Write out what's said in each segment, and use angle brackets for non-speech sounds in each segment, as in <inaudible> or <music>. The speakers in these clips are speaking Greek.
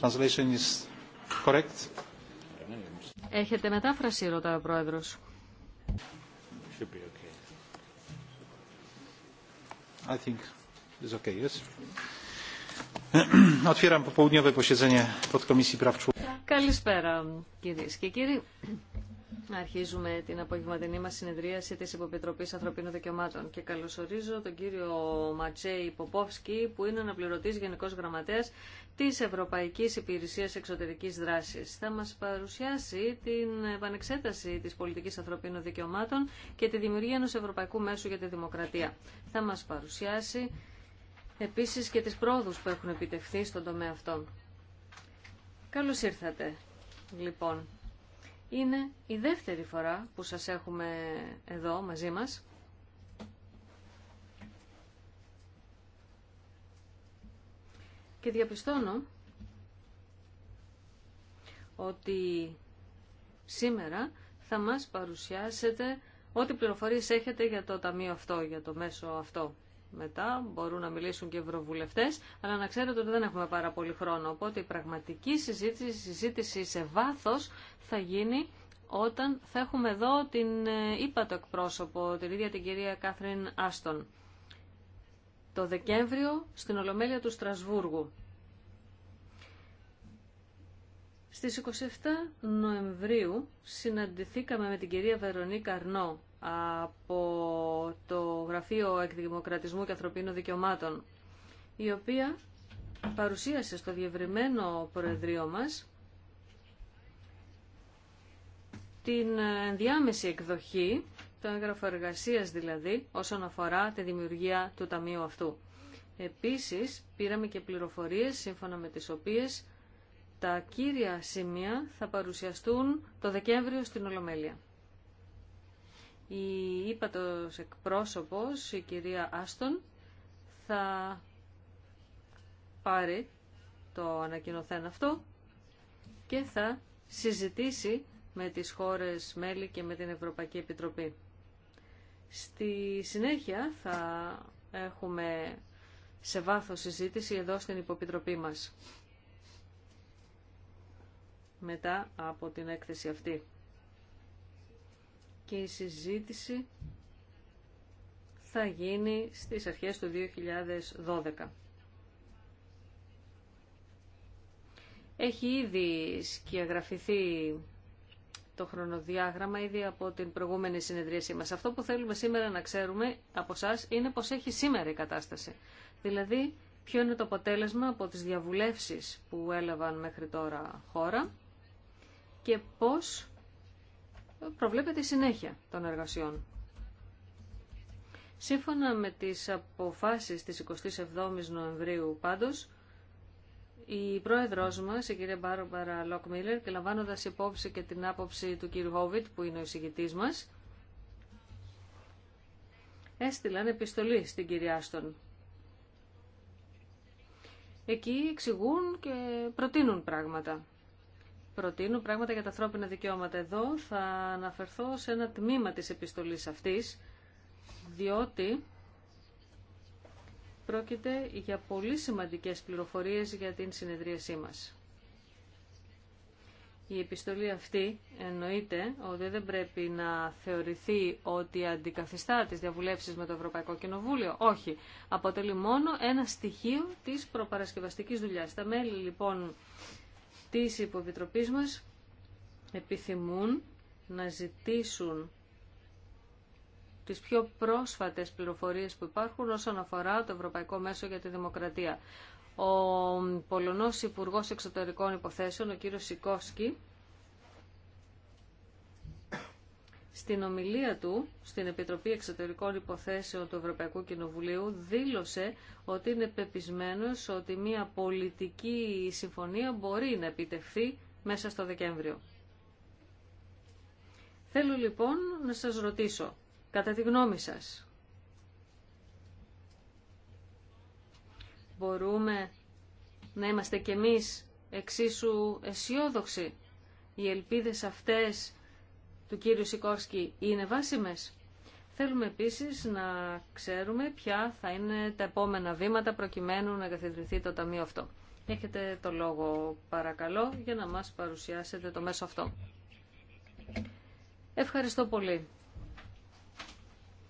Translation is correct. Έχετε μετάφραση, ρωτάει ο Πρόεδρος. Should be okay. I think it's okay, yes. Otwieram popołudniowe posiedzenie podkomisji praw człowieka. Καλησπέρα, κυρίες και κύριοι να αρχίζουμε την απογευματινή μα συνεδρίαση τη Υποπιτροπή Ανθρωπίνων Δικαιωμάτων και καλωσορίζω τον κύριο Ματσέη Ποπόφσκι που είναι αναπληρωτή Γενικό Γραμματέα τη Ευρωπαϊκή Υπηρεσία Εξωτερική δράση. Θα μα παρουσιάσει την επανεξέταση τη πολιτική ανθρωπίνων δικαιωμάτων και τη δημιουργία ενός Ευρωπαϊκού Μέσου για τη Δημοκρατία. Θα μα παρουσιάσει επίση και τι πρόοδου που έχουν επιτευχθεί στον τομέα αυτό. Καλώ ήρθατε, λοιπόν. Είναι η δεύτερη φορά που σας έχουμε εδώ μαζί μας. Και διαπιστώνω ότι σήμερα θα μας παρουσιάσετε ό,τι πληροφορίες έχετε για το ταμείο αυτό, για το μέσο αυτό μετά, μπορούν να μιλήσουν και ευρωβουλευτέ, αλλά να ξέρετε ότι δεν έχουμε πάρα πολύ χρόνο. Οπότε η πραγματική συζήτηση, συζήτηση σε βάθο θα γίνει όταν θα έχουμε εδώ την ε, το εκπρόσωπο, την ίδια την κυρία Κάθριν Άστον, το Δεκέμβριο στην Ολομέλεια του Στρασβούργου. Στις 27 Νοεμβρίου συναντηθήκαμε με την κυρία Βερονίκα Αρνό, από το Γραφείο Εκδημοκρατισμού και Ανθρωπίνων Δικαιωμάτων, η οποία παρουσίασε στο διευρυμένο Προεδρείο μας την διάμεση εκδοχή, το έγγραφο εργασία δηλαδή, όσον αφορά τη δημιουργία του ταμείου αυτού. Επίσης, πήραμε και πληροφορίες σύμφωνα με τις οποίες τα κύρια σημεία θα παρουσιαστούν το Δεκέμβριο στην Ολομέλεια. Η ύπατος εκπρόσωπος, η κυρία Άστον, θα πάρει το ανακοινωθέν αυτό και θα συζητήσει με τις χώρες μέλη και με την Ευρωπαϊκή Επιτροπή. Στη συνέχεια θα έχουμε σε βάθος συζήτηση εδώ στην υποπιτροπή μας μετά από την έκθεση αυτή η συζήτηση θα γίνει στις αρχές του 2012. Έχει ήδη σκιαγραφηθεί το χρονοδιάγραμμα ήδη από την προηγούμενη συνεδρίασή μας. Αυτό που θέλουμε σήμερα να ξέρουμε από εσά είναι πως έχει σήμερα η κατάσταση. Δηλαδή, ποιο είναι το αποτέλεσμα από τις διαβουλεύσεις που έλαβαν μέχρι τώρα χώρα και πώς προβλέπεται η συνέχεια των εργασιών. Σύμφωνα με τις αποφάσεις της 27ης Νοεμβρίου πάντως, η πρόεδρός μας, η κυρία Μπάρμπαρα Μίλερ και λαμβάνοντας υπόψη και την άποψη του κύριου Χόβιτ, που είναι ο εισηγητής μας, έστειλαν επιστολή στην κυρία Άστον. Εκεί εξηγούν και προτείνουν πράγματα. Προτείνω πράγματα για τα ανθρώπινα δικαιώματα. Εδώ θα αναφερθώ σε ένα τμήμα της επιστολής αυτής, διότι πρόκειται για πολύ σημαντικές πληροφορίες για την συνεδρίασή μας. Η επιστολή αυτή εννοείται ότι δεν πρέπει να θεωρηθεί ότι αντικαθιστά τις διαβουλεύσεις με το Ευρωπαϊκό Κοινοβούλιο. Όχι. Αποτελεί μόνο ένα στοιχείο της προπαρασκευαστικής δουλειάς. Τα μέλη λοιπόν της υποεπιτροπής μας επιθυμούν να ζητήσουν τις πιο πρόσφατες πληροφορίες που υπάρχουν όσον αφορά το Ευρωπαϊκό Μέσο για τη Δημοκρατία. Ο Πολωνός Υπουργός Εξωτερικών Υποθέσεων, ο κύριος Σικόσκι, Στην ομιλία του στην Επιτροπή Εξωτερικών Υποθέσεων του Ευρωπαϊκού Κοινοβουλίου δήλωσε ότι είναι πεπισμένος ότι μια πολιτική συμφωνία μπορεί να επιτευχθεί μέσα στο Δεκέμβριο. Θέλω λοιπόν να σας ρωτήσω, κατά τη γνώμη σας, μπορούμε να είμαστε κι εμείς εξίσου αισιόδοξοι. Οι ελπίδες αυτές του κύριου Σικόρσκι είναι βάσιμες. Θέλουμε επίσης να ξέρουμε ποια θα είναι τα επόμενα βήματα προκειμένου να καθιδρυθεί το Ταμείο αυτό. Έχετε το λόγο παρακαλώ για να μας παρουσιάσετε το μέσο αυτό. Ευχαριστώ πολύ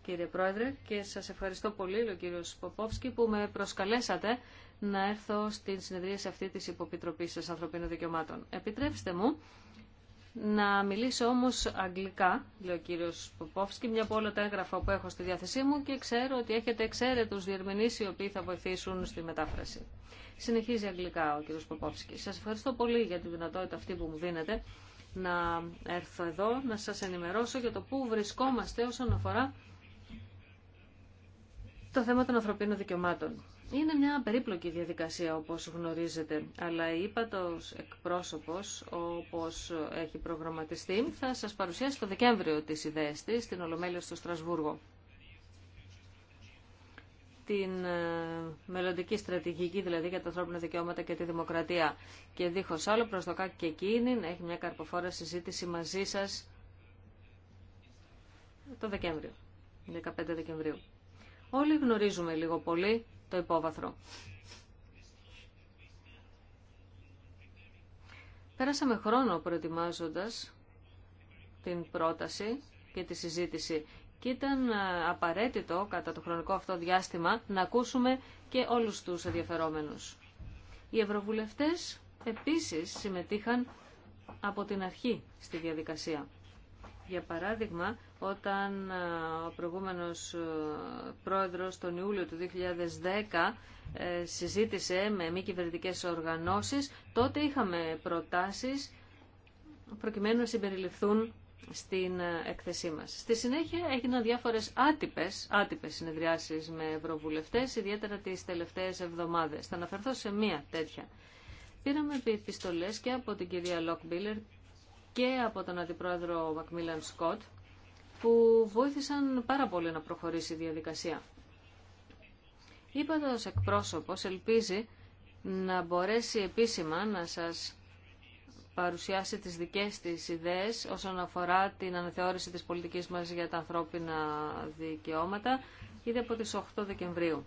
κύριε Πρόεδρε και σας ευχαριστώ πολύ ο κύριος Ποπόφσκι που με προσκαλέσατε να έρθω στην συνεδρία σε αυτή της Υποπιτροπής σας Ανθρωπίνων Δικαιωμάτων. Επιτρέψτε μου να μιλήσω όμως αγγλικά, λέει ο κύριος Ποπόφσκι, μια από όλα τα έγγραφα που έχω στη διάθεσή μου και ξέρω ότι έχετε εξαίρετους διερμηνείς οι οποίοι θα βοηθήσουν στη μετάφραση. Συνεχίζει αγγλικά ο κύριος Ποπόφσκι. Σας ευχαριστώ πολύ για τη δυνατότητα αυτή που μου δίνετε να έρθω εδώ, να σας ενημερώσω για το πού βρισκόμαστε όσον αφορά το θέμα των ανθρωπίνων δικαιωμάτων. Είναι μια περίπλοκη διαδικασία όπως γνωρίζετε, αλλά η ύπατος εκπρόσωπος όπως έχει προγραμματιστεί θα σας παρουσιάσει το Δεκέμβριο τις ιδέες της στην Ολομέλεια στο Στρασβούργο. Την ε, μελλοντική στρατηγική δηλαδή για τα ανθρώπινα δικαιώματα και τη δημοκρατία και δίχως άλλο προσδοκά και εκείνη να έχει μια καρποφόρα συζήτηση μαζί σας το Δεκέμβριο, 15 Δεκεμβρίου. Όλοι γνωρίζουμε λίγο πολύ το υπόβαθρο. Πέρασαμε χρόνο προετοιμάζοντας την πρόταση και τη συζήτηση και ήταν ε, απαραίτητο κατά το χρονικό αυτό διάστημα να ακούσουμε και όλους τους ενδιαφερόμενους. Οι ευρωβουλευτές επίσης συμμετείχαν από την αρχή στη διαδικασία. Για παράδειγμα, όταν ε, ο προηγούμενος ε, πρόεδρος τον Ιούλιο του 2010 ε, συζήτησε με μη κυβερνητικέ οργανώσεις, τότε είχαμε προτάσεις προκειμένου να συμπεριληφθούν στην έκθεσή μας. Στη συνέχεια έγιναν διάφορες άτυπες, άτυπες συνεδριάσεις με ευρωβουλευτές, ιδιαίτερα τις τελευταίες εβδομάδες. Θα αναφερθώ σε μία τέτοια. Πήραμε επιστολές και από την κυρία Λοκμπίλερ και από τον Αντιπρόεδρο Μακμίλαν Σκοτ που βοήθησαν πάρα πολύ να προχωρήσει η διαδικασία. Είπατε εκπρόσωπος, ελπίζει να μπορέσει επίσημα να σας παρουσιάσει τις δικές της ιδέες όσον αφορά την αναθεώρηση της πολιτικής μας για τα ανθρώπινα δικαιώματα ήδη από τις 8 Δεκεμβρίου.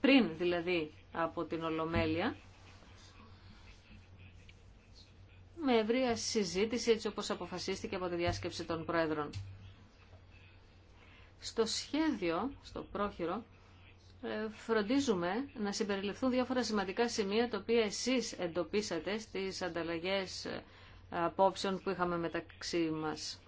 Πριν δηλαδή από την Ολομέλεια με ευρεία συζήτηση έτσι όπως αποφασίστηκε από τη διάσκεψη των Πρόεδρων. Στο σχέδιο, στο πρόχειρο, ε, φροντίζουμε να συμπεριληφθούν διάφορα σημαντικά σημεία τα οποία εσείς εντοπίσατε στις ανταλλαγές ε, απόψεων που είχαμε μεταξύ μας.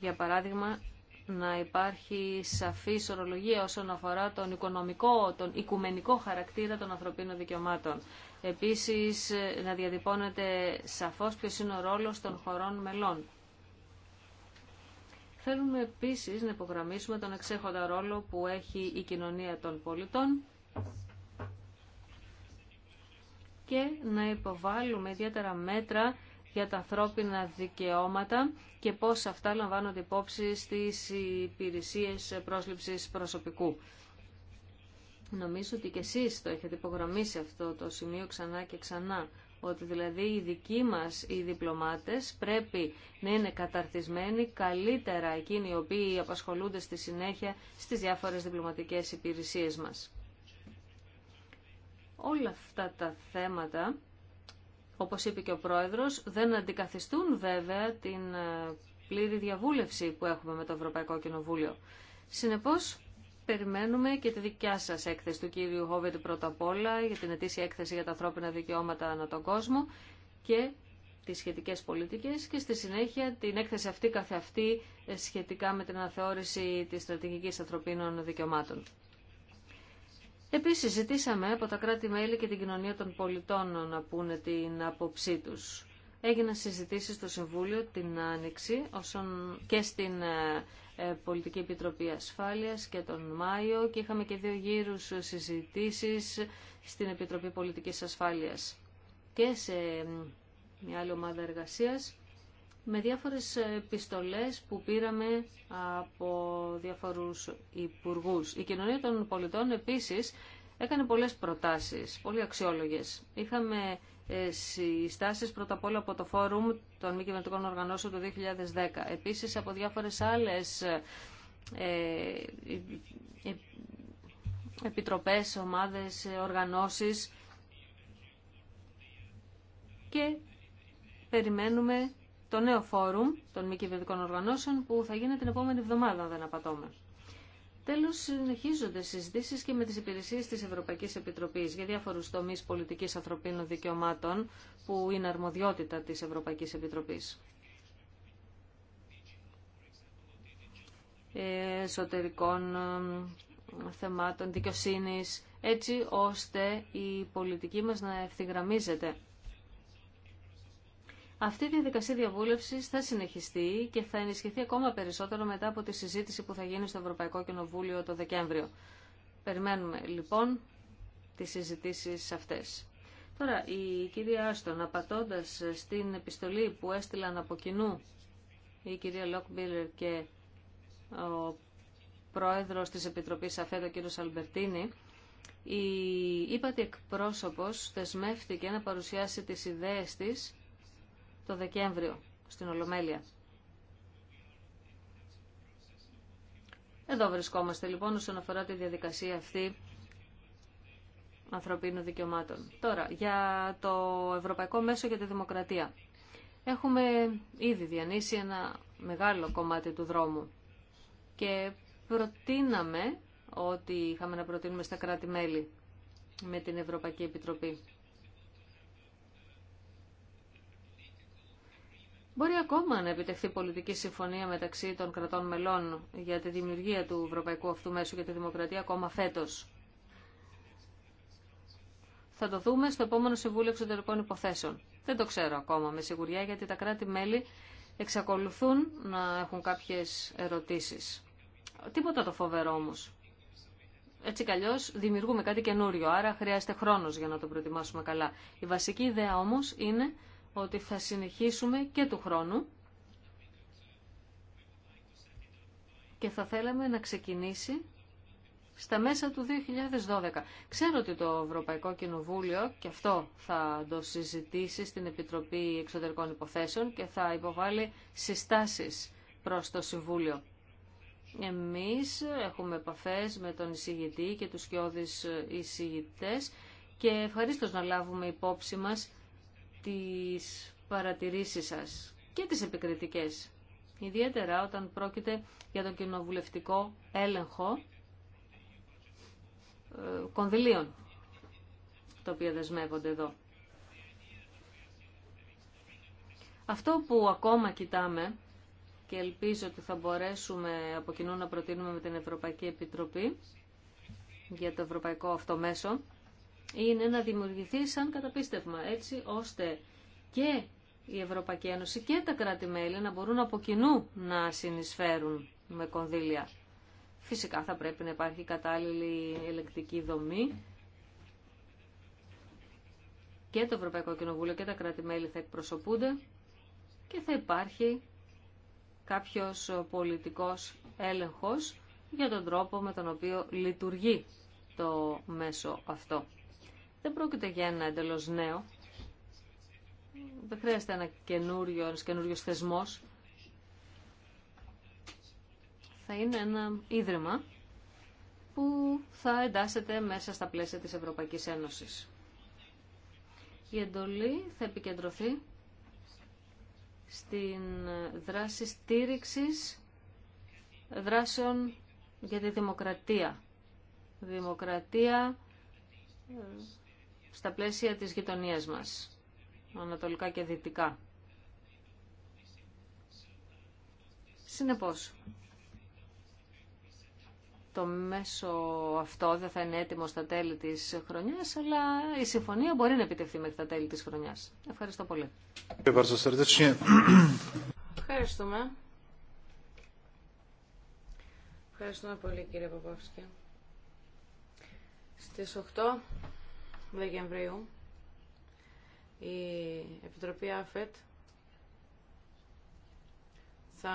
Για παράδειγμα, να υπάρχει σαφή ισορρολογία όσον αφορά τον οικονομικό, τον οικουμενικό χαρακτήρα των ανθρωπίνων δικαιωμάτων. Επίσης ε, να διατυπώνεται σαφώς ποιος είναι ο ρόλος των χωρών μελών. Θέλουμε επίσης να υπογραμμίσουμε τον εξέχοντα ρόλο που έχει η κοινωνία των πολιτών και να υποβάλουμε ιδιαίτερα μέτρα για τα ανθρώπινα δικαιώματα και πώς αυτά λαμβάνονται υπόψη στις υπηρεσίες πρόσληψης προσωπικού. Νομίζω ότι και εσείς το έχετε υπογραμμίσει αυτό το σημείο ξανά και ξανά, ότι δηλαδή οι δικοί μας οι διπλωμάτες πρέπει να είναι καταρτισμένοι καλύτερα εκείνοι οι οποίοι απασχολούνται στη συνέχεια στις διάφορες διπλωματικές υπηρεσίες μας. Όλα αυτά τα θέματα, όπως είπε και ο Πρόεδρος, δεν αντικαθιστούν βέβαια την ε, πλήρη διαβούλευση που έχουμε με το Ευρωπαϊκό Κοινοβούλιο. Συνεπώς, περιμένουμε και τη δικιά σας έκθεση του κύριου Χόβετ πρώτα απ' όλα για την ετήσια έκθεση για τα ανθρώπινα δικαιώματα ανά τον κόσμο και τις σχετικές πολιτικές και στη συνέχεια την έκθεση αυτή καθεαυτή ε, σχετικά με την αναθεώρηση της στρατηγικής ανθρωπίνων δικαιωμάτων. Επίσης ζητήσαμε από τα κράτη-μέλη και την κοινωνία των πολιτών να πούνε την άποψή τους. Έγιναν συζητήσεις στο Συμβούλιο την Άνοιξη και στην ε, ε, Πολιτική Επιτροπή Ασφάλειας και τον Μάιο και είχαμε και δύο γύρους συζητήσεις στην Επιτροπή Πολιτικής Ασφάλειας και σε μια άλλη ομάδα εργασίας με διάφορες πιστολές που πήραμε από διαφορούς υπουργούς. Η κοινωνία των πολιτών επίσης έκανε πολλές προτάσεις, πολύ αξιόλογες. Είχαμε ε, συστάσεις πρώτα απ' όλα από το Φόρουμ των Μη Κυβερνητικών Οργανώσεων του 2010. Επίσης από διάφορες άλλες ε, ε, επιτροπές, ομάδες, οργανώσεις και περιμένουμε το νέο φόρουμ των μη κυβερνητικών οργανώσεων που θα γίνει την επόμενη εβδομάδα, αν δεν απατώμε. Τέλος, συνεχίζονται συζητήσεις και με τις υπηρεσίες της Ευρωπαϊκής Επιτροπής για διάφορους τομείς πολιτικής ανθρωπίνων δικαιωμάτων που είναι αρμοδιότητα της Ευρωπαϊκής Επιτροπής. Ε, εσωτερικών ε, θεμάτων, δικαιοσύνης, έτσι ώστε η πολιτική μας να ευθυγραμμίζεται αυτή η διαδικασία διαβούλευση θα συνεχιστεί και θα ενισχυθεί ακόμα περισσότερο μετά από τη συζήτηση που θα γίνει στο Ευρωπαϊκό Κοινοβούλιο το Δεκέμβριο. Περιμένουμε λοιπόν τις συζητήσεις αυτές. Τώρα, η κυρία Άστον, απατώντα στην επιστολή που έστειλαν από κοινού η κυρία Λόκμπιλερ και ο πρόεδρο τη Επιτροπή ΑΦΕΔ, ο Αλμπερτίνη, η ύπατη εκπρόσωπο δεσμεύτηκε να παρουσιάσει τι ιδέε της το Δεκέμβριο στην Ολομέλεια. Εδώ βρισκόμαστε λοιπόν όσον αφορά τη διαδικασία αυτή ανθρωπίνων δικαιωμάτων. Τώρα, για το Ευρωπαϊκό Μέσο για τη Δημοκρατία. Έχουμε ήδη διανύσει ένα μεγάλο κομμάτι του δρόμου και προτείναμε ότι είχαμε να προτείνουμε στα κράτη-μέλη με την Ευρωπαϊκή Επιτροπή. Μπορεί ακόμα να επιτευχθεί πολιτική συμφωνία μεταξύ των κρατών μελών για τη δημιουργία του Ευρωπαϊκού Αυτού Μέσου για τη Δημοκρατία ακόμα φέτο. Θα το δούμε στο επόμενο Συμβούλιο Εξωτερικών Υποθέσεων. Δεν το ξέρω ακόμα με σιγουριά γιατί τα κράτη-μέλη εξακολουθούν να έχουν κάποιες ερωτήσεις. Τίποτα το φοβερό όμως. Έτσι κι δημιουργούμε κάτι καινούριο, άρα χρειάζεται χρόνος για να το προετοιμάσουμε καλά. Η βασική ιδέα όμως είναι ότι θα συνεχίσουμε και του χρόνου και θα θέλαμε να ξεκινήσει στα μέσα του 2012. Ξέρω ότι το Ευρωπαϊκό Κοινοβούλιο, και αυτό θα το συζητήσει στην Επιτροπή Εξωτερικών Υποθέσεων και θα υποβάλει συστάσεις προς το Συμβούλιο. Εμείς έχουμε επαφές με τον εισηγητή και τους κοιόδης εισηγητές και ευχαρίστως να λάβουμε υπόψη μας τις παρατηρήσεις σας και τις επικριτικές. Ιδιαίτερα όταν πρόκειται για τον κοινοβουλευτικό έλεγχο ε, κονδυλίων, τα οποία δεσμεύονται εδώ. Αυτό που ακόμα κοιτάμε και ελπίζω ότι θα μπορέσουμε από κοινού να προτείνουμε με την Ευρωπαϊκή Επιτροπή για το Ευρωπαϊκό Αυτό είναι να δημιουργηθεί σαν καταπίστευμα, έτσι ώστε και η Ευρωπαϊκή Ένωση και τα κράτη-μέλη να μπορούν από κοινού να συνεισφέρουν με κονδύλια. Φυσικά θα πρέπει να υπάρχει κατάλληλη ελεκτική δομή και το Ευρωπαϊκό Κοινοβούλιο και τα κράτη-μέλη θα εκπροσωπούνται και θα υπάρχει κάποιος πολιτικός έλεγχος για τον τρόπο με τον οποίο λειτουργεί το μέσο αυτό. Δεν πρόκειται για ένα εντελώ νέο. Δεν χρειάζεται ένα καινούριο, ένας καινούριος θεσμός. Θα είναι ένα ίδρυμα που θα εντάσσεται μέσα στα πλαίσια της Ευρωπαϊκής Ένωσης. Η εντολή θα επικεντρωθεί στην δράση στήριξης δράσεων για τη δημοκρατία. Δημοκρατία ε, στα πλαίσια της γειτονίας μας, ανατολικά και δυτικά. Συνεπώς, το μέσο αυτό δεν θα είναι έτοιμο στα τέλη της χρονιάς, αλλά η συμφωνία μπορεί να επιτευχθεί μέχρι τα τέλη της χρονιάς. Ευχαριστώ πολύ. Ευχαριστούμε. Ευχαριστούμε πολύ κύριε Παπαύσκη. Στις 8 Δεκεμβρίου η Επιτροπή ΑΦΕΤ θα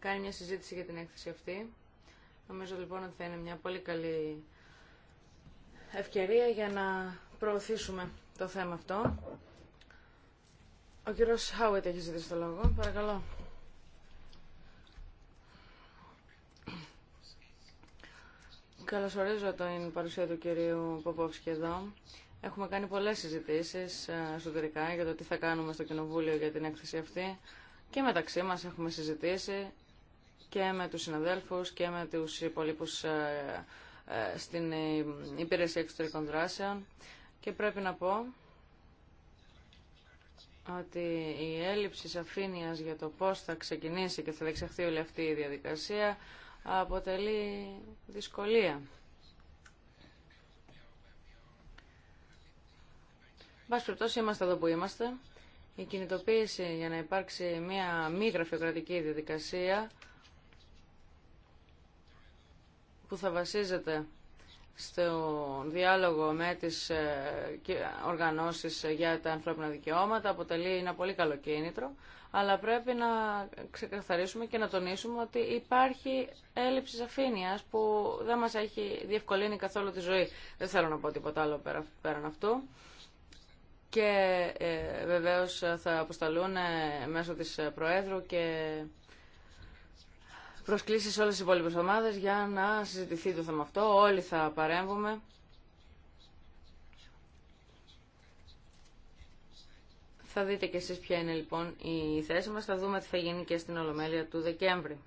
κάνει μια συζήτηση για την έκθεση αυτή. Νομίζω λοιπόν ότι θα είναι μια πολύ καλή ευκαιρία για να προωθήσουμε το θέμα αυτό. Ο κύριος Χάουετ έχει ζητήσει το λόγο. Παρακαλώ. Καλωσορίζω την παρουσία του κυρίου Ποπόφσκη εδώ. Έχουμε κάνει πολλές συζητήσεις ε, εσωτερικά για το τι θα κάνουμε στο Κοινοβούλιο για την έκθεση αυτή και μεταξύ μα έχουμε συζητήσει και με τους συναδέλφους και με τους υπολείπους ε, ε, στην Υπηρεσία Εξωτερικών Δράσεων και πρέπει να πω ότι η έλλειψη σαφήνειας για το πώς θα ξεκινήσει και θα δεξαχθεί όλη αυτή η διαδικασία αποτελεί δυσκολία. βάση περιπτώσει είμαστε εδώ που είμαστε. Η κινητοποίηση για να υπάρξει μια μη γραφειοκρατική διαδικασία που θα βασίζεται στο διάλογο με τις ε, οργανώσεις για τα ανθρώπινα δικαιώματα αποτελεί ένα πολύ καλό κίνητρο, αλλά πρέπει να ξεκαθαρίσουμε και να τονίσουμε ότι υπάρχει έλλειψη σαφήνειας που δεν μας έχει διευκολύνει καθόλου τη ζωή. Δεν θέλω να πω τίποτα άλλο πέραν αυτού και ε, βεβαίως θα αποσταλούν ε, μέσω της Προέδρου και προσκλήσεις σε όλες τις υπόλοιπες ομάδες για να συζητηθεί το θέμα αυτό. Όλοι θα παρέμβουμε. Θα δείτε και εσείς ποια είναι λοιπόν η θέση μας. Θα δούμε τι θα γίνει και στην Ολομέλεια του Δεκέμβρη.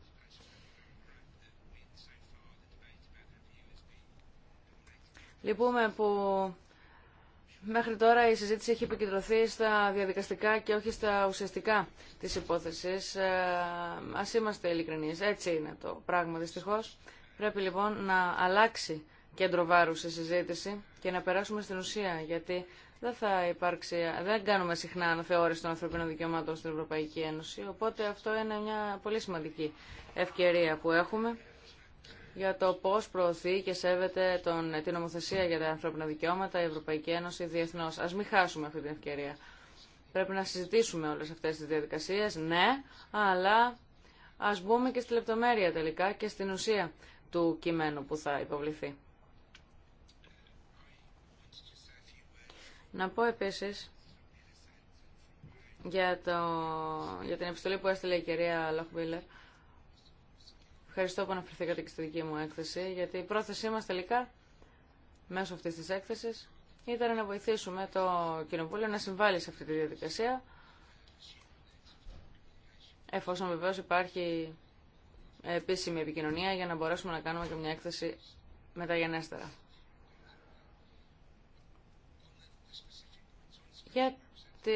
Λυπούμε που Μέχρι τώρα η συζήτηση έχει επικεντρωθεί στα διαδικαστικά και όχι στα ουσιαστικά της υπόθεσης. Ε, ας είμαστε ειλικρινείς. Έτσι είναι το πράγμα δυστυχώς. Πρέπει λοιπόν να αλλάξει κέντρο βάρους η συζήτηση και να περάσουμε στην ουσία, γιατί δεν θα υπάρξει, δεν κάνουμε συχνά αναθεώρηση των ανθρωπίνων δικαιωμάτων στην Ευρωπαϊκή Ένωση, οπότε αυτό είναι μια πολύ σημαντική ευκαιρία που έχουμε για το πώ προωθεί και σέβεται τον, την νομοθεσία για τα ανθρώπινα δικαιώματα η Ευρωπαϊκή Ένωση Διεθνώ. Ας μην χάσουμε αυτή την ευκαιρία. Πρέπει να συζητήσουμε όλε αυτές τις διαδικασίες, ναι, αλλά ας μπούμε και στη λεπτομέρεια τελικά και στην ουσία του κειμένου που θα υποβληθεί. Να πω επίσης για, για την επιστολή που έστειλε η κυρία Λοχμπίλερ Ευχαριστώ που αναφερθήκατε και στη δική μου έκθεση, γιατί η πρόθεσή μας τελικά, μέσω αυτή τη έκθεση. ήταν να βοηθήσουμε το Κοινοβούλιο να συμβάλλει σε αυτή τη διαδικασία, εφόσον βεβαίω υπάρχει επίσημη επικοινωνία για να μπορέσουμε να κάνουμε και μια έκθεση μεταγενέστερα. Για, την,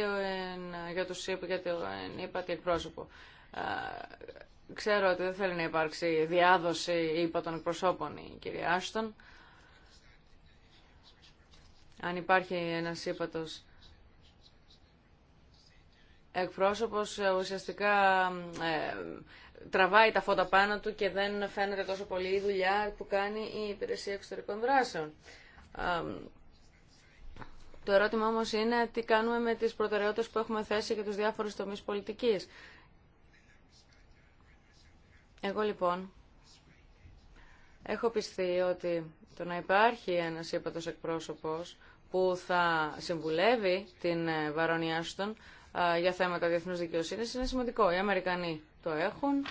για, τους, για την εκπρόσωπο ξέρω ότι δεν θέλει να υπάρξει διάδοση υπό των εκπροσώπων η κυρία Άστον. Αν υπάρχει ένας ύπατος εκπρόσωπος ε, ουσιαστικά ε, τραβάει τα φώτα πάνω του και δεν φαίνεται τόσο πολύ η δουλειά που κάνει η υπηρεσία εξωτερικών δράσεων. Ε, το ερώτημα όμως είναι τι κάνουμε με τις προτεραιότητες που έχουμε θέσει για τους διάφορους τομείς πολιτικής. Εγώ λοιπόν έχω πιστεί ότι το να υπάρχει ένας ύπατος εκπρόσωπος που θα συμβουλεύει την ε, Βαρονιά για θέματα διεθνούς δικαιοσύνης είναι σημαντικό. Οι Αμερικανοί το έχουν,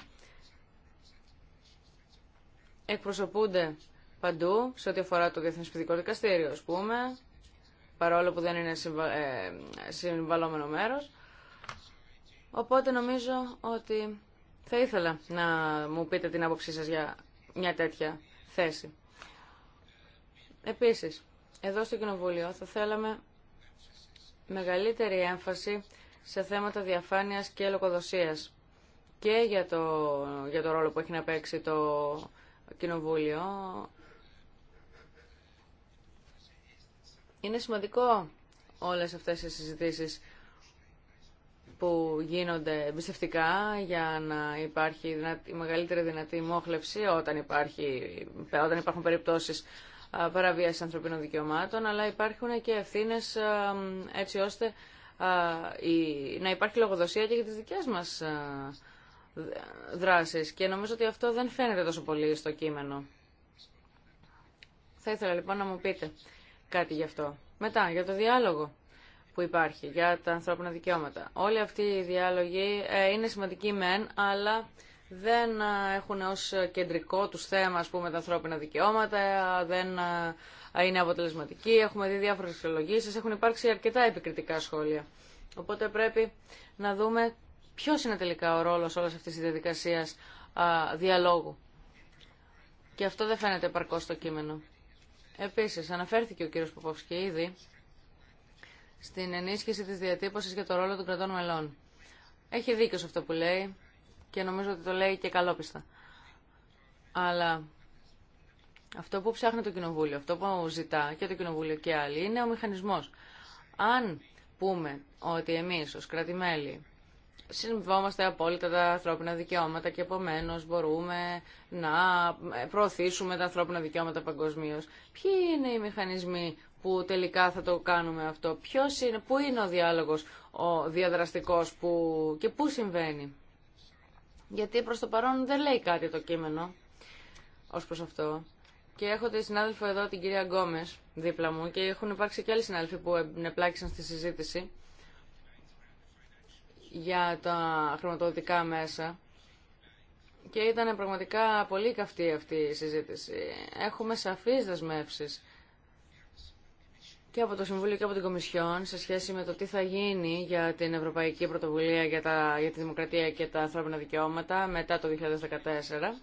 εκπροσωπούνται παντού σε ό,τι αφορά το Διεθνές Παιδικό Δικαστήριο, ας πούμε, παρόλο που δεν είναι συμβα... ε, συμβαλόμενο μέρος. Οπότε νομίζω ότι θα ήθελα να μου πείτε την άποψή σας για μια τέτοια θέση. Επίσης, εδώ στο Κοινοβούλιο θα θέλαμε μεγαλύτερη έμφαση σε θέματα διαφάνειας και λογοδοσίας και για το, για το ρόλο που έχει να παίξει το Κοινοβούλιο. Είναι σημαντικό όλες αυτές οι συζητήσεις που γίνονται εμπιστευτικά για να υπάρχει η μεγαλύτερη δυνατή μόχλευση όταν, υπάρχει, όταν υπάρχουν περιπτώσεις παραβίασης ανθρωπίνων δικαιωμάτων, αλλά υπάρχουν και ευθύνε έτσι ώστε να υπάρχει λογοδοσία και για τις δικές μας δράσεις. Και νομίζω ότι αυτό δεν φαίνεται τόσο πολύ στο κείμενο. Θα ήθελα λοιπόν να μου πείτε κάτι γι' αυτό. Μετά, για το διάλογο που υπάρχει για τα ανθρώπινα δικαιώματα. Όλοι αυτοί οι διάλογοι ε, είναι σημαντικοί μεν, αλλά δεν ε, έχουν ως κεντρικό τους θέμα ας πούμε, τα ανθρώπινα δικαιώματα, δεν ε, είναι αποτελεσματικοί, έχουμε δει διάφορες εξολογήσεις, έχουν υπάρξει αρκετά επικριτικά σχόλια. Οπότε πρέπει να δούμε ποιος είναι τελικά ο ρόλος όλας αυτής της διαδικασίας διαλόγου. Και αυτό δεν φαίνεται επαρκώς στο κείμενο. Επίσης, αναφέρθηκε ο κύριος Ποποφσκή ήδη στην ενίσχυση της διατύπωσης για το ρόλο των κρατών μελών. Έχει δίκιο σε αυτό που λέει και νομίζω ότι το λέει και καλόπιστα. Αλλά αυτό που ψάχνει το Κοινοβούλιο, αυτό που ζητά και το Κοινοβούλιο και άλλοι, είναι ο μηχανισμός. Αν πούμε ότι εμείς ως κρατημέλη συμβόμαστε απόλυτα τα ανθρώπινα δικαιώματα και επομένω μπορούμε να προωθήσουμε τα ανθρώπινα δικαιώματα παγκοσμίω. Ποιοι είναι οι μηχανισμοί που τελικά θα το κάνουμε αυτό. Ποιος είναι, πού είναι ο διάλογος ο διαδραστικός που, και πού συμβαίνει. Γιατί προς το παρόν δεν λέει κάτι το κείμενο ως προς αυτό. Και έχω τη συνάδελφο εδώ την κυρία Γκόμες δίπλα μου και έχουν υπάρξει και άλλοι συνάδελφοι που εμπλάκησαν στη συζήτηση για τα χρηματοδοτικά μέσα. Και ήταν πραγματικά πολύ καυτή αυτή η συζήτηση. Έχουμε σαφείς δεσμεύσεις και από το Συμβούλιο και από την Κομισιόν σε σχέση με το τι θα γίνει για την Ευρωπαϊκή Πρωτοβουλία για, τα, για τη Δημοκρατία και τα Ανθρώπινα Δικαιώματα μετά το 2014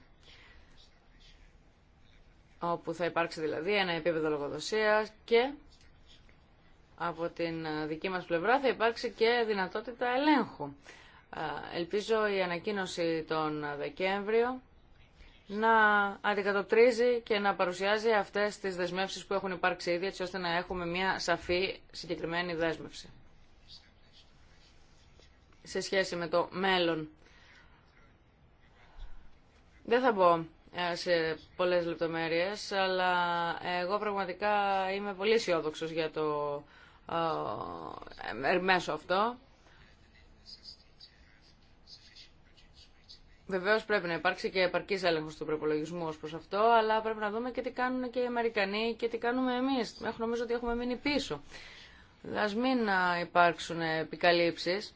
όπου θα υπάρξει δηλαδή ένα επίπεδο λογοδοσίας και από την δική μας πλευρά θα υπάρξει και δυνατότητα ελέγχου. Ελπίζω η ανακοίνωση τον Δεκέμβριο να αντικατοπτρίζει και να παρουσιάζει αυτές τις δεσμεύσεις που έχουν υπάρξει ήδη, έτσι ώστε να έχουμε μια σαφή συγκεκριμένη δέσμευση σε σχέση με το μέλλον. Δεν θα μπω ε, σε πολλές λεπτομέρειες, αλλά εγώ πραγματικά είμαι πολύ αισιόδοξο για το ε, ε, μέσο αυτό. Βεβαίω πρέπει να υπάρξει και επαρκή έλεγχο του προπολογισμού ω προ αυτό, αλλά πρέπει να δούμε και τι κάνουν και οι Αμερικανοί και τι κάνουμε εμεί. Νομίζω ότι έχουμε μείνει πίσω. Α μην υπάρξουν επικαλύψει.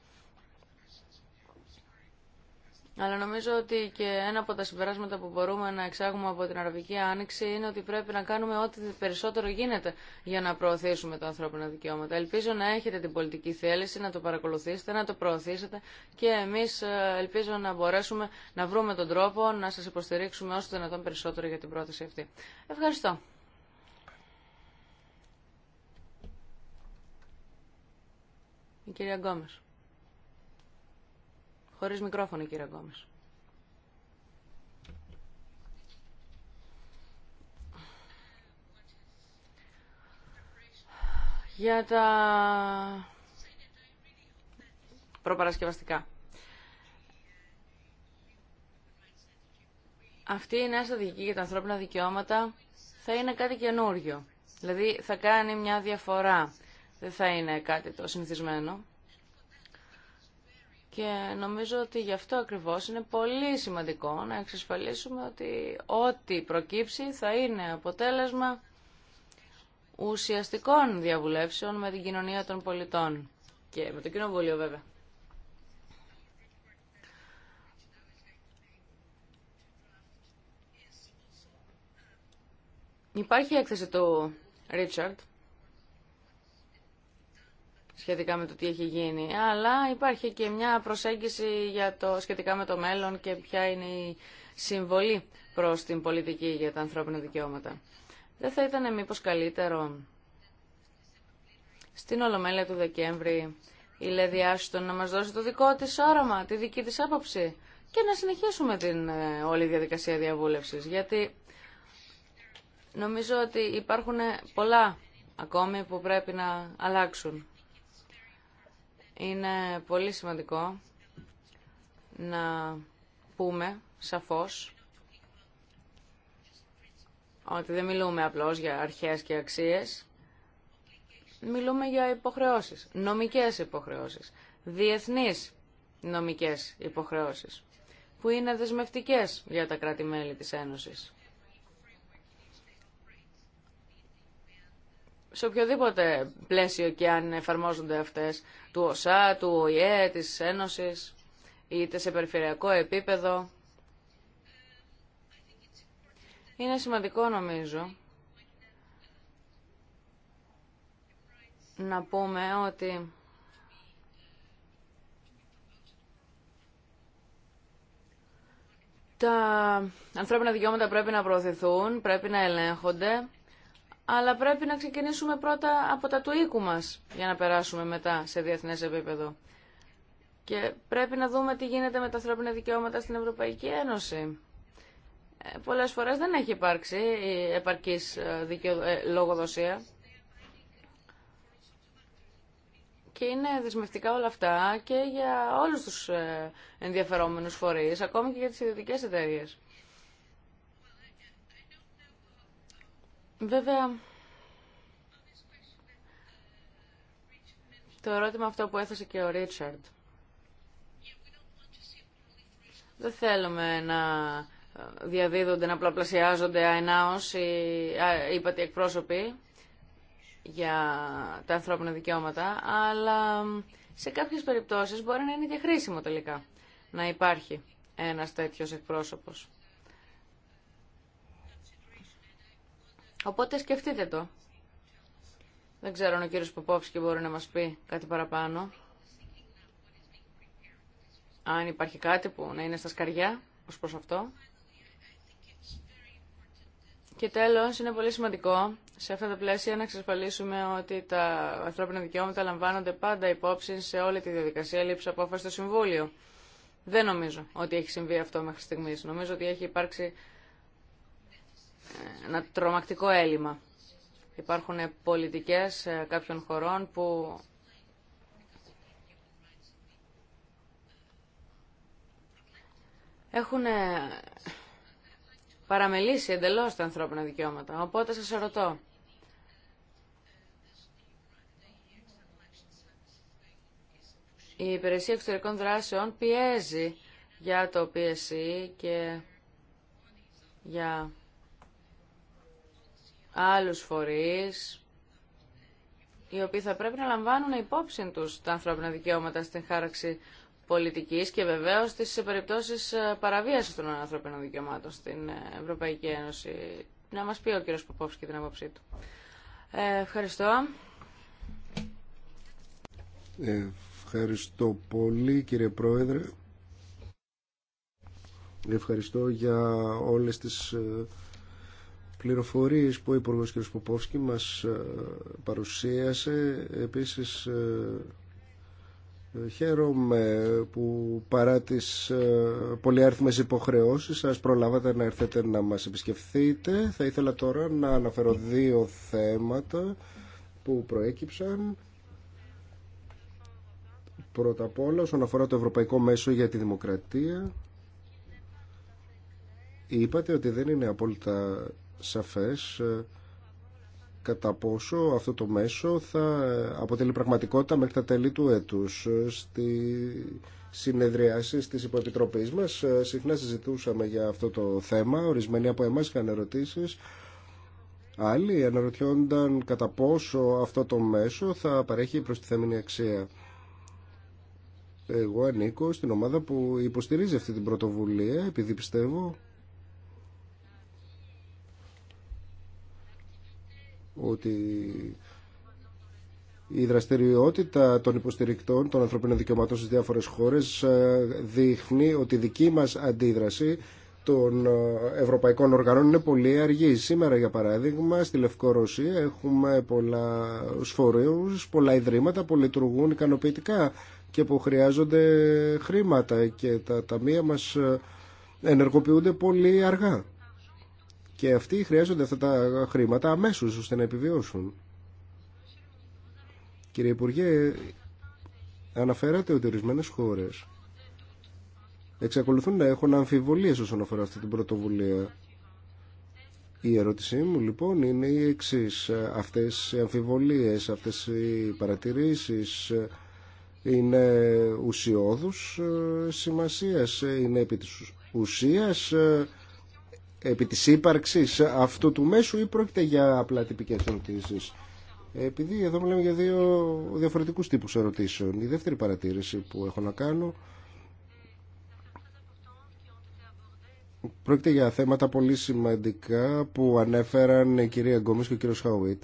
Αλλά νομίζω ότι και ένα από τα συμπεράσματα που μπορούμε να εξάγουμε από την Αραβική Άνοιξη είναι ότι πρέπει να κάνουμε ό,τι περισσότερο γίνεται για να προωθήσουμε τα ανθρώπινα δικαιώματα. Ελπίζω να έχετε την πολιτική θέληση, να το παρακολουθήσετε, να το προωθήσετε και εμείς ε, ελπίζω να μπορέσουμε να βρούμε τον τρόπο να σα υποστηρίξουμε όσο δυνατόν περισσότερο για την πρόταση αυτή. Ευχαριστώ. Η κυρία Γκόμες. Χωρί μικρόφωνο, κύριε Γκόμε. Για τα προπαρασκευαστικά. Αυτή η νέα στρατηγική για τα ανθρώπινα δικαιώματα θα είναι κάτι καινούριο. Δηλαδή θα κάνει μια διαφορά. Δεν θα είναι κάτι το συνηθισμένο. Και νομίζω ότι γι' αυτό ακριβώς είναι πολύ σημαντικό να εξασφαλίσουμε ότι ό,τι προκύψει θα είναι αποτέλεσμα ουσιαστικών διαβουλεύσεων με την κοινωνία των πολιτών και με το Κοινοβούλιο βέβαια. Υπάρχει έκθεση του Ρίτσαρντ σχετικά με το τι έχει γίνει, αλλά υπάρχει και μια προσέγγιση για το, σχετικά με το μέλλον και ποια είναι η συμβολή προς την πολιτική για τα ανθρώπινα δικαιώματα. Δεν θα ήταν μήπως καλύτερο στην Ολομέλεια του Δεκέμβρη η Λέδη Άστον να μας δώσει το δικό της όραμα, τη δική της άποψη και να συνεχίσουμε την ε, όλη διαδικασία διαβούλευσης, γιατί νομίζω ότι υπάρχουν πολλά ακόμη που πρέπει να αλλάξουν. Είναι πολύ σημαντικό να πούμε σαφώς ότι δεν μιλούμε απλώς για αρχές και αξίες, μιλούμε για υποχρεώσεις, νομικές υποχρεώσεις, διεθνείς νομικές υποχρεώσεις, που είναι δεσμευτικές για τα κράτη-μέλη της Ένωσης. σε οποιοδήποτε πλαίσιο και αν εφαρμόζονται αυτές, του ΟΣΑ, του ΟΗΕ, της Ένωσης, είτε σε περιφερειακό επίπεδο. Είναι σημαντικό νομίζω να πούμε ότι τα ανθρώπινα δικαιώματα πρέπει να προωθηθούν, πρέπει να ελέγχονται αλλά πρέπει να ξεκινήσουμε πρώτα από τα του οίκου μας για να περάσουμε μετά σε διεθνές επίπεδο. Και πρέπει να δούμε τι γίνεται με τα ανθρώπινα δικαιώματα στην Ευρωπαϊκή Ένωση. Ε, πολλές φορές δεν έχει υπάρξει η επαρκής ε, δικαιο... Ε, λογοδοσία. Και είναι δεσμευτικά όλα αυτά και για όλους τους ενδιαφερόμενους φορείς, ακόμη και για τις ιδιωτικές εταιρείες. Βέβαια, το ερώτημα αυτό που έθεσε και ο Ρίτσαρντ. Δεν θέλουμε να διαδίδονται, να πλαπλασιάζονται αενάως οι ύπατοι εκπρόσωποι για τα ανθρώπινα δικαιώματα, αλλά σε κάποιες περιπτώσεις μπορεί να είναι και χρήσιμο τελικά να υπάρχει ένας τέτοιος εκπρόσωπος. Οπότε σκεφτείτε το. Δεν ξέρω αν ο κύριος Ποπόφσκι μπορεί να μας πει κάτι παραπάνω. Αν υπάρχει κάτι που να είναι στα σκαριά ως προς αυτό. Και τέλος, είναι πολύ σημαντικό σε αυτά τα πλαίσια να εξασφαλίσουμε ότι τα ανθρώπινα δικαιώματα λαμβάνονται πάντα υπόψη σε όλη τη διαδικασία λήψη απόφαση στο Συμβούλιο. Δεν νομίζω ότι έχει συμβεί αυτό μέχρι στιγμή. Νομίζω ότι έχει υπάρξει ένα τρομακτικό έλλειμμα. Υπάρχουν πολιτικές ε, κάποιων χωρών που έχουν ε, παραμελήσει εντελώς τα ανθρώπινα δικαιώματα. Οπότε σας ρωτώ, η Υπηρεσία Εξωτερικών Δράσεων πιέζει για το PSE και για άλλους φορείς, οι οποίοι θα πρέπει να λαμβάνουν υπόψη τους τα ανθρώπινα δικαιώματα στην χάραξη πολιτικής και βεβαίως στις περιπτώσεις ε, παραβίασης των ανθρώπινων δικαιωμάτων στην ε, Ευρωπαϊκή Ένωση. Να μας πει ο κύριος Ποπόφσκι την άποψή του. Ε, ευχαριστώ. ευχαριστώ πολύ κύριε Πρόεδρε. Ευχαριστώ για όλες τις ε, Πληροφορίες που ο Υπουργός κ. Ποπόφσκι μας ε, παρουσίασε επίσης ε, ε, Χαίρομαι που παρά τις πολυάριθμες υποχρεώσεις σας προλάβατε να έρθετε να μας επισκεφθείτε. Θα ήθελα τώρα να αναφέρω δύο θέματα που προέκυψαν. Πρώτα απ' όλα όσον αφορά το Ευρωπαϊκό Μέσο για τη Δημοκρατία. Είπατε ότι δεν είναι απόλυτα σαφές ε, κατά πόσο αυτό το μέσο θα ε, αποτελεί πραγματικότητα μέχρι τα τέλη του έτους. Ε, στη συνεδρίαση της υποεπιτροπής μας συχνά συζητούσαμε για αυτό το θέμα. Ορισμένοι από εμάς είχαν ερωτήσεις. Άλλοι αναρωτιόνταν κατά πόσο αυτό το μέσο θα παρέχει προστιθέμενη αξία. Εγώ ανήκω στην ομάδα που υποστηρίζει αυτή την πρωτοβουλία επειδή πιστεύω ότι η δραστηριότητα των υποστηρικτών των ανθρωπίνων δικαιωμάτων στις διάφορες χώρες ε, δείχνει ότι η δική μας αντίδραση των ε, ευρωπαϊκών οργανών είναι πολύ αργή. Σήμερα, για παράδειγμα, στη Λευκορωσία έχουμε πολλά φορέους, πολλά ιδρύματα που λειτουργούν ικανοποιητικά και που χρειάζονται χρήματα και τα ταμεία μας ε, ενεργοποιούνται πολύ αργά και αυτοί χρειάζονται αυτά τα χρήματα αμέσω ώστε να επιβιώσουν. Κύριε Υπουργέ, αναφέρατε ότι ορισμένε χώρες εξακολουθούν να έχουν αμφιβολίες όσον αφορά αυτή την πρωτοβουλία. Η ερώτησή μου λοιπόν είναι η εξή Αυτές οι αμφιβολίες, αυτές οι παρατηρήσεις είναι ουσιώδους ε, σημασίας, ε, είναι επί της ουσίας ε, επί της ύπαρξης αυτού του μέσου ή πρόκειται για απλά τυπικές ερωτήσεις. Επειδή εδώ μιλάμε για δύο διαφορετικούς τύπους ερωτήσεων. Η δεύτερη παρατήρηση που έχω να κάνω πρόκειται για θέματα πολύ σημαντικά που ανέφεραν η κυρία Γκόμης και ο κύριος Χαουίτ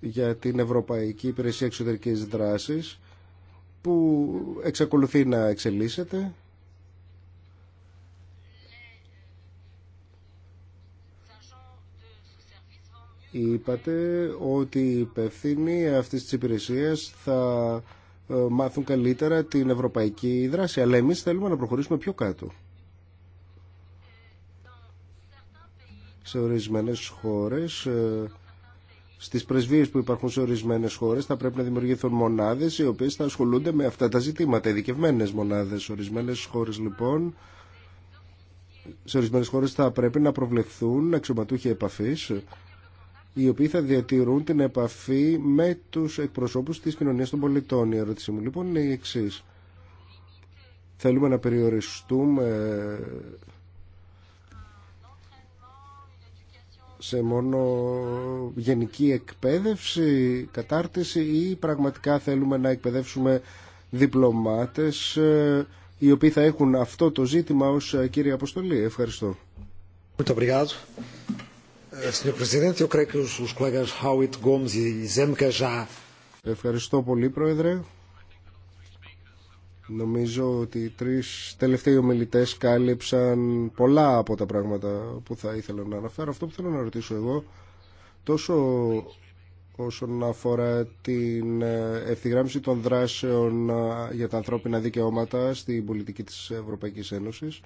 για την Ευρωπαϊκή Υπηρεσία Εξωτερικής Δράσης που εξακολουθεί να εξελίσσεται Είπατε ότι οι υπευθύνοι αυτή τη υπηρεσία θα ε, μάθουν καλύτερα την ευρωπαϊκή δράση, αλλά εμεί θέλουμε να προχωρήσουμε πιο κάτω. Σε ορισμένες χώρες ε, στις πρεσβείες που υπάρχουν σε ορισμένε χώρες θα πρέπει να δημιουργηθούν μονάδες οι οποίες θα ασχολούνται με αυτά τα ζητήματα, ειδικευμένε μονάδες. Σε ορισμένες χώρες λοιπόν, σε ορισμένε χώρε θα πρέπει να προβλεφθούν αξιωματούχοι επαφή οι οποίοι θα διατηρούν την επαφή με τους εκπροσώπους της κοινωνίας των πολιτών. Η ερώτησή μου λοιπόν είναι η εξή. Θέλουμε να περιοριστούμε σε μόνο γενική εκπαίδευση, κατάρτιση ή πραγματικά θέλουμε να εκπαιδεύσουμε διπλωμάτες ε, οι οποίοι θα έχουν αυτό το ζήτημα ως ε, κύρια αποστολή. Ευχαριστώ. Presidente, eu creio Ευχαριστώ πολύ, Πρόεδρε. Νομίζω ότι οι τρεις τελευταίοι ομιλητές κάλυψαν πολλά από τα πράγματα που θα ήθελα να αναφέρω. Αυτό που θέλω να ρωτήσω εγώ, τόσο όσον αφορά την ε, ευθυγράμμιση των δράσεων ε, για τα ανθρώπινα δικαιώματα στην πολιτική της Ευρωπαϊκής Ένωσης,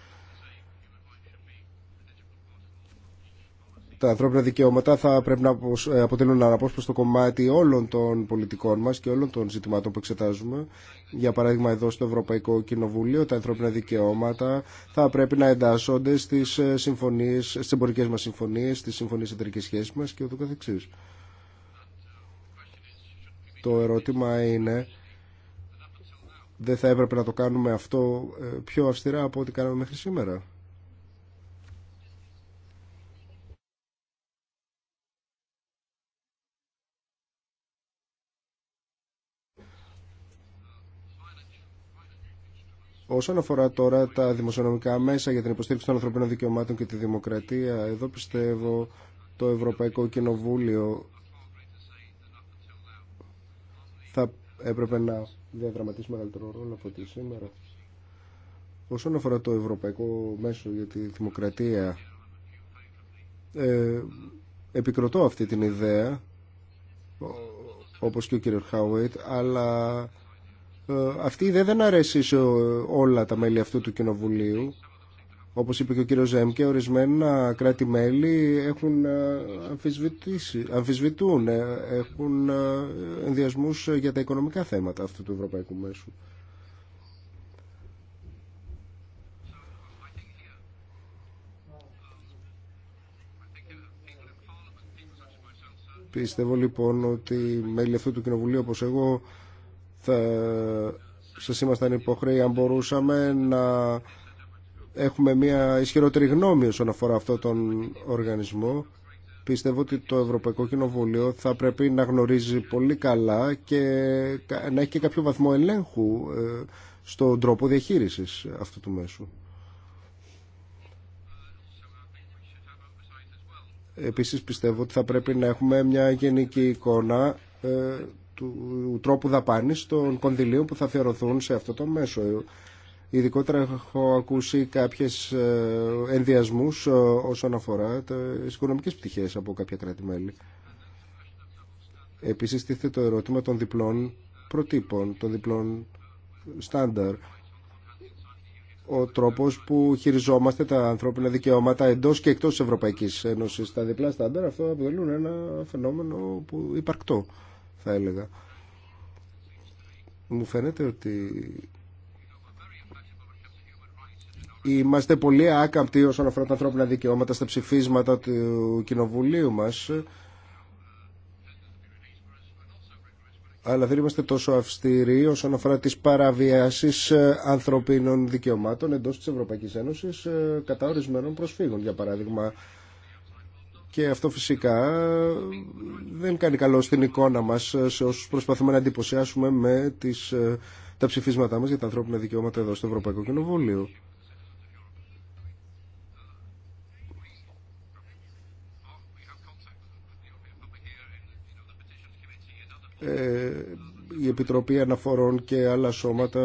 τα ανθρώπινα δικαιώματα θα πρέπει να ε, αποτελούν αναπόσπαστο κομμάτι όλων των πολιτικών μας και όλων των ζητημάτων που εξετάζουμε. Για παράδειγμα εδώ στο Ευρωπαϊκό Κοινοβούλιο τα ανθρώπινα δικαιώματα θα πρέπει να εντάσσονται στις, ε, συμφωνίες, στις εμπορικές μας συμφωνίες, στις συμφωνίες εταιρικής σχέσης μας και ούτω καθεξής. Το ερώτημα είναι δεν θα έπρεπε να το κάνουμε αυτό ε, πιο αυστηρά από ό,τι κάναμε μέχρι σήμερα. Όσον αφορά τώρα τα δημοσιονομικά μέσα για την υποστήριξη των ανθρωπίνων δικαιωμάτων και τη δημοκρατία, εδώ πιστεύω το Ευρωπαϊκό Κοινοβούλιο θα έπρεπε να διαδραματίσει μεγαλύτερο ρόλο από ότι σήμερα. Όσον αφορά το Ευρωπαϊκό Μέσο για τη Δημοκρατία, ε, επικροτώ αυτή την ιδέα, όπως και ο κ. Χάουιτ, αλλά ε, αυτή η ιδέα δεν αρέσει σε όλα τα μέλη αυτού του κοινοβουλίου. Όπως είπε και ο κύριος Ζέμκε, ορισμένα κράτη-μέλη έχουν ε, αμφισβητούν, ε, έχουν ενδιασμού για τα οικονομικά θέματα αυτού του ευρωπαϊκού μέσου. Πιστεύω λοιπόν ότι μέλη αυτού του κοινοβουλίου όπως εγώ θα σας ήμασταν υποχρέοι αν μπορούσαμε να έχουμε μια ισχυρότερη γνώμη όσον αφορά αυτό τον οργανισμό. Πιστεύω ότι το Ευρωπαϊκό Κοινοβούλιο θα πρέπει να γνωρίζει πολύ καλά και να έχει και κάποιο βαθμό ελέγχου ε, στον τρόπο διαχείρισης αυτού του μέσου. Επίσης πιστεύω ότι θα πρέπει να έχουμε μια γενική εικόνα ε, του τρόπου δαπάνη των κονδυλίων που θα θεωρηθούν σε αυτό το μέσο. Ειδικότερα έχω ακούσει κάποιες ε, ενδιασμούς ε, όσον αφορά τις οικονομικές πτυχές από κάποια κράτη-μέλη. Επίσης τίθεται το ερώτημα των διπλών προτύπων, των διπλών στάνταρ. Ο τρόπος που χειριζόμαστε τα ανθρώπινα δικαιώματα εντός και εκτός της Ευρωπαϊκής Ένωσης, τα διπλά στάνταρ, αυτό αποτελούν ένα φαινόμενο που υπαρκτό θα έλεγα. Μου φαίνεται ότι είμαστε πολύ άκαμπτοι όσον αφορά τα ανθρώπινα δικαιώματα στα ψηφίσματα του Κοινοβουλίου μας. αλλά δεν είμαστε τόσο αυστηροί όσον αφορά τις παραβιάσεις ε, ανθρωπίνων δικαιωμάτων εντός της Ευρωπαϊκής Ένωσης ε, κατά ορισμένων προσφύγων. Για παράδειγμα, και αυτό φυσικά ε, δεν κάνει καλό στην εικόνα μας ε, σε όσους προσπαθούμε να εντυπωσιάσουμε με τις, ε, τα ψηφίσματά μας για τα ανθρώπινα δικαιώματα εδώ στο Ευρωπαϊκό Κοινοβούλιο. Ε, η Επιτροπή Αναφορών και άλλα σώματα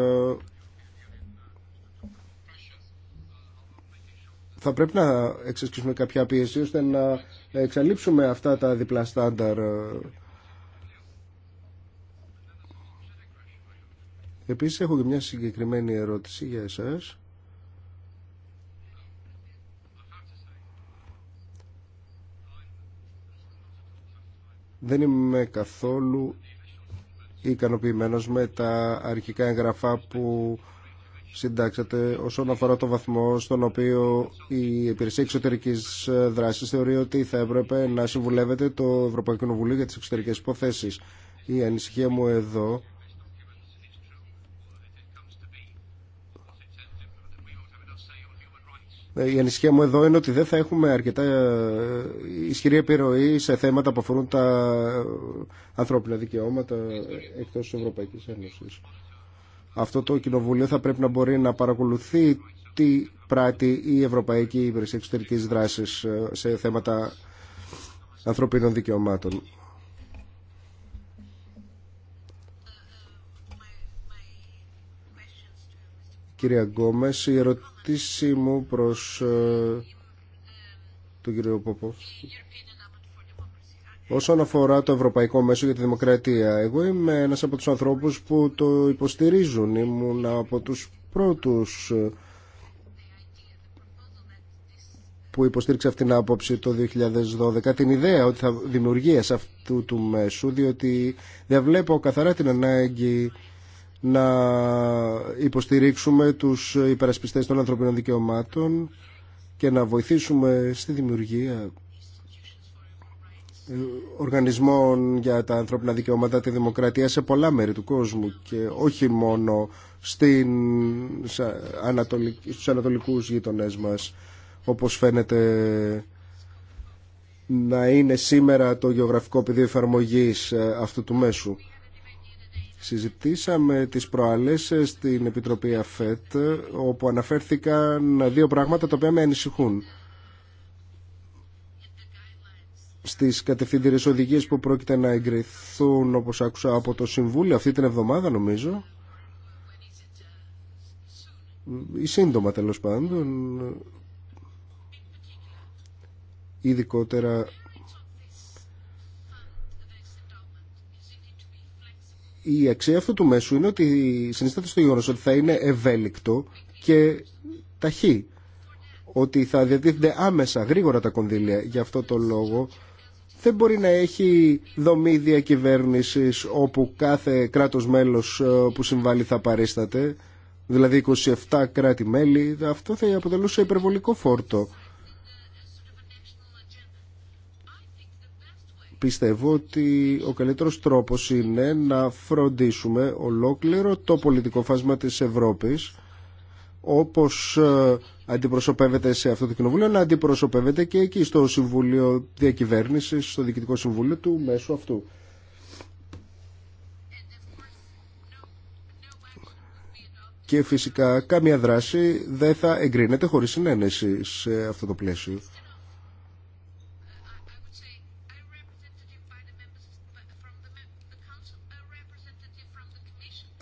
θα πρέπει να εξασκήσουμε κάποια πίεση ώστε να εξαλείψουμε αυτά τα διπλά στάνταρ. Επίσης έχω και μια συγκεκριμένη ερώτηση για εσάς. Δεν είμαι καθόλου ικανοποιημένος με τα αρχικά εγγραφά που συντάξατε όσον αφορά το βαθμό στον οποίο η Υπηρεσία εξωτερική δράση θεωρεί ότι θα έπρεπε να συμβουλεύεται το Ευρωπαϊκό Κοινοβουλίο για τις εξωτερικές υποθέσει. Η ανησυχία μου εδώ Η ανησυχία μου εδώ είναι ότι δεν θα έχουμε αρκετά ε, ισχυρή επιρροή σε θέματα που αφορούν τα ανθρώπινα δικαιώματα εκτός της Ευρωπαϊκής Ένωσης αυτό το κοινοβούλιο θα πρέπει να μπορεί να παρακολουθεί τι πράττει η Ευρωπαϊκή Υπηρεσία Εξωτερικής Δράσης ε, σε θέματα ανθρωπίνων δικαιωμάτων. Κυρία Γκόμες, η ερωτήση μου προς ε, τον κύριο Ποπό. Όσον αφορά το Ευρωπαϊκό Μέσο για τη Δημοκρατία, εγώ είμαι ένα από τους ανθρώπους που το υποστηρίζουν. Ήμουν από τους πρώτους ε, που υποστήριξε αυτήν την άποψη το 2012 την ιδέα ότι θα δημιουργίας αυτού του μέσου διότι διαβλέπω καθαρά την ανάγκη να υποστηρίξουμε τους υπερασπιστές των ανθρωπίνων δικαιωμάτων και να βοηθήσουμε στη δημιουργία οργανισμών για τα ανθρώπινα δικαιώματα, τη δημοκρατία σε πολλά μέρη του κόσμου και όχι μόνο στην, στους ανατολικούς γείτονές μας όπως φαίνεται να είναι σήμερα το γεωγραφικό πεδίο εφαρμογή ε, αυτού του μέσου. Συζητήσαμε τις προάλλες ε, στην Επιτροπή ΑΦΕΤ ε, όπου αναφέρθηκαν δύο πράγματα τα οποία με ανησυχούν στις κατευθυντήρες οδηγίες που πρόκειται να εγκριθούν όπως άκουσα από το Συμβούλιο αυτή την εβδομάδα νομίζω ή σύντομα τέλος πάντων ειδικότερα η αξία αυτού του μέσου είναι ότι συνιστάται στο γεγονό ότι θα είναι ευέλικτο και ταχύ ότι θα διατίθενται άμεσα γρήγορα τα κονδύλια για αυτό το λόγο δεν μπορεί να έχει δομή διακυβέρνηση όπου κάθε κράτος μέλος ε, που συμβάλλει θα παρίσταται, δηλαδή 27 κράτη-μέλη, αυτό θα αποτελούσε υπερβολικό φόρτο. Πιστεύω ότι ο καλύτερος τρόπος είναι να φροντίσουμε ολόκληρο το πολιτικό φάσμα της Ευρώπης όπως ε, αντιπροσωπεύεται σε αυτό το κοινοβούλιο να αντιπροσωπεύεται και εκεί στο Συμβούλιο Διακυβέρνησης, στο Διοικητικό Συμβούλιο του μέσου αυτού. Και φυσικά καμία δράση δεν θα εγκρίνεται χωρίς συνένεση σε αυτό το πλαίσιο.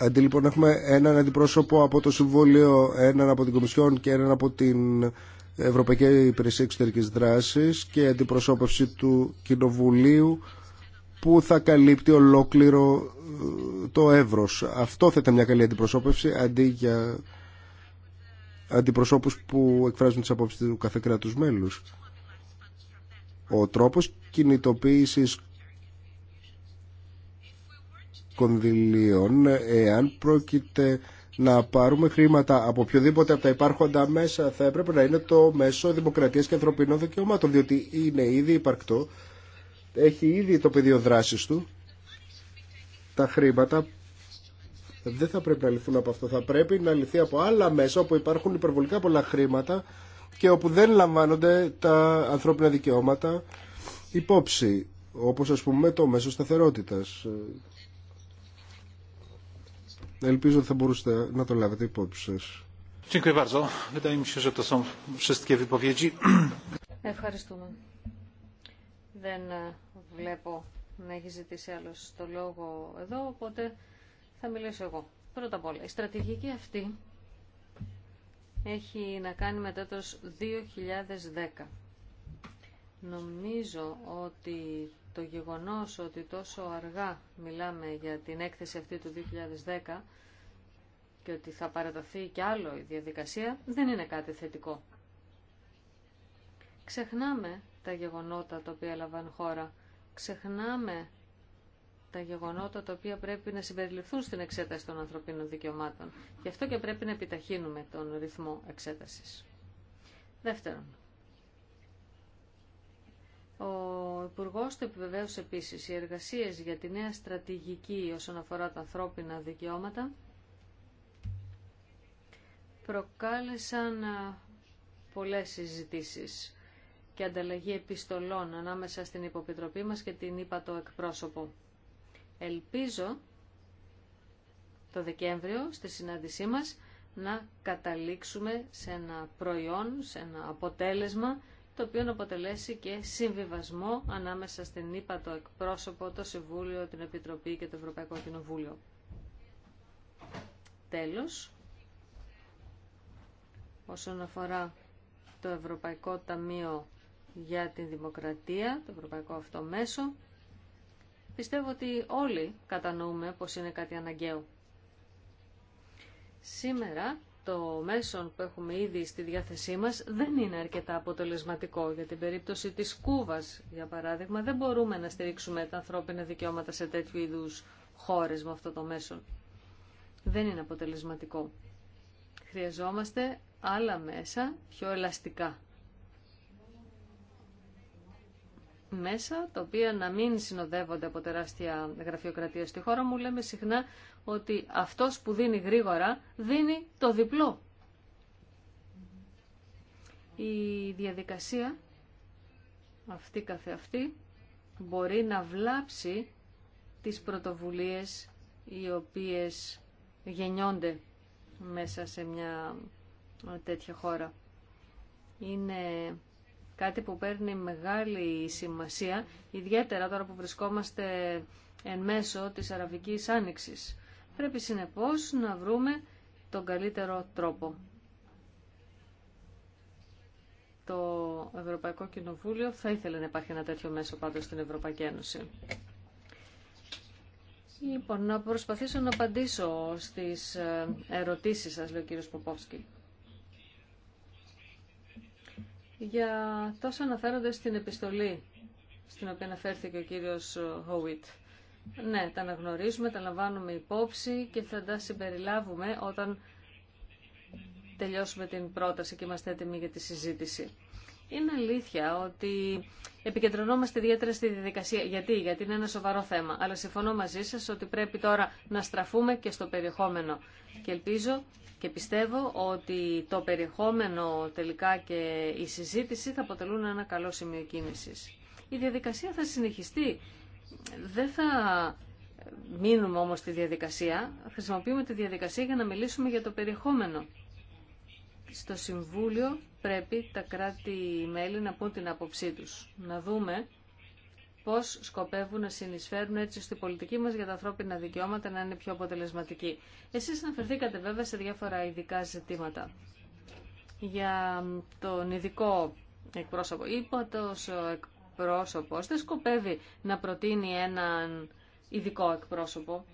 Αντί λοιπόν έχουμε έναν αντιπρόσωπο από το Συμβούλιο, έναν από την Κομισιόν και έναν από την Ευρωπαϊκή Υπηρεσία Εξωτερικής Δράσης και αντιπροσώπευση του Κοινοβουλίου που θα καλύπτει ολόκληρο ε, το εύρος. Αυτό θα ήταν μια καλή αντιπροσώπευση αντί για αντιπροσώπους που εκφράζουν τις απόψεις του κάθε κράτους μέλους. Ο τρόπος κινητοποίησης κονδυλίων εάν πρόκειται να πάρουμε χρήματα από οποιοδήποτε από τα υπάρχοντα μέσα θα έπρεπε να είναι το μέσο δημοκρατίας και ανθρωπινών δικαιωμάτων διότι είναι ήδη υπαρκτό έχει ήδη το πεδίο δράσης του τα χρήματα δεν θα πρέπει να λυθούν από αυτό θα πρέπει να λυθεί από άλλα μέσα όπου υπάρχουν υπερβολικά πολλά χρήματα και όπου δεν λαμβάνονται τα ανθρώπινα δικαιώματα υπόψη όπως ας πούμε το μέσο σταθερότητας Ελπίζω ότι θα μπορούσατε να το λάβετε υπόψη σας. Ευχαριστούμε. Δεν ε, βλέπω να έχει ζητήσει άλλο το λόγο εδώ, οπότε θα μιλήσω εγώ. Πρώτα απ' όλα, η στρατηγική αυτή έχει να κάνει με το 2010. Νομίζω ότι το γεγονός ότι τόσο αργά μιλάμε για την έκθεση αυτή του 2010 και ότι θα παραταθεί κι άλλο η διαδικασία δεν είναι κάτι θετικό. Ξεχνάμε τα γεγονότα τα οποία λαμβάνουν χώρα. Ξεχνάμε τα γεγονότα τα οποία πρέπει να συμπεριληφθούν στην εξέταση των ανθρωπίνων δικαιωμάτων. Γι' αυτό και πρέπει να επιταχύνουμε τον ρυθμό εξέτασης. Δεύτερον, ο υπουργό το επιβεβαίωσε επίσης. Οι εργασίες για τη νέα στρατηγική όσον αφορά τα ανθρώπινα δικαιώματα προκάλεσαν πολλές συζητήσεις και ανταλλαγή επιστολών ανάμεσα στην υποπιτροπή μας και την είπα το εκπρόσωπο. Ελπίζω το Δεκέμβριο στη συνάντησή μας να καταλήξουμε σε ένα προϊόν, σε ένα αποτέλεσμα το οποίο να αποτελέσει και συμβιβασμό ανάμεσα στην ΕΠΑ, το εκπρόσωπο, το Συμβούλιο, την Επιτροπή και το Ευρωπαϊκό Κοινοβούλιο. Τέλος, όσον αφορά το Ευρωπαϊκό Ταμείο για την Δημοκρατία, το Ευρωπαϊκό αυτό μέσο, πιστεύω ότι όλοι κατανοούμε πως είναι κάτι αναγκαίο. Σήμερα το μέσο που έχουμε ήδη στη διάθεσή μας δεν είναι αρκετά αποτελεσματικό. Για την περίπτωση της Κούβας, για παράδειγμα, δεν μπορούμε να στηρίξουμε τα ανθρώπινα δικαιώματα σε τέτοιου είδους χώρες με αυτό το μέσο. Δεν είναι αποτελεσματικό. Χρειαζόμαστε άλλα μέσα πιο ελαστικά. μέσα τα οποία να μην συνοδεύονται από τεράστια γραφειοκρατία στη χώρα μου, λέμε συχνά ότι αυτός που δίνει γρήγορα δίνει το διπλό. Η διαδικασία αυτή καθεαυτή μπορεί να βλάψει τις πρωτοβουλίες οι οποίες γεννιόνται μέσα σε μια τέτοια χώρα. Είναι Κάτι που παίρνει μεγάλη σημασία, ιδιαίτερα τώρα που βρισκόμαστε εν μέσω της Αραβικής Άνοιξης. Πρέπει συνεπώς να βρούμε τον καλύτερο τρόπο. Το Ευρωπαϊκό Κοινοβούλιο θα ήθελε να υπάρχει ένα τέτοιο μέσο πάντως στην Ευρωπαϊκή Ένωση. Λοιπόν, να προσπαθήσω να απαντήσω στις ε, ερωτήσεις σας, λέει ο κύριος Ποπόφσκι για τόσα αναφέρονται στην επιστολή στην οποία αναφέρθηκε ο κύριος Χόουιτ. Ναι, τα αναγνωρίζουμε, τα λαμβάνουμε υπόψη και θα τα συμπεριλάβουμε όταν τελειώσουμε την πρόταση και είμαστε έτοιμοι για τη συζήτηση. Είναι αλήθεια ότι επικεντρωνόμαστε ιδιαίτερα στη διαδικασία. Γιατί, γιατί είναι ένα σοβαρό θέμα. Αλλά συμφωνώ μαζί σας ότι πρέπει τώρα να στραφούμε και στο περιεχόμενο. Και ελπίζω και πιστεύω ότι το περιεχόμενο τελικά και η συζήτηση θα αποτελούν ένα καλό σημείο κίνησης. Η διαδικασία θα συνεχιστεί. Δεν θα μείνουμε όμως στη διαδικασία. Χρησιμοποιούμε τη διαδικασία για να μιλήσουμε για το περιεχόμενο στο Συμβούλιο πρέπει τα κράτη-μέλη να πούν την άποψή τους. Να δούμε πώς σκοπεύουν να συνεισφέρουν έτσι στη πολιτική μας για τα ανθρώπινα δικαιώματα να είναι πιο αποτελεσματική. Εσείς αναφερθήκατε βέβαια σε διάφορα ειδικά ζητήματα. Για τον ειδικό εκπρόσωπο. ή ο εκπρόσωπος δεν σκοπεύει να προτείνει έναν ειδικό εκπρόσωπο.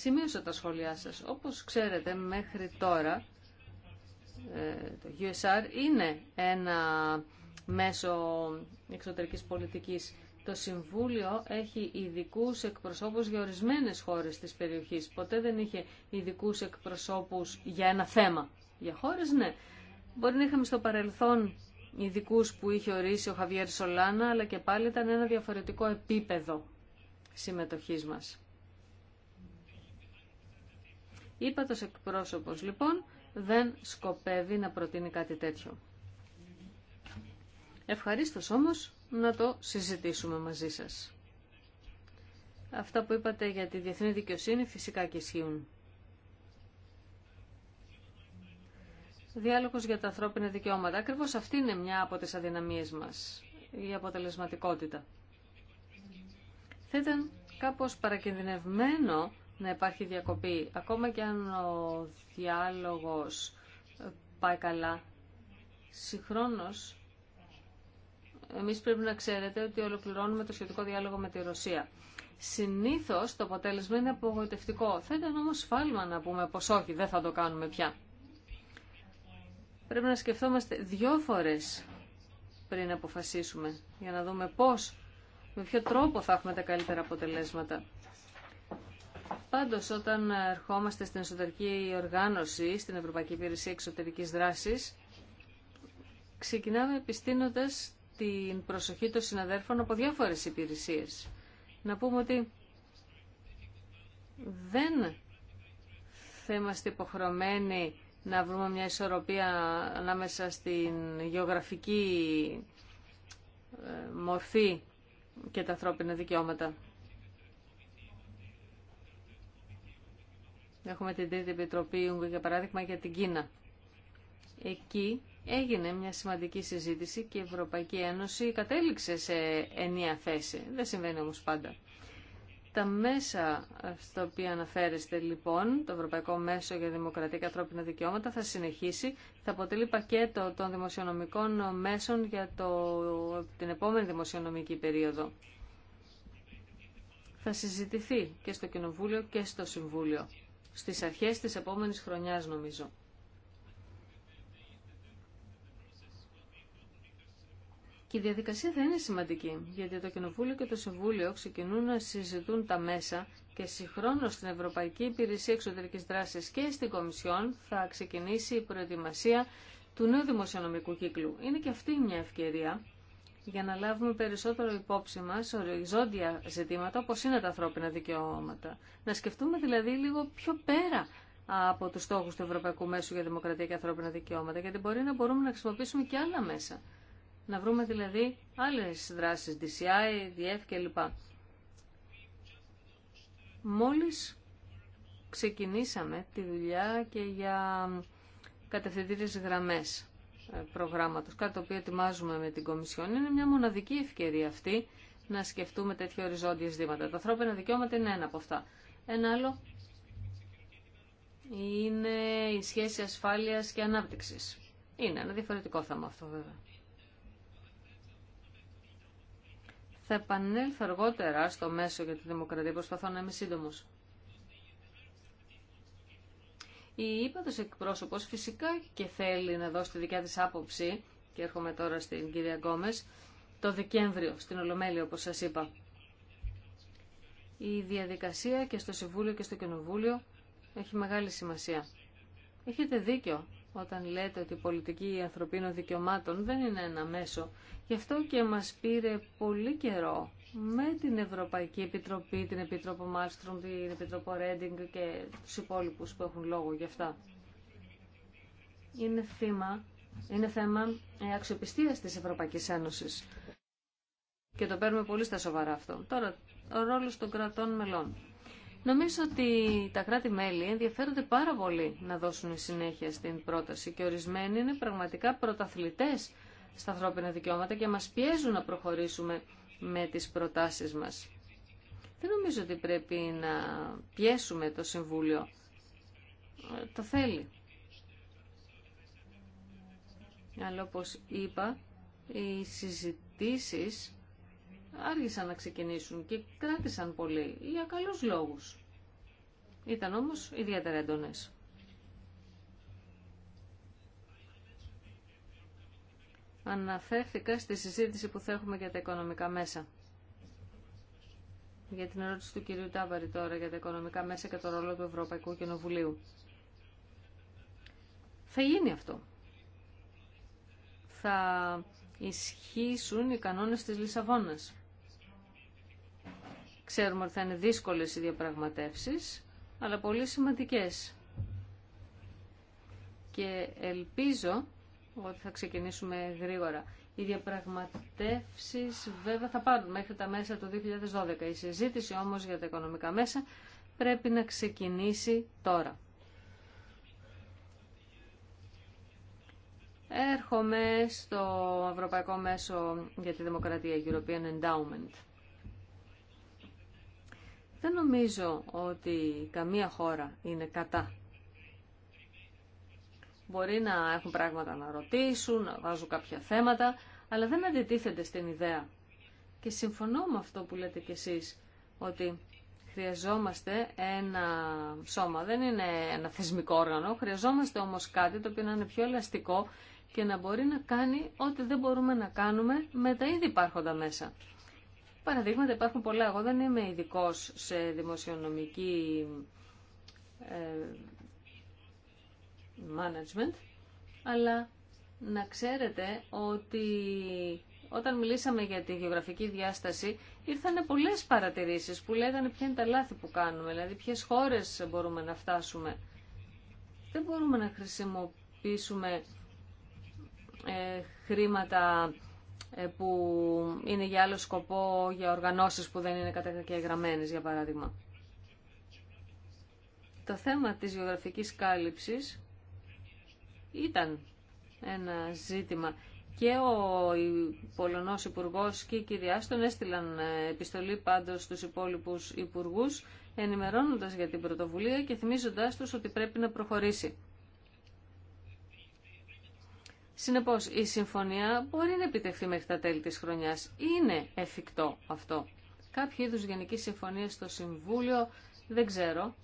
Σημείωσα τα σχόλιά σας. Όπως ξέρετε, μέχρι τώρα ε, το USR είναι ένα μέσο εξωτερικής πολιτικής. Το Συμβούλιο έχει ειδικού εκπροσώπους για ορισμένες χώρες της περιοχής. Ποτέ δεν είχε ειδικού εκπροσώπους για ένα θέμα. Για χώρες, ναι. Μπορεί να είχαμε στο παρελθόν ειδικού που είχε ορίσει ο Χαβιέρ Σολάνα, αλλά και πάλι ήταν ένα διαφορετικό επίπεδο συμμετοχής μας. Ήπατος εκπρόσωπος λοιπόν δεν σκοπεύει να προτείνει κάτι τέτοιο. Ευχαρίστως όμως να το συζητήσουμε μαζί σας. Αυτά που είπατε για τη διεθνή δικαιοσύνη φυσικά και ισχύουν. Διάλογος για τα ανθρώπινα δικαιώματα. Ακριβώς αυτή είναι μια από τις αδυναμίες μας, η αποτελεσματικότητα. Θα ήταν κάπως παρακινδυνευμένο να υπάρχει διακοπή. Ακόμα και αν ο διάλογος πάει καλά, συγχρόνως εμείς πρέπει να ξέρετε ότι ολοκληρώνουμε το σχετικό διάλογο με τη Ρωσία. Συνήθως το αποτέλεσμα είναι απογοητευτικό. Θα ήταν όμως φάλμα να πούμε πως όχι, δεν θα το κάνουμε πια. Πρέπει να σκεφτόμαστε δυο φορές πριν αποφασίσουμε για να δούμε πώς, με ποιο τρόπο θα έχουμε τα καλύτερα αποτελέσματα. Πάντως όταν ερχόμαστε στην εσωτερική οργάνωση, στην Ευρωπαϊκή Υπηρεσία Εξωτερικής Δράσης, ξεκινάμε επιστήνοντας την προσοχή των συναδέρφων από διάφορες υπηρεσίες. Να πούμε ότι δεν θα είμαστε υποχρεωμένοι να βρούμε μια ισορροπία ανάμεσα στην γεωγραφική ε, μορφή και τα ανθρώπινα δικαιώματα. Έχουμε την Τρίτη Επιτροπή για παράδειγμα για την Κίνα. Εκεί έγινε μια σημαντική συζήτηση και η Ευρωπαϊκή Ένωση κατέληξε σε ενία θέση. Δεν συμβαίνει όμως πάντα. Τα μέσα στα οποία αναφέρεστε λοιπόν, το Ευρωπαϊκό Μέσο για Δημοκρατία και Ανθρώπινα Δικαιώματα θα συνεχίσει, θα αποτελεί πακέτο των δημοσιονομικών μέσων για το, την επόμενη δημοσιονομική περίοδο. Θα συζητηθεί και στο Κοινοβούλιο και στο Συμβούλιο στις αρχές της επόμενης χρονιάς νομίζω. Και η διαδικασία θα είναι σημαντική, γιατί το Κοινοβούλιο και το Συμβούλιο ξεκινούν να συζητούν τα μέσα και συγχρόνως στην Ευρωπαϊκή Υπηρεσία Εξωτερικής Δράσης και στην Κομισιόν θα ξεκινήσει η προετοιμασία του νέου δημοσιονομικού κύκλου. Είναι και αυτή μια ευκαιρία για να λάβουμε περισσότερο υπόψη μας οριζόντια ζητήματα όπω είναι τα ανθρώπινα δικαιώματα. Να σκεφτούμε δηλαδή λίγο πιο πέρα από του στόχου του Ευρωπαϊκού Μέσου για Δημοκρατία και Ανθρώπινα Δικαιώματα, γιατί μπορεί να μπορούμε να χρησιμοποιήσουμε και άλλα μέσα. Να βρούμε δηλαδή άλλες δράσεις, DCI, DF κλπ. Μόλι ξεκινήσαμε τη δουλειά και για κατευθυντήριε γραμμέ. Ε, προγράμματος, κάτι το οποίο ετοιμάζουμε με την Κομισιόν. Είναι μια μοναδική ευκαιρία αυτή να σκεφτούμε τέτοια οριζόντια ζητήματα. Τα ανθρώπινα δικαιώματα είναι ένα από αυτά. Ένα άλλο είναι η σχέση ασφάλειας και ανάπτυξης. Είναι ένα διαφορετικό θέμα αυτό βέβαια. Θα επανέλθω αργότερα στο μέσο για τη δημοκρατία. Προσπαθώ να είμαι σύντομος. Η ύπατος εκπρόσωπος φυσικά και θέλει να δώσει τη δικιά της άποψη και έρχομαι τώρα στην κυρία Γκόμες το Δεκέμβριο στην Ολομέλεια όπως σας είπα. Η διαδικασία και στο Συμβούλιο και στο Κοινοβούλιο έχει μεγάλη σημασία. Έχετε δίκιο όταν λέτε ότι η πολιτική ανθρωπίνων δικαιωμάτων δεν είναι ένα μέσο. Γι' αυτό και μας πήρε πολύ καιρό με την Ευρωπαϊκή Επιτροπή, την Επίτροπο Μάλστρομ, την Επίτροπο Ρέντινγκ και τους υπόλοιπους που έχουν λόγο γι' αυτά. Είναι, είναι θέμα ε, αξιοπιστίας της Ευρωπαϊκής Ένωσης. Και το παίρνουμε πολύ στα σοβαρά αυτό. Τώρα, ο ρόλος των κρατών μελών. Νομίζω ότι τα κράτη-μέλη ενδιαφέρονται πάρα πολύ να δώσουν συνέχεια στην πρόταση και ορισμένοι είναι πραγματικά πρωταθλητές στα ανθρώπινα δικαιώματα και μας πιέζουν να προχωρήσουμε με τις προτάσεις μας. Δεν νομίζω ότι πρέπει να πιέσουμε το Συμβούλιο. Ε, το θέλει. Αλλά όπως είπα, οι συζητήσεις άργησαν να ξεκινήσουν και κράτησαν πολύ για καλούς λόγους. Ήταν όμως ιδιαίτερα εντονές. αναφέρθηκα στη συζήτηση που θα έχουμε για τα οικονομικά μέσα. Για την ερώτηση του κυρίου Τάβαρη τώρα για τα οικονομικά μέσα και το ρόλο του Ευρωπαϊκού Κοινοβουλίου. Θα γίνει αυτό. Θα ισχύσουν οι κανόνες της Λισαβόνας. Ξέρουμε ότι θα είναι δύσκολες οι διαπραγματεύσεις, αλλά πολύ σημαντικές. Και ελπίζω ότι θα ξεκινήσουμε γρήγορα. Οι διαπραγματεύσει βέβαια θα πάρουν μέχρι τα μέσα του 2012. Η συζήτηση όμω για τα οικονομικά μέσα πρέπει να ξεκινήσει τώρα. Έρχομαι στο Ευρωπαϊκό Μέσο για τη Δημοκρατία, European Endowment. Δεν νομίζω ότι καμία χώρα είναι κατά Μπορεί να έχουν πράγματα να ρωτήσουν, να βάζουν κάποια θέματα, αλλά δεν αντιτίθεται στην ιδέα. Και συμφωνώ με αυτό που λέτε κι εσείς, ότι χρειαζόμαστε ένα σώμα, δεν είναι ένα θεσμικό όργανο, χρειαζόμαστε όμως κάτι το οποίο να είναι πιο ελαστικό και να μπορεί να κάνει ό,τι δεν μπορούμε να κάνουμε με τα ήδη υπάρχοντα μέσα. Παραδείγματα υπάρχουν πολλά. Εγώ δεν είμαι ειδικό σε δημοσιονομική ε, management, αλλά να ξέρετε ότι όταν μιλήσαμε για τη γεωγραφική διάσταση, ήρθαν πολλές παρατηρήσεις που λέγανε ποια είναι τα λάθη που κάνουμε, δηλαδή ποιες χώρες μπορούμε να φτάσουμε. Δεν μπορούμε να χρησιμοποιήσουμε ε, χρήματα ε, που είναι για άλλο σκοπό, για οργανώσεις που δεν είναι κατακαιγραμμένες, για παράδειγμα. Το θέμα της γεωγραφικής κάλυψης ήταν ένα ζήτημα. Και ο Πολωνός υπουργό και η κυρία Άστον έστειλαν ε, επιστολή πάντως στους υπόλοιπους υπουργούς ενημερώνοντας για την πρωτοβουλία και θυμίζοντάς τους ότι πρέπει να προχωρήσει. Συνεπώς, η συμφωνία μπορεί να επιτευχθεί μέχρι τα τέλη της χρονιάς. Είναι εφικτό αυτό. Κάποιο είδους γενική συμφωνία στο Συμβούλιο, δεν ξέρω.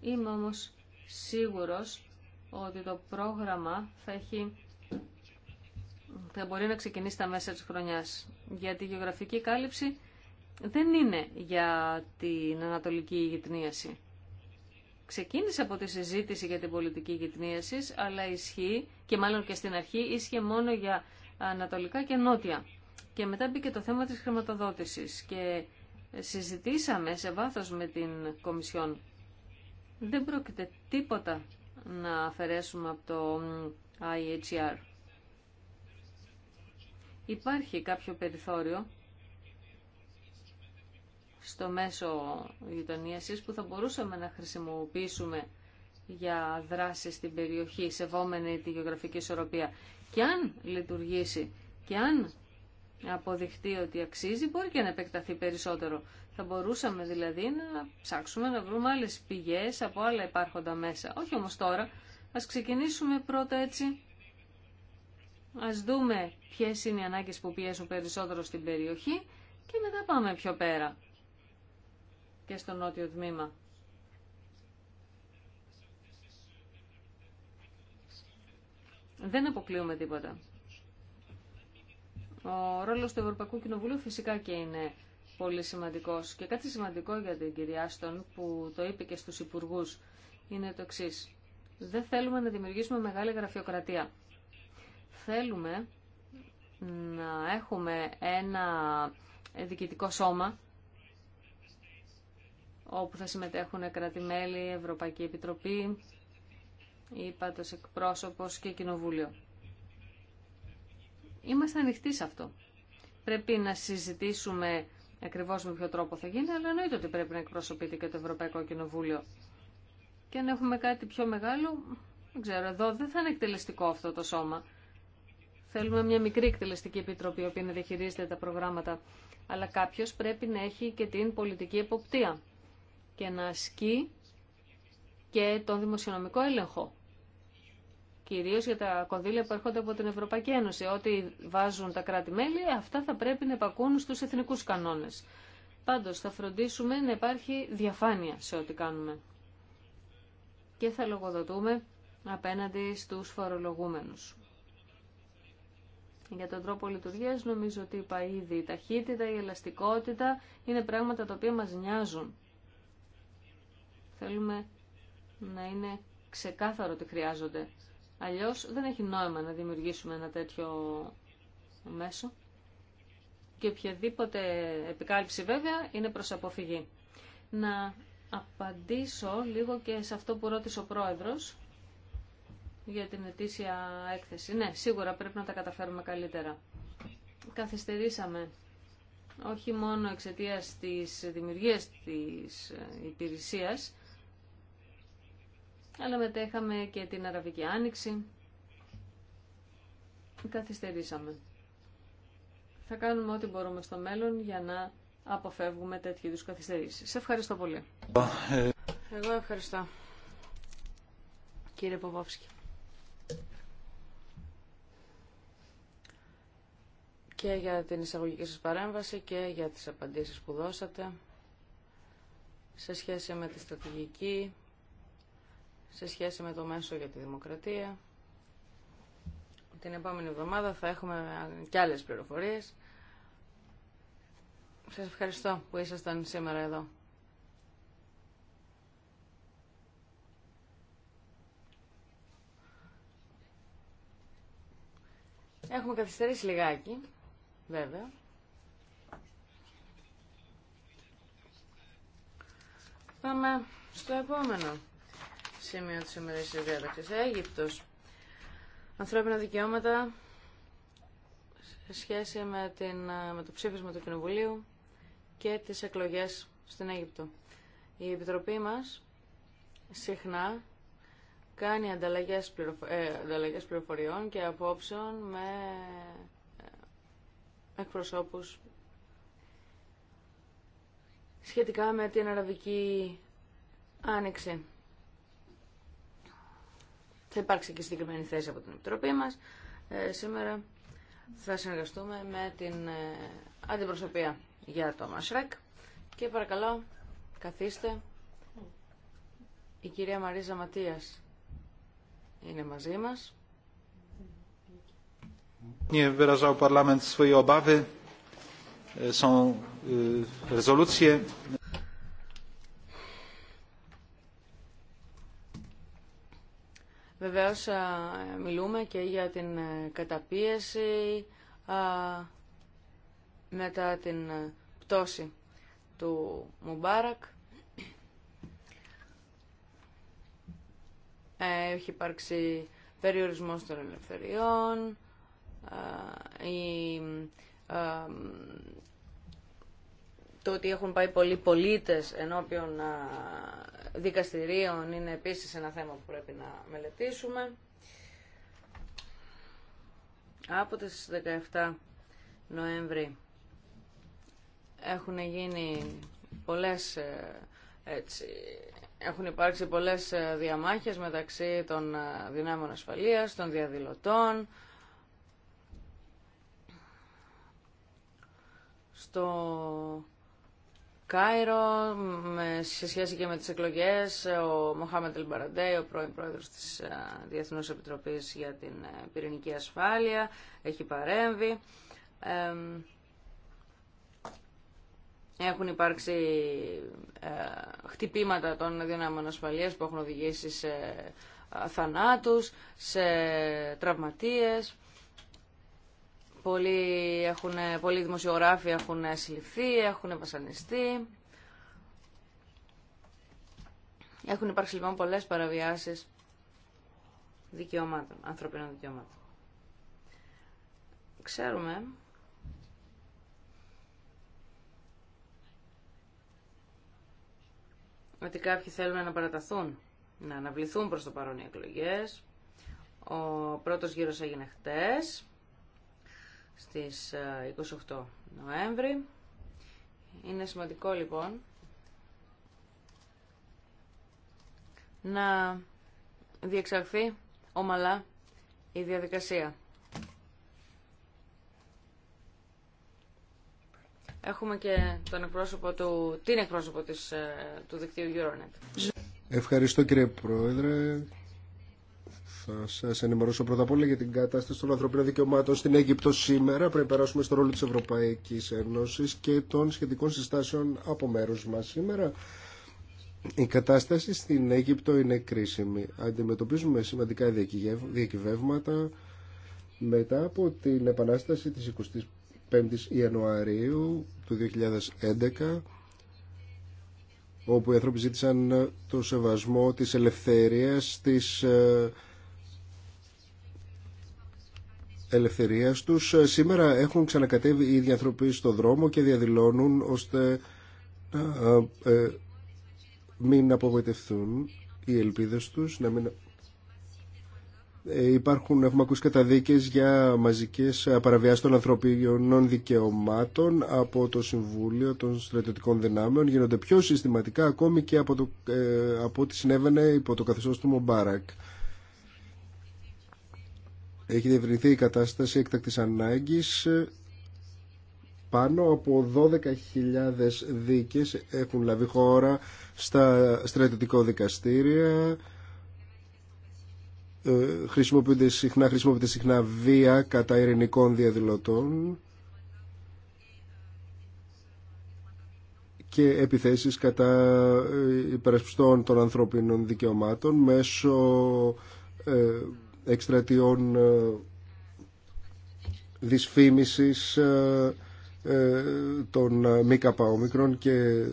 Είμαι όμως σίγουρος ότι το πρόγραμμα θα, έχει, θα μπορεί να ξεκινήσει τα μέσα της χρονιάς. γιατί η γεωγραφική κάλυψη δεν είναι για την ανατολική γυτνίαση. Ξεκίνησε από τη συζήτηση για την πολιτική γυτνίαση, αλλά ισχύει και μάλλον και στην αρχή ίσχυε μόνο για ανατολικά και νότια. Και μετά μπήκε το θέμα της χρηματοδότησης και συζητήσαμε σε βάθος με την Κομισιόν δεν πρόκειται τίποτα να αφαιρέσουμε από το IHR. Υπάρχει κάποιο περιθώριο στο μέσο γειτονίασης που θα μπορούσαμε να χρησιμοποιήσουμε για δράση στην περιοχή, σεβόμενη τη γεωγραφική ισορροπία. Και αν λειτουργήσει και αν αποδειχτεί ότι αξίζει, μπορεί και να επεκταθεί περισσότερο. Θα μπορούσαμε δηλαδή να ψάξουμε να βρούμε άλλες πηγές από άλλα υπάρχοντα μέσα. Όχι όμως τώρα, ας ξεκινήσουμε πρώτα έτσι. Ας δούμε ποιες είναι οι ανάγκες που πιέζουν περισσότερο στην περιοχή και μετά πάμε πιο πέρα και στο νότιο τμήμα. Δεν αποκλείουμε τίποτα. Ο ρόλος του Ευρωπαϊκού Κοινοβουλίου φυσικά και είναι πολύ σημαντικός. Και κάτι σημαντικό για την κυρία που το είπε και στους υπουργούς είναι το εξή. Δεν θέλουμε να δημιουργήσουμε μεγάλη γραφειοκρατία. Θέλουμε να έχουμε ένα διοικητικό σώμα όπου θα συμμετέχουν κράτη-μέλη, Ευρωπαϊκή Επιτροπή, είπατος εκπρόσωπος και κοινοβούλιο. Είμαστε ανοιχτοί σε αυτό. Πρέπει να συζητήσουμε ακριβώ με ποιο τρόπο θα γίνει, αλλά εννοείται ότι πρέπει να εκπροσωπείται και το Ευρωπαϊκό Κοινοβούλιο. Και αν έχουμε κάτι πιο μεγάλο, δεν ξέρω, εδώ δεν θα είναι εκτελεστικό αυτό το σώμα. Θέλουμε μια μικρή εκτελεστική επιτροπή, η οποία να διαχειρίζεται τα προγράμματα. Αλλά κάποιο πρέπει να έχει και την πολιτική εποπτεία και να ασκεί και τον δημοσιονομικό έλεγχο κυρίως για τα κονδύλια που έρχονται από την Ευρωπαϊκή Ένωση. Ό,τι βάζουν τα κράτη-μέλη, αυτά θα πρέπει να υπακούν στους εθνικούς κανόνες. Πάντως, θα φροντίσουμε να υπάρχει διαφάνεια σε ό,τι κάνουμε. Και θα λογοδοτούμε απέναντι στους φορολογούμενους. Για τον τρόπο λειτουργίας νομίζω ότι είπα ήδη η ταχύτητα, η ελαστικότητα είναι πράγματα τα οποία μας νοιάζουν. Θέλουμε να είναι ξεκάθαρο ότι χρειάζονται Αλλιώς δεν έχει νόημα να δημιουργήσουμε ένα τέτοιο μέσο. Και οποιαδήποτε επικάλυψη βέβαια είναι προς αποφυγή. Να απαντήσω λίγο και σε αυτό που ρώτησε ο πρόεδρος για την ετήσια έκθεση. Ναι, σίγουρα πρέπει να τα καταφέρουμε καλύτερα. Καθυστερήσαμε όχι μόνο εξαιτίας της δημιουργίας της ε, υπηρεσίας, αλλά μετέχαμε και την Αραβική Άνοιξη. Καθυστερήσαμε. Θα κάνουμε ό,τι μπορούμε στο μέλλον για να αποφεύγουμε τέτοιου είδου καθυστερήσει. Σε ευχαριστώ πολύ. Εγώ ευχαριστώ. Κύριε Ποβόφσκι. και για την εισαγωγική σας παρέμβαση και για τις απαντήσεις που δώσατε σε σχέση με τη στρατηγική σε σχέση με το μέσο για τη δημοκρατία. Την επόμενη εβδομάδα θα έχουμε και άλλες πληροφορίες. Σας ευχαριστώ που ήσασταν σήμερα εδώ. Έχουμε καθυστερήσει λιγάκι, βέβαια. Πάμε στο επόμενο σημείο της ημερήσιας διάταξης. Αίγυπτος. Ανθρώπινα δικαιώματα σε σχέση με, την, με το ψήφισμα του Κοινοβουλίου και τις εκλογές στην Αίγυπτο. Η Επιτροπή μας συχνά κάνει ανταλλαγές, πληροφο... ε, πληροφοριών και απόψεων με ε, εκπροσώπους σχετικά με την Αραβική Άνοιξη. Θα υπάρξει και συγκεκριμένη θέση από την Επιτροπή μας. Ε, σήμερα θα συνεργαστούμε με την ε, αντιπροσωπεία για το ΜΑΣΡΕΚ και παρακαλώ καθίστε. Η κυρία Μαρίζα Ματίας είναι μαζί μας. Nie wyrażał Parlament swoje obawy. E, są e, rezolucje. Βεβαίως μιλούμε και για την ε, καταπίεση μετά την ε, πτώση του Μουμπάρακ. Ε, έχει υπάρξει περιορισμός των ελευθεριών, η το ότι έχουν πάει πολλοί πολίτες ενώπιον δικαστηρίων είναι επίσης ένα θέμα που πρέπει να μελετήσουμε. Από τις 17 Νοέμβρη έχουν γίνει πολλές ε, έτσι, έχουν υπάρξει πολλές ε, διαμάχες μεταξύ των ε, δυνάμεων ασφαλείας, των διαδηλωτών. Στο Κάιρο, σε σχέση και με τις εκλογές, ο Μοχάμετ Ελμπαραντέι, ο πρώην πρόεδρος της ε, Διεθνούς Επιτροπής για την ε, Πυρηνική Ασφάλεια, έχει παρέμβει. Έχουν υπάρξει ε, χτυπήματα των δυνάμεων ασφαλείας που έχουν οδηγήσει σε θανάτους, σε τραυματίες. Πολλοί, έχουν, πολλοί δημοσιογράφοι έχουν συλληφθεί, έχουν βασανιστεί. Έχουν υπάρξει λοιπόν πολλές παραβιάσεις δικαιωμάτων, ανθρωπίνων δικαιωμάτων. Ξέρουμε ότι κάποιοι θέλουν να παραταθούν, να αναβληθούν προς το παρόν οι εκλογές. Ο πρώτος γύρος έγινε χτες στις 28 ε, Νοέμβρη. Είναι σημαντικό λοιπόν να διεξαχθεί ομαλά η διαδικασία. Έχουμε και τον εκπρόσωπο του, την εκπρόσωπο της, ε, του δικτύου Euronet. Ευχαριστώ κύριε Πρόεδρε. Θα σα ενημερώσω πρώτα απ' όλα για την κατάσταση των ανθρωπίνων δικαιωμάτων στην Αίγυπτο σήμερα. Πρέπει να περάσουμε στο ρόλο τη Ευρωπαϊκή Ένωση και των σχετικών συστάσεων από μέρου μα σήμερα. Η κατάσταση στην Αίγυπτο είναι κρίσιμη. Αντιμετωπίζουμε σημαντικά διακυβεύματα μετά από την επανάσταση της 25ης Ιανουαρίου του 2011 όπου οι άνθρωποι ζήτησαν το σεβασμό της ελευθερίας, της ε, ελευθερίας τους ε, σήμερα έχουν ξανακατέβει οι ίδιοι άνθρωποι στο δρόμο και διαδηλώνουν ώστε να ε, ε μην απογοητευτούν οι ελπίδες τους μην... Ε, υπάρχουν, έχουμε ακούσει καταδίκες για μαζικές παραβιάσεις των ανθρωπινών δικαιωμάτων από το Συμβούλιο των Στρατιωτικών Δυνάμεων γίνονται πιο συστηματικά ακόμη και από, από ό,τι συνέβαινε υπό το καθεστώς του Μομπάρακ έχει διευρυνθεί η κατάσταση έκτακτης ανάγκης. Πάνω από 12.000 δίκες έχουν λαβεί χώρα στα στρατιωτικό δικαστήρια. Ε, χρησιμοποιούνται συχνά, χρησιμοποιείται συχνά βία κατά ειρηνικών διαδηλωτών και επιθέσεις κατά ε, υπερασπιστών των ανθρωπίνων δικαιωμάτων μέσω ε, εκστρατιών ε, δυσφήμισης ε, ε, των μη και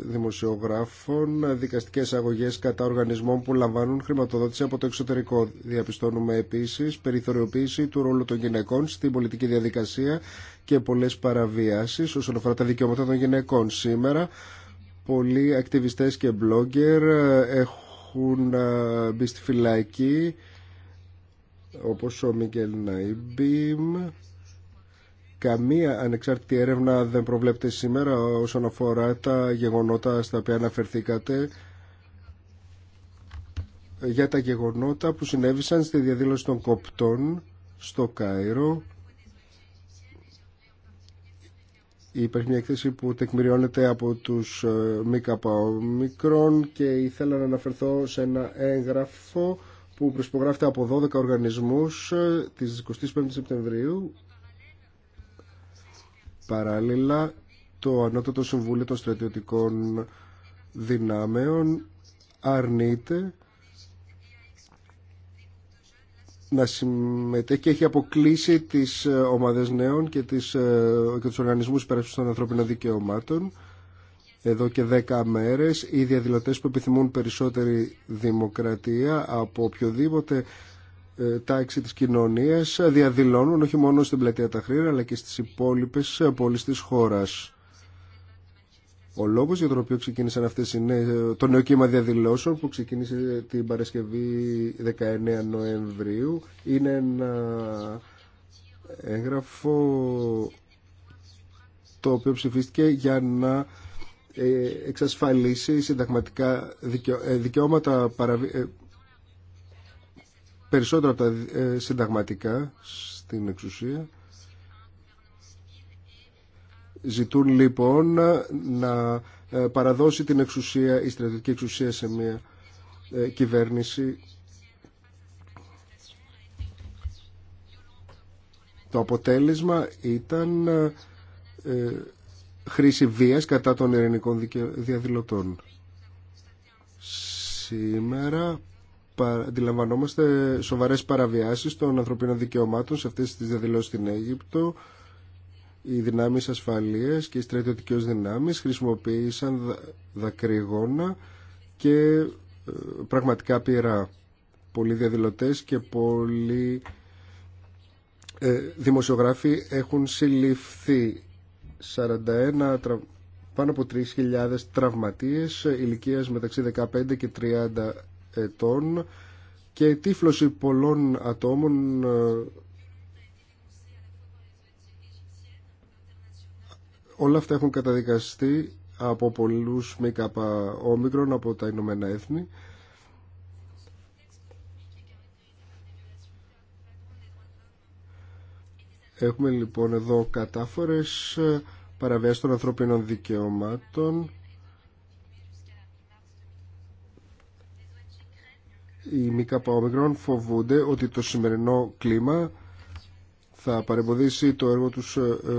δημοσιογράφων, δικαστικές αγωγές κατά οργανισμών που λαμβάνουν χρηματοδότηση από το εξωτερικό. Διαπιστώνουμε επίσης περιθωριοποίηση του ρόλου των γυναικών στην πολιτική διαδικασία και πολλές παραβιάσεις όσον αφορά τα δικαιώματα των γυναικών. Σήμερα πολλοί ακτιβιστές και blogger έχουν μπει στη φυλακή όπως ο Μικελ Ναϊμπίμ καμία ανεξάρτητη έρευνα δεν προβλέπεται σήμερα όσον αφορά τα γεγονότα στα οποία αναφερθήκατε για τα γεγονότα που συνέβησαν στη διαδήλωση των κοπτών στο Κάιρο Υπάρχει μια εκθέση που τεκμηριώνεται από τους ε, ΜΚΟ και ήθελα να αναφερθώ σε ένα έγγραφο που προσπογράφεται από 12 οργανισμούς ε, της 25 Σεπτεμβρίου. Παράλληλα, το Ανώτατο Συμβούλιο των Στρατιωτικών Δυνάμεων αρνείται να συμμετέχει και έχει αποκλείσει τις ε, ομάδες νέων και, τις, ε, και τους οργανισμούς υπέρασης των ανθρωπίνων δικαιωμάτων εδώ και 10 μέρες. Οι διαδηλωτές που επιθυμούν περισσότερη δημοκρατία από οποιοδήποτε ε, τάξη της κοινωνίας διαδηλώνουν όχι μόνο στην πλατεία Ταχρήρα αλλά και στις υπόλοιπες ε, πόλεις της χώρας. Ο λόγος για τον οποίο ξεκίνησαν αυτές οι ε, το νέο κύμα διαδηλώσεων που ξεκίνησε την Παρασκευή 19 Νοεμβρίου είναι ένα έγγραφο το οποίο ψηφίστηκε για να ε, εξασφαλίσει συνταγματικά ε, δικαιώματα ε, περισσότερα από τα συνταγματικά στην εξουσία. Ζητούν λοιπόν να παραδώσει την εξουσία, η στρατιωτική εξουσία σε μια κυβέρνηση. Το αποτέλεσμα ήταν χρήση βίας κατά των ειρηνικών διαδηλωτών. Σήμερα αντιλαμβανόμαστε σοβαρές παραβιάσεις των ανθρωπίνων δικαιωμάτων σε αυτές τις διαδηλώσεις στην Αίγυπτο. Οι δυνάμεις ασφαλείας και οι στρατιωτικές δυνάμεις χρησιμοποίησαν δακρυγόνα και ε, πραγματικά πειρά. Πολλοί διαδηλωτές και πολλοί ε, δημοσιογράφοι έχουν συλληφθεί 41 πάνω από 3.000 τραυματίες ηλικίας μεταξύ 15 και 30 ετών και τύφλωση πολλών ατόμων ε, όλα αυτά έχουν καταδικαστεί από πολλούς ΜΚΟ από τα Ηνωμένα Έθνη Έχουμε λοιπόν εδώ κατάφορες ε, παραβιάσεις των ανθρωπίνων δικαιωμάτων οι ΜΚΟ φοβούνται ότι το σημερινό κλίμα θα παρεμποδίσει το έργο τους ε, ε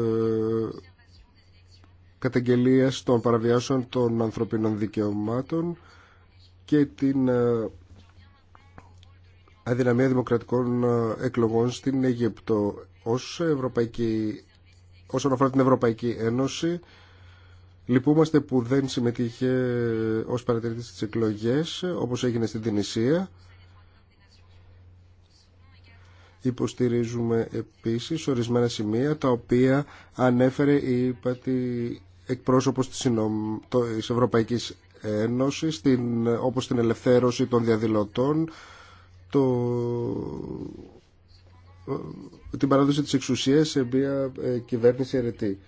καταγγελίας των παραβιάσεων των ανθρωπίνων δικαιωμάτων και την ε, αδυναμία δημοκρατικών ε, εκλογών στην Αίγυπτο. Ως Ευρωπαϊκή, όσον αφορά την Ευρωπαϊκή Ένωση, λυπούμαστε που δεν συμμετείχε ε, ως παρατηρητής στις εκλογές, όπως έγινε στην Τινησία. Υποστηρίζουμε επίσης ορισμένα σημεία τα οποία ανέφερε η υπατή εκπρόσωπος της, της Ευρωπαϊκής Ένωσης, την... όπως την ελευθέρωση των διαδηλωτών, το, ε, την παράδοση της εξουσίας σε μια ε, κυβέρνηση αιρετή.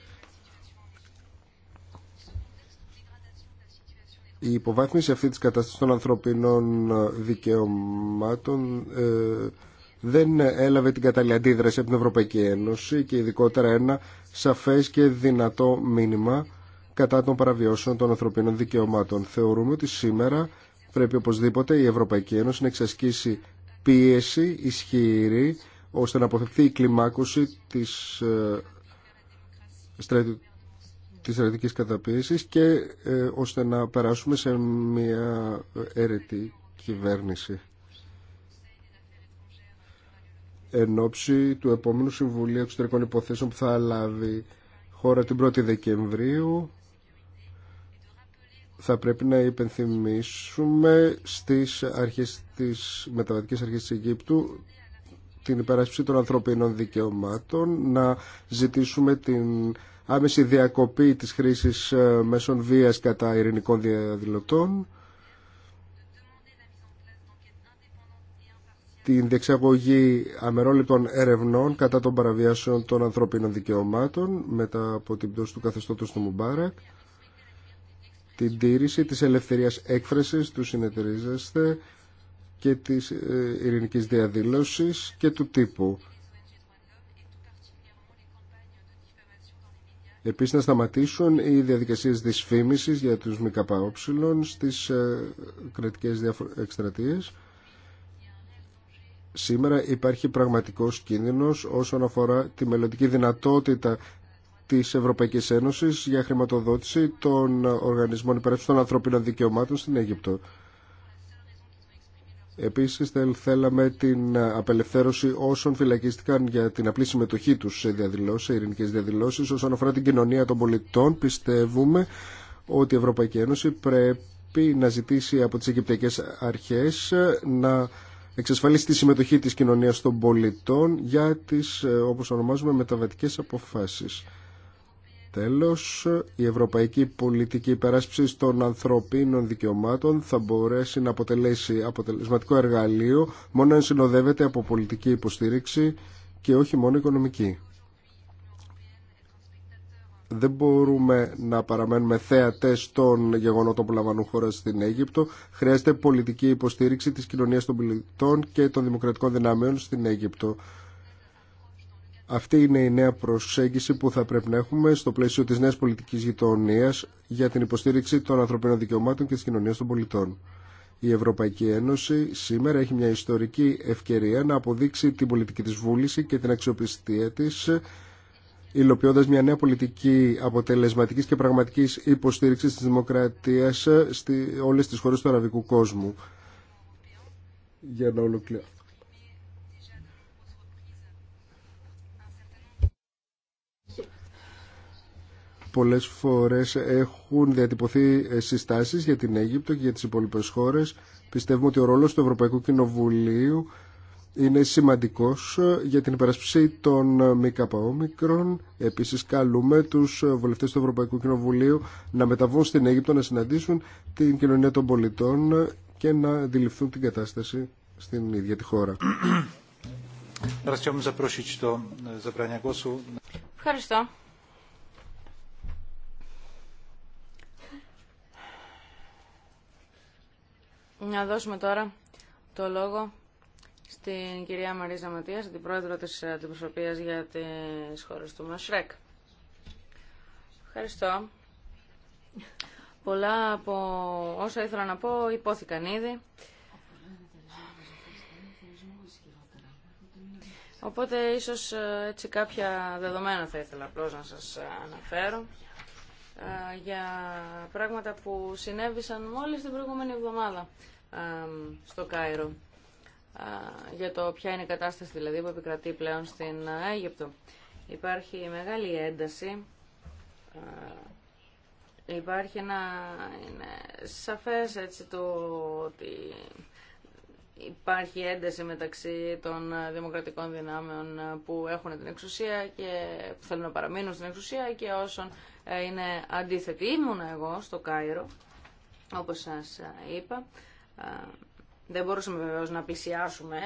Η υποβάθμιση αυτή της κατάστασης των ανθρωπινών δικαιωμάτων ε, δεν έλαβε την κατάλληλη αντίδραση από την Ευρωπαϊκή Ένωση και ειδικότερα ένα σαφές και δυνατό μήνυμα κατά των παραβιώσεων των ανθρωπίνων δικαιωμάτων. Θεωρούμε ότι σήμερα πρέπει οπωσδήποτε η Ευρωπαϊκή Ένωση να εξασκήσει πίεση ισχύρη ώστε να αποφευθεί η κλιμάκωση της, ε, στρατι... της καταπίεσης και ε, ώστε να περάσουμε σε μια αιρετή κυβέρνηση. Εν ώψη του επόμενου Συμβουλίου Εξωτερικών Υποθέσεων που θα λάβει χώρα την 1η Δεκεμβρίου θα πρέπει να υπενθυμίσουμε στις αρχές της μεταβατικής αρχής της Αιγύπτου την υπεράσπιση των ανθρωπίνων δικαιωμάτων, να ζητήσουμε την άμεση διακοπή της χρήσης ε, μέσων βίας κατά ειρηνικών διαδηλωτών, την διεξαγωγή αμερόληπτων ερευνών κατά των παραβιάσεων των ανθρωπίνων δικαιωμάτων μετά από την πτώση του καθεστώτος του Μουμπάρακ, την τήρηση της ελευθερίας έκφρασης του συνεταιρίζεστε και της ε, ειρηνικής διαδήλωσης και του τύπου. Επίσης να σταματήσουν οι διαδικασίες δυσφήμισης για τους καπαόψιλων στις ε, κρατικές εκστρατείες. Σήμερα υπάρχει πραγματικός κίνδυνος όσον αφορά τη μελλοντική δυνατότητα της Ευρωπαϊκής Ένωσης για χρηματοδότηση των οργανισμών υπερέψης των ανθρώπινων δικαιωμάτων στην Αίγυπτο. Επίσης θέλαμε την απελευθέρωση όσων φυλακίστηκαν για την απλή συμμετοχή τους σε, διαδηλώσεις, σε ειρηνικές διαδηλώσεις. Όσον αφορά την κοινωνία των πολιτών πιστεύουμε ότι η Ευρωπαϊκή Ένωση πρέπει να ζητήσει από τις Αιγυπτιακές Αρχές να εξασφαλίσει τη συμμετοχή της κοινωνίας των πολιτών για τις, ε, όπως ονομάζουμε, μεταβατικές αποφάσεις. Τέλος, η ευρωπαϊκή πολιτική υπεράσπιση των ανθρωπίνων δικαιωμάτων θα μπορέσει να αποτελέσει αποτελεσματικό εργαλείο μόνο αν συνοδεύεται από πολιτική υποστήριξη και όχι μόνο οικονομική. Δεν μπορούμε να παραμένουμε θέατες των γεγονότων που λαμβάνουν χώρα στην Αίγυπτο. Χρειάζεται πολιτική υποστήριξη της κοινωνίας των πολιτών και των δημοκρατικών δυνάμεων στην Αίγυπτο. Αυτή είναι η νέα προσέγγιση που θα πρέπει να έχουμε στο πλαίσιο της νέας πολιτικής γειτονίας για την υποστήριξη των ανθρωπίνων δικαιωμάτων και της κοινωνίας των πολιτών. Η Ευρωπαϊκή Ένωση σήμερα έχει μια ιστορική ευκαιρία να αποδείξει την πολιτική της βούληση και την αξιοπιστία της υλοποιώντας μια νέα πολιτική αποτελεσματικής και πραγματικής υποστήριξης της δημοκρατίας σε όλες τις χώρες του αραβικού κόσμου. Για να ολοκληρώσω. πολλές φορές έχουν διατυπωθεί ε, συστάσεις για την Αίγυπτο και για τις υπόλοιπες χώρες. Πιστεύουμε ότι ο ρόλος του Ευρωπαϊκού Κοινοβουλίου είναι σημαντικός ε, για την υπερασπίση των ε, ΜΚΟ. Επίσης καλούμε τους βουλευτές του Ευρωπαϊκού Κοινοβουλίου να μεταβούν στην Αίγυπτο να συναντήσουν την κοινωνία των πολιτών και να αντιληφθούν την κατάσταση στην ίδια τη χώρα. E, Ευχαριστώ. Να δώσουμε τώρα το λόγο στην κυρία Μαρίζα Ματίας, την πρόεδρο της αντιπροσωπείας για τις χώρες του Μασρέκ. Ευχαριστώ. Πολλά από όσα ήθελα να πω υπόθηκαν ήδη. Οπότε ίσως ε, έτσι κάποια δεδομένα θα ήθελα απλώ να σας ε, αναφέρω ε, για πράγματα που συνέβησαν μόλις την προηγούμενη εβδομάδα στο Κάιρο για το ποια είναι η κατάσταση δηλαδή που επικρατεί πλέον στην Αίγυπτο. Υπάρχει μεγάλη ένταση, υπάρχει ένα είναι σαφές έτσι το ότι υπάρχει ένταση μεταξύ των δημοκρατικών δυνάμεων που έχουν την εξουσία και που θέλουν να παραμείνουν στην εξουσία και όσων ε, είναι αντίθετοι. Ήμουν εγώ στο Κάιρο, όπως σας είπα. Ε, δεν μπορούσαμε βεβαίω να πλησιάσουμε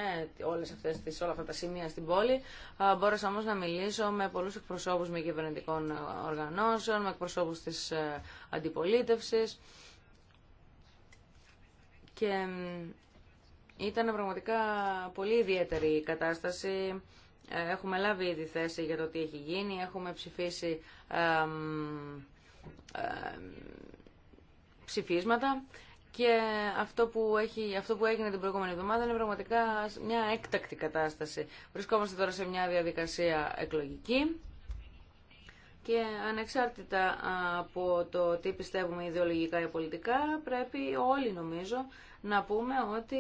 όλες αυτές τις, όλα αυτά τα σημεία στην πόλη. Ε, μπόρεσα όμως να μιλήσω με πολλούς εκπροσώπους μη κυβερνητικών οργανώσεων, με εκπροσώπους της ε, αντιπολίτευσης. Και ήταν πραγματικά πολύ ιδιαίτερη η κατάσταση. Έχουμε λάβει ήδη θέση για το τι έχει γίνει. Έχουμε ψηφίσει ψηφίσματα. Και αυτό που, έχει, αυτό που έγινε την προηγούμενη εβδομάδα είναι πραγματικά μια έκτακτη κατάσταση. Βρισκόμαστε τώρα σε μια διαδικασία εκλογική και ανεξάρτητα από το τι πιστεύουμε ιδεολογικά ή πολιτικά πρέπει όλοι νομίζω να πούμε ότι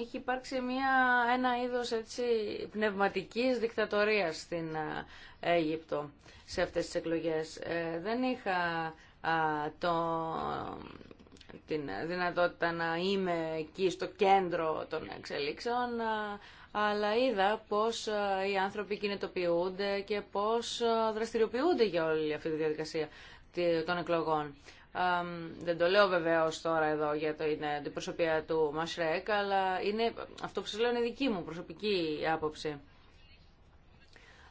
Έχει υπάρξει μια, ένα είδος έτσι, πνευματικής δικτατορίας στην ε, Αίγυπτο σε αυτές τις εκλογές. Ε, δεν είχα α, το, την δυνατότητα να είμαι εκεί στο κέντρο των εξελίξεων, αλλά είδα πώς οι άνθρωποι κινητοποιούνται και πώς δραστηριοποιούνται για όλη αυτή τη διαδικασία των εκλογών δεν το λέω βεβαίω τώρα εδώ για το είναι την προσωπία του Μασρέκ, αλλά είναι, αυτό που σας λέω είναι δική μου προσωπική άποψη.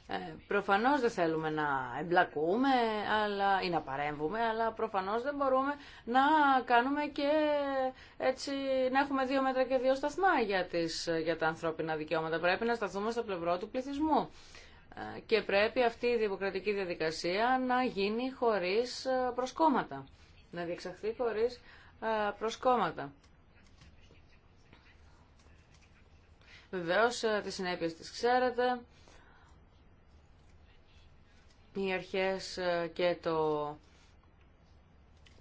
Ε, προφανώς δεν θέλουμε να εμπλακούμε αλλά, ή να παρέμβουμε, αλλά προφανώς δεν μπορούμε να κάνουμε και έτσι να έχουμε δύο μέτρα και δύο σταθμά για, τις, για τα ανθρώπινα δικαιώματα. Πρέπει να σταθούμε στο πλευρό του πληθυσμού ε, και πρέπει αυτή η δημοκρατική διαδικασία να γίνει χωρίς ε, προσκόμματα να διεξαχθεί χωρίς προσκόμματα. Βεβαίως, τις συνέπειες τις ξέρετε. Οι αρχές και το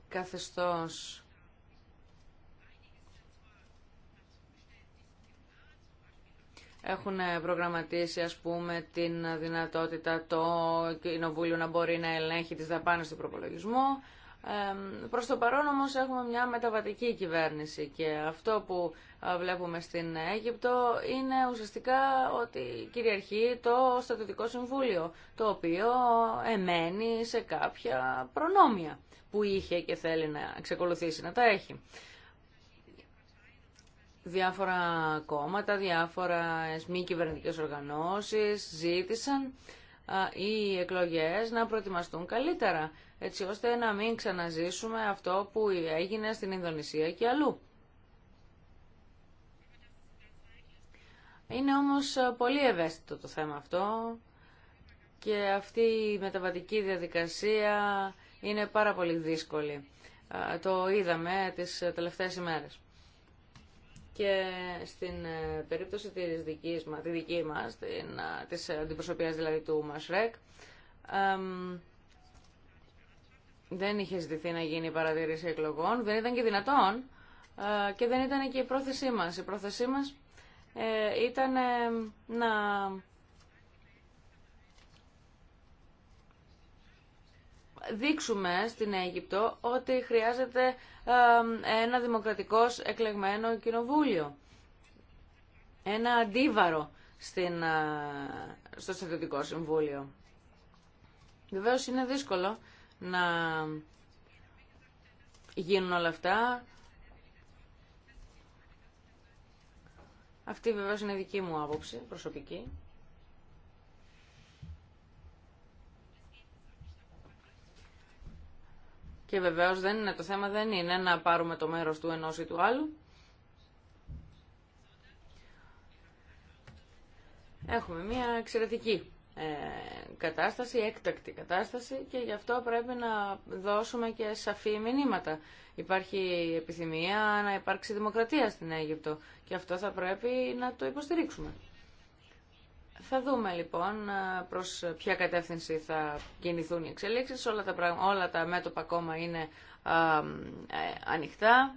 καθεστώς έχουν ε, προγραμματίσει ας πούμε την δυνατότητα το κοινοβούλιο να μπορεί να ελέγχει τις δαπάνες του προπολογισμού Προς το παρόν όμως έχουμε μια μεταβατική κυβέρνηση και αυτό που ε, βλέπουμε στην Αίγυπτο είναι ουσιαστικά ότι κυριαρχεί το Στατιωτικό Συμβούλιο, το οποίο εμένει σε κάποια προνόμια που είχε και θέλει να εξακολουθήσει να τα έχει. Διάφορα κόμματα, διάφορα μη κυβερνητικές οργανώσεις ζήτησαν οι εκλογές να προετοιμαστούν καλύτερα, έτσι ώστε να μην ξαναζήσουμε αυτό που έγινε στην Ινδονησία και αλλού. Είναι όμως πολύ ευαίσθητο το θέμα αυτό και αυτή η μεταβατική διαδικασία είναι πάρα πολύ δύσκολη. Το είδαμε τις τελευταίες ημέρες και στην ε, περίπτωση της δικής μας, τη δική μας, την, ε, της αντιπροσωπείας δηλαδή του Μασρέκ, δεν είχε ζητηθεί να γίνει η παρατήρηση εκλογών, δεν ήταν και δυνατόν ε, και δεν ήταν και η πρόθεσή μας. Η πρόθεσή μας ήταν να δείξουμε στην Αίγυπτο ότι χρειάζεται ένα δημοκρατικός εκλεγμένο κοινοβούλιο. Ένα αντίβαρο στην, ε, στο Στρατιωτικό Συμβούλιο. Βεβαίω είναι δύσκολο να γίνουν όλα αυτά. Αυτή βεβαίως είναι δική μου άποψη προσωπική. Και βεβαίως δεν το θέμα δεν είναι να πάρουμε το μέρος του ενό ή του άλλου. Έχουμε μια εξαιρετική ε, κατάσταση, έκτακτη κατάσταση και γι' αυτό πρέπει να δώσουμε και σαφή μηνύματα. Υπάρχει επιθυμία να υπάρξει δημοκρατία στην Αίγυπτο και αυτό θα πρέπει να το υποστηρίξουμε. Θα δούμε λοιπόν ε, προς ποια κατεύθυνση θα κινηθούν οι εξελίξεις. Όλα τα, πραγμα... όλα τα μέτωπα ακόμα είναι ε, ανοιχτά.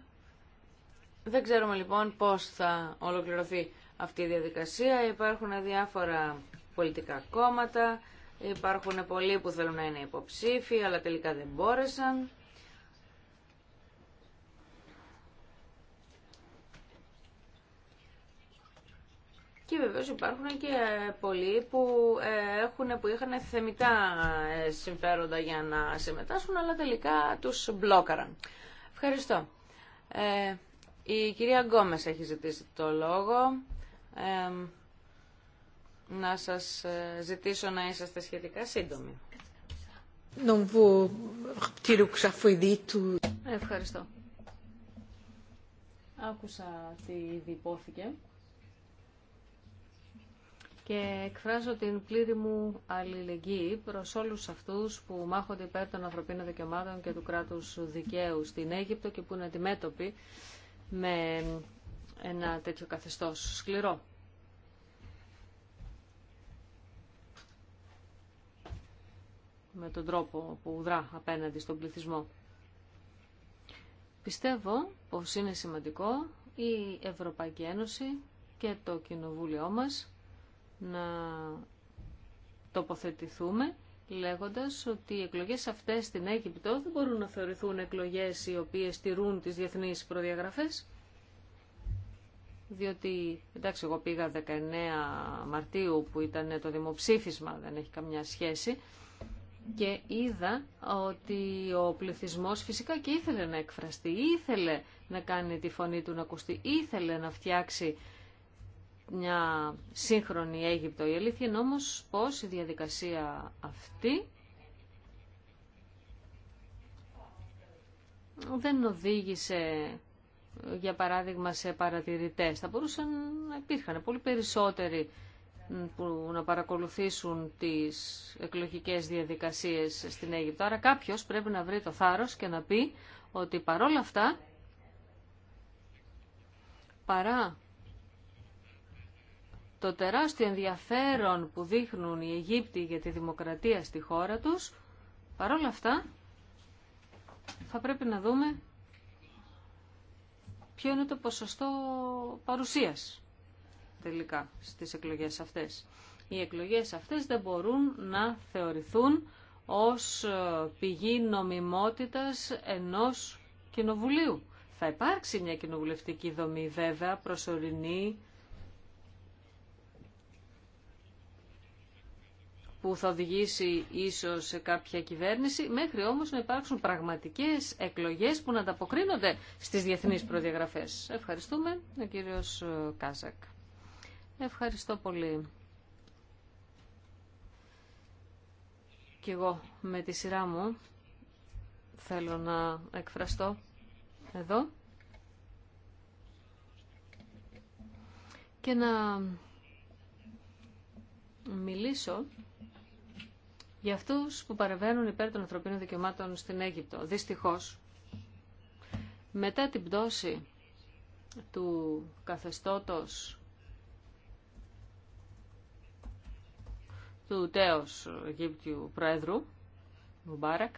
Δεν ξέρουμε λοιπόν πώς θα ολοκληρωθεί αυτή η διαδικασία. Υπάρχουν διάφορα πολιτικά κόμματα, υπάρχουν πολλοί που θέλουν να είναι υποψήφοι, αλλά τελικά δεν μπόρεσαν. και υπάρχουν και πολλοί που, ε, έχουν, που είχαν θεμητά ε, συμφέροντα για να συμμετάσχουν, αλλά τελικά τους μπλόκαραν. Ευχαριστώ. Ε, η κυρία Γκόμε έχει ζητήσει το λόγο. να σας ζητήσω να είσαστε σχετικά σύντομοι. Ευχαριστώ. Άκουσα τι διπόθηκε και εκφράζω την πλήρη μου αλληλεγγύη προς όλους αυτούς που μάχονται υπέρ των ανθρωπίνων δικαιωμάτων και του κράτους δικαίου στην Αίγυπτο και που είναι αντιμέτωποι με ένα τέτοιο καθεστώς σκληρό. με τον τρόπο που δρά απέναντι στον πληθυσμό. Πιστεύω πως είναι σημαντικό η Ευρωπαϊκή Ένωση και το Κοινοβούλιο μας να τοποθετηθούμε λέγοντας ότι οι εκλογές αυτές στην Αίγυπτο δεν μπορούν να θεωρηθούν εκλογές οι οποίες τηρούν τις διεθνείς προδιαγραφές. Διότι, εντάξει, εγώ πήγα 19 Μαρτίου που ήταν το δημοψήφισμα, δεν έχει καμιά σχέση, και είδα ότι ο πληθυσμός φυσικά και ήθελε να εκφραστεί, ήθελε να κάνει τη φωνή του να ακουστεί, ήθελε να φτιάξει μια σύγχρονη Αίγυπτο. Η αλήθεια είναι όμως πως η διαδικασία αυτή δεν οδήγησε για παράδειγμα σε παρατηρητές. Θα μπορούσαν να υπήρχαν πολύ περισσότεροι που να παρακολουθήσουν τις εκλογικές διαδικασίες στην Αίγυπτο. Άρα κάποιος πρέπει να βρει το θάρρος και να πει ότι παρόλα αυτά, παρά το τεράστιο ενδιαφέρον που δείχνουν οι Αιγύπτιοι για τη δημοκρατία στη χώρα τους, παρόλα αυτά θα πρέπει να δούμε ποιο είναι το ποσοστό παρουσίας τελικά στις εκλογές αυτές. Οι εκλογές αυτές δεν μπορούν να θεωρηθούν ως ε, πηγή νομιμότητας ενός κοινοβουλίου. Θα υπάρξει μια κοινοβουλευτική δομή βέβαια, προσωρινή, που θα οδηγήσει ίσως σε κάποια κυβέρνηση, μέχρι όμως να υπάρξουν πραγματικές εκλογές που να ανταποκρίνονται στις διεθνείς προδιαγραφές. Ευχαριστούμε, ο κύριος ε, Κάζακ. Ευχαριστώ πολύ. Και εγώ με τη σειρά μου θέλω να εκφραστώ εδώ και να μιλήσω για αυτού που παρεβαίνουν υπέρ των ανθρωπίνων δικαιωμάτων στην Αίγυπτο. Δυστυχώ, μετά την πτώση του καθεστώτος του τέος Αιγύπτιου Πρόεδρου, Μουμπάρακ,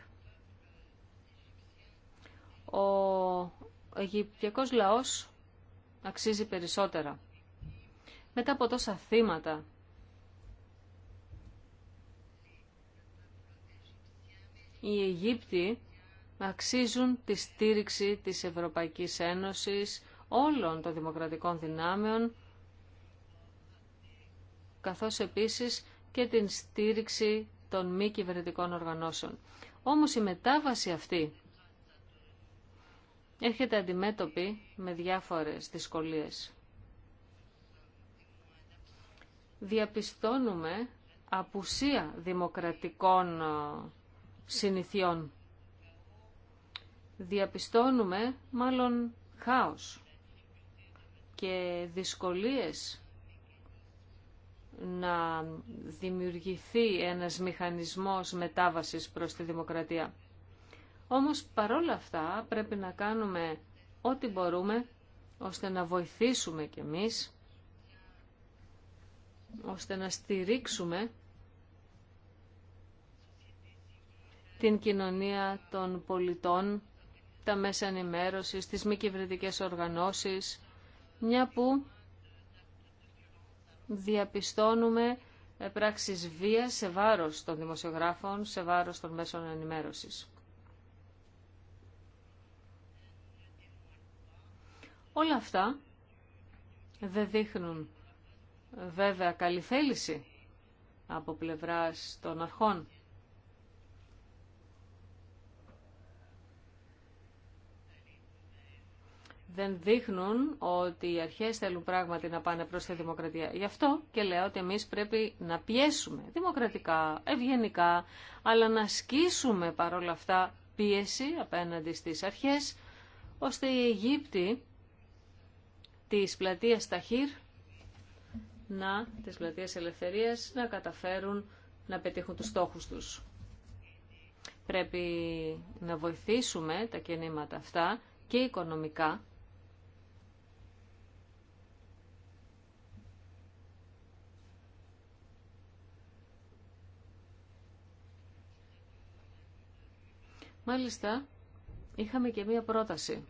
ο Αιγυπτιακός λαός αξίζει περισσότερα. Μετά από τόσα θύματα οι Αιγύπτιοι αξίζουν τη στήριξη της Ευρωπαϊκής Ένωσης όλων των δημοκρατικών δυνάμεων, καθώς επίσης και την στήριξη των μη κυβερνητικών οργανώσεων. Όμως η μετάβαση αυτή έρχεται αντιμέτωπη με διάφορες δυσκολίες. Διαπιστώνουμε απουσία δημοκρατικών συνηθιών. Διαπιστώνουμε μάλλον χάος και δυσκολίες να δημιουργηθεί ένας μηχανισμός μετάβασης προς τη δημοκρατία. Όμως παρόλα αυτά πρέπει να κάνουμε ό,τι μπορούμε ώστε να βοηθήσουμε κι εμείς, ώστε να στηρίξουμε την κοινωνία των πολιτών, τα μέσα ενημέρωσης, τις μη κυβερνητικέ οργανώσεις, μια που διαπιστώνουμε πράξεις βίας σε βάρος των δημοσιογράφων, σε βάρος των μέσων ενημέρωσης. Όλα αυτά δεν δείχνουν βέβαια καλή θέληση από πλευράς των αρχών δεν δείχνουν ότι οι αρχές θέλουν πράγματι να πάνε προς τη δημοκρατία. Γι' αυτό και λέω ότι εμείς πρέπει να πιέσουμε δημοκρατικά, ευγενικά, αλλά να ασκήσουμε παρόλα αυτά πίεση απέναντι στις αρχές, ώστε οι Αιγύπτιοι της πλατείας Ταχύρ, να, της πλατείας Ελευθερίας, να καταφέρουν να πετύχουν τους στόχους τους. Πρέπει να βοηθήσουμε τα κινήματα αυτά και οικονομικά Μάλιστα, είχαμε και μία πρόταση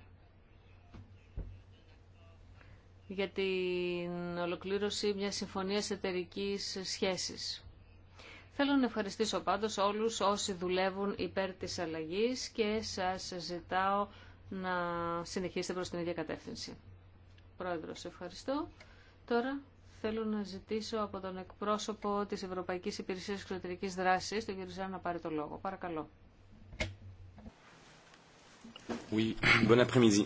για την ολοκλήρωση μιας συμφωνίας εταιρικής σχέσης. Θέλω να ευχαριστήσω πάντως όλους όσοι δουλεύουν υπέρ της αλλαγής και σας ζητάω να συνεχίσετε προς την ίδια κατεύθυνση. Πρόεδρος, ευχαριστώ. Τώρα θέλω να ζητήσω από τον εκπρόσωπο της Ευρωπαϊκής Υπηρεσίας Εξωτερικής Δράσης, τον κ. Ζάνα, να πάρει το λόγο. Παρακαλώ. Oui, après-midi.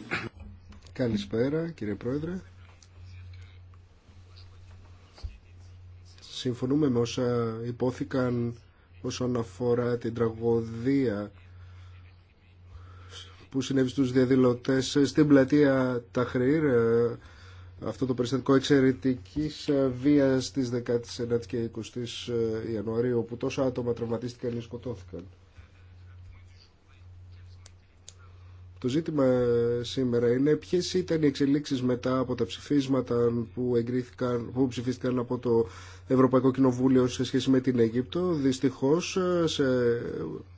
Καλησπέρα κύριε Πρόεδρε. Συμφωνούμε με όσα υπόθηκαν όσον αφορά την τραγωδία που συνέβη στους διαδηλωτές στην πλατεία Ταχρήρ αυτό το περιστατικό εξαιρετικής βίας στις 19 και 20 Ιανουαρίου όπου τόσα άτομα τραυματίστηκαν ή σκοτώθηκαν. Το ζήτημα ε, σήμερα είναι ποιε ήταν οι εξελίξει μετά από τα ψηφίσματα που, που ψηφίστηκαν από το Ευρωπαϊκό Κοινοβούλιο σε σχέση με την Αίγυπτο. Δυστυχώ ε, σε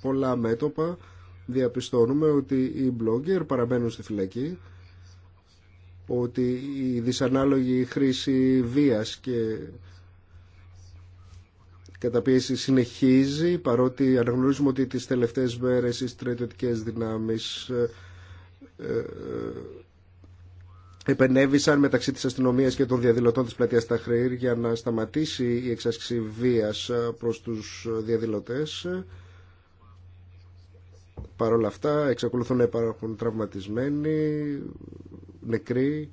πολλά μέτωπα διαπιστώνουμε ότι οι blogger παραμένουν στη φυλακή ότι η δυσανάλογη χρήση βίας και καταπίεση συνεχίζει παρότι αναγνωρίζουμε ότι τις τελευταίες μέρες οι στρατιωτικές δυνάμεις ε, ε, ε, επενέβησαν μεταξύ της αστυνομίας και των διαδηλωτών της πλατείας Ταχρήρ για να σταματήσει η εξάσκηση βίας ε, προς τους διαδηλωτές. Παρ' όλα αυτά εξακολουθούν να υπάρχουν τραυματισμένοι, νεκροί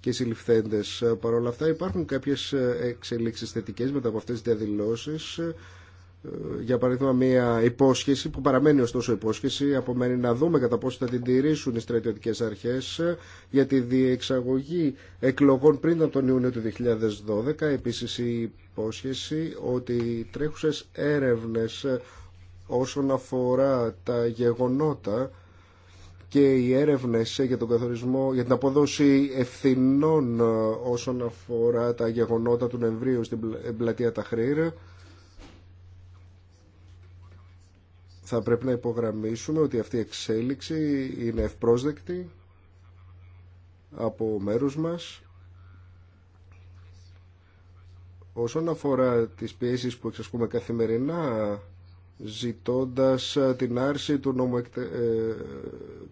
και συλληφθέντες. Παρ' όλα αυτά υπάρχουν κάποιες εξελίξεις θετικές μετά από αυτές τις διαδηλώσεις ε, για παράδειγμα μια υπόσχεση που παραμένει ωστόσο υπόσχεση απομένει να δούμε κατά πόσο θα την τηρήσουν οι στρατιωτικές αρχές για τη διεξαγωγή εκλογών πριν από τον Ιούνιο του 2012 επίσης η υπόσχεση ότι οι τρέχουσες έρευνες όσον αφορά τα γεγονότα και οι έρευνες για τον καθορισμό, για την αποδόση ευθυνών όσον αφορά τα γεγονότα του Νεμβρίου στην πλατεία Ταχρήρ Θα πρέπει να υπογραμμίσουμε ότι αυτή η εξέλιξη είναι ευπρόσδεκτη από μέρους μας όσον αφορά τις πιέσεις που εξασκούμε καθημερινά ζητώντας ε, την άρση του νόμου ε,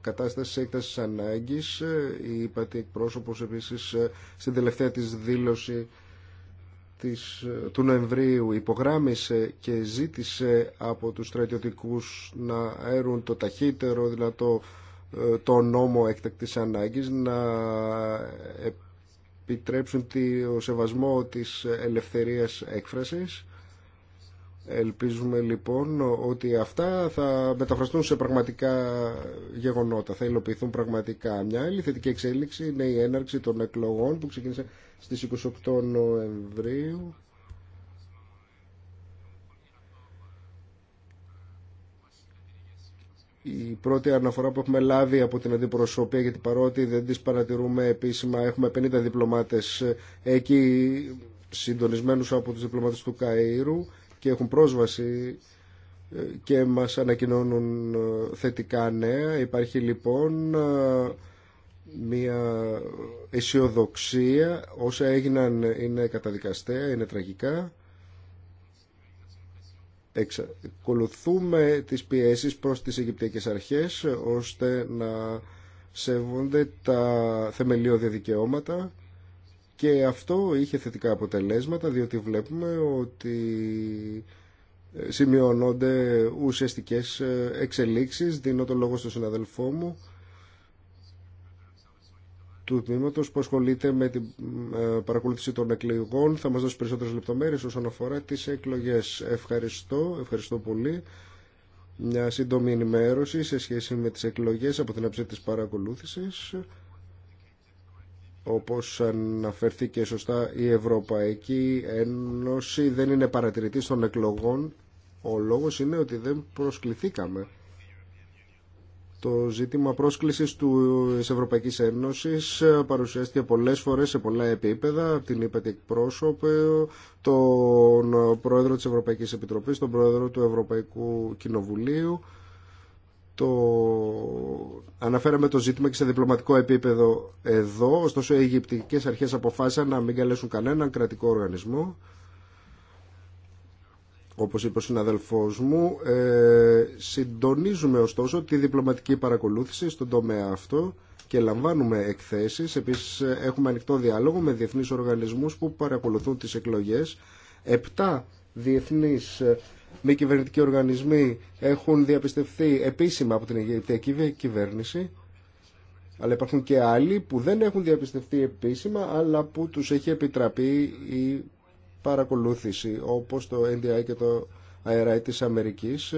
κατάστασης έκτασης ανάγκης η ε, υπατή εκπρόσωπος επίσης στην τελευταία της δήλωση της, του Νοεμβρίου υπογράμμισε και ζήτησε από τους στρατιωτικούς να έρουν το ταχύτερο δυνατό ε, το νόμο έκτακτης ανάγκης να επιτρέψουν τη, σεβασμό της ελευθερίας έκφρασης Ελπίζουμε λοιπόν ότι αυτά θα μεταφραστούν σε πραγματικά γεγονότα, θα υλοποιηθούν πραγματικά. Μια άλλη θετική εξέλιξη είναι η έναρξη των εκλογών που ξεκίνησε στις 28 Νοεμβρίου. Η πρώτη αναφορά που έχουμε λάβει από την αντιπροσωπεία, γιατί παρότι δεν τις παρατηρούμε επίσημα, έχουμε 50 διπλωμάτες εκεί συντονισμένους από τους διπλωμάτες του Καΐρου και έχουν πρόσβαση ε, και μας ανακοινώνουν ε, θετικά νέα. Υπάρχει λοιπόν ε, μια αισιοδοξία. Όσα έγιναν είναι καταδικαστέα, είναι τραγικά. Εξακολουθούμε τις πιέσεις προς τις Αιγυπτιακές αρχές ώστε να σέβονται τα θεμελιώδη δικαιώματα και αυτό είχε θετικά αποτελέσματα διότι βλέπουμε ότι ε, σημειώνονται ουσιαστικές ε, εξελίξεις. Δίνω το λόγο στον συναδελφό μου του τμήματο που ασχολείται με την ε, παρακολούθηση των εκλογών. Θα μας δώσει περισσότερες λεπτομέρειες όσον αφορά τις εκλογές. Ευχαριστώ, ευχαριστώ πολύ. Μια σύντομη ενημέρωση σε σχέση με τις εκλογές από την αψή της παρακολούθησης. Όπως αναφέρθηκε σωστά η Ευρωπαϊκή Ένωση δεν είναι παρατηρητή των εκλογών. Ο λόγος είναι ότι δεν προσκληθήκαμε. Το ζήτημα πρόσκλησης του Ευρωπαϊκής Ένωσης παρουσιάστηκε πολλές φορές σε πολλά επίπεδα από την είπατε εκπρόσωπε, τον πρόεδρο της Ευρωπαϊκής Επιτροπής, τον πρόεδρο του Ευρωπαϊκού Κοινοβουλίου το αναφέραμε το ζήτημα και σε διπλωματικό επίπεδο εδώ, ωστόσο οι Αιγυπτικές αρχές αποφάσισαν να μην καλέσουν κανέναν κρατικό οργανισμό όπως είπε ο συναδελφός μου, ε, συντονίζουμε ωστόσο τη διπλωματική παρακολούθηση στον τομέα αυτό και λαμβάνουμε εκθέσεις. Επίσης έχουμε ανοιχτό διάλογο με διεθνείς οργανισμούς που παρακολουθούν τις εκλογές. Επτά διεθνείς μη κυβερνητικοί οργανισμοί έχουν διαπιστευθεί επίσημα από την Αιγυπτιακή κυβέρνηση, αλλά υπάρχουν και άλλοι που δεν έχουν διαπιστευτεί επίσημα, αλλά που τους έχει επιτραπεί η παρακολούθηση, όπως το NDI και το IRI της Αμερικής.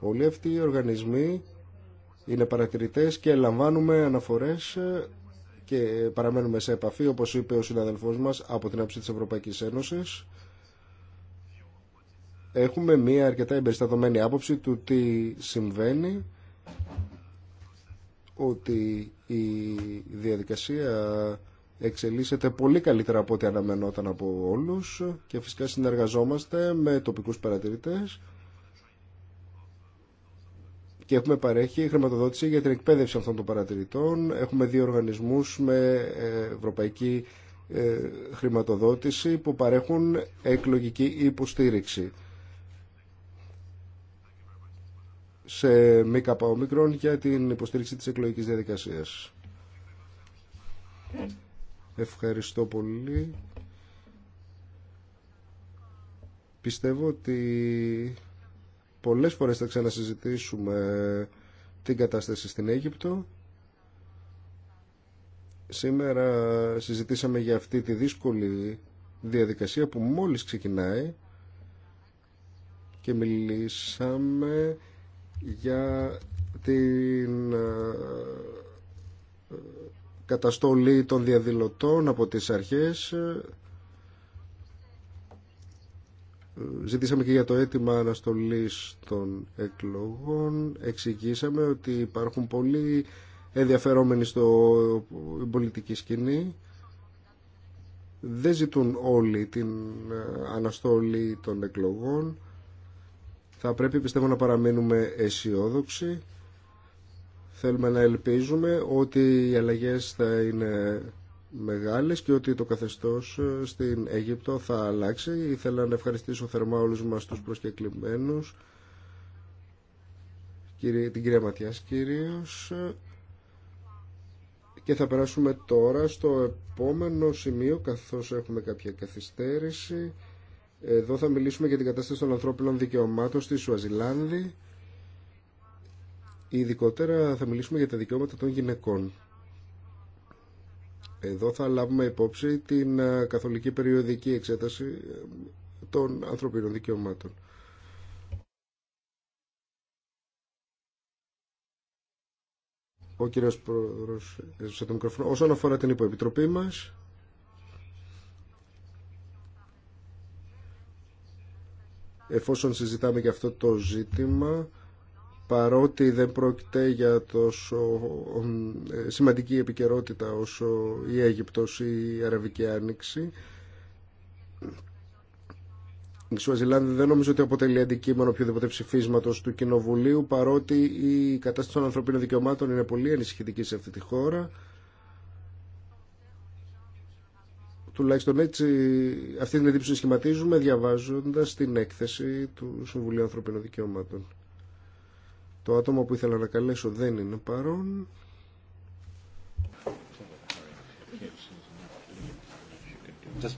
Όλοι αυτοί οι οργανισμοί είναι παρατηρητές και λαμβάνουμε αναφορές και παραμένουμε σε επαφή, όπως είπε ο συναδελφός μας, από την άποψη της Ευρωπαϊκής Ένωσης. Έχουμε μία αρκετά εμπεριστατωμένη άποψη του τι συμβαίνει, ότι η διαδικασία εξελίσσεται πολύ καλύτερα από ό,τι αναμενόταν από όλους και φυσικά συνεργαζόμαστε με τοπικούς παρατηρητές και έχουμε παρέχει χρηματοδότηση για την εκπαίδευση αυτών των παρατηρητών. Έχουμε δύο οργανισμούς με ε, ευρωπαϊκή ε, χρηματοδότηση που παρέχουν εκλογική υποστήριξη σε μικρόν για την υποστήριξη της εκλογικής διαδικασίας. Ευχαριστώ πολύ. Πιστεύω ότι Πολλές φορές θα ξανασυζητήσουμε την κατάσταση στην Αίγυπτο. Σήμερα συζητήσαμε για αυτή τη δύσκολη διαδικασία που μόλις ξεκινάει και μιλήσαμε για την ε, καταστολή των διαδηλωτών από τις αρχές Ζητήσαμε και για το αίτημα αναστολή των εκλογών. Εξηγήσαμε ότι υπάρχουν πολλοί ενδιαφερόμενοι στο πολιτική σκηνή. Δεν ζητούν όλοι την ε, αναστολή των εκλογών. Θα πρέπει πιστεύω να παραμείνουμε αισιόδοξοι. Θέλουμε να ελπίζουμε ότι οι αλλαγές θα είναι μεγάλες και ότι το καθεστώς ε, στην Αίγυπτο θα αλλάξει. Ήθελα να ευχαριστήσω θερμά όλους μας τους προσκεκλημένους, την κυρία Ματιάς κυρίως. Και θα περάσουμε τώρα στο επόμενο σημείο, καθώς έχουμε κάποια καθυστέρηση. Εδώ θα μιλήσουμε για την κατάσταση των ανθρώπινων δικαιωμάτων στη Σουαζιλάνδη. Ειδικότερα θα μιλήσουμε για τα δικαιώματα των γυναικών. Εδώ θα λάβουμε υπόψη την ε, καθολική περιοδική εξέταση ε, των ανθρωπίνων δικαιωμάτων. Ο κύριος Πρόεδρος σε το μικροφόνο. Όσον αφορά την υποεπιτροπή μας, εφόσον συζητάμε για αυτό το ζήτημα, παρότι δεν πρόκειται για τόσο ε, σημαντική επικαιρότητα όσο η Αίγυπτος ή η Αραβική Άνοιξη. Η Σουαζιλάνδη δεν νομίζω ότι αποτελεί αντικείμενο οποιοδήποτε ψηφίσματο του Κοινοβουλίου, παρότι η κατάσταση των ανθρωπίνων δικαιωμάτων είναι πολύ ενισχυτική σε αυτή τη χώρα. Τουλάχιστον έτσι αυτή την εντύπωση σχηματίζουμε διαβάζοντα την έκθεση του Συμβουλίου Ανθρωπίνων Δικαιωμάτων. Το άτομο που ήθελα να καλέσω δεν είναι παρόν. Just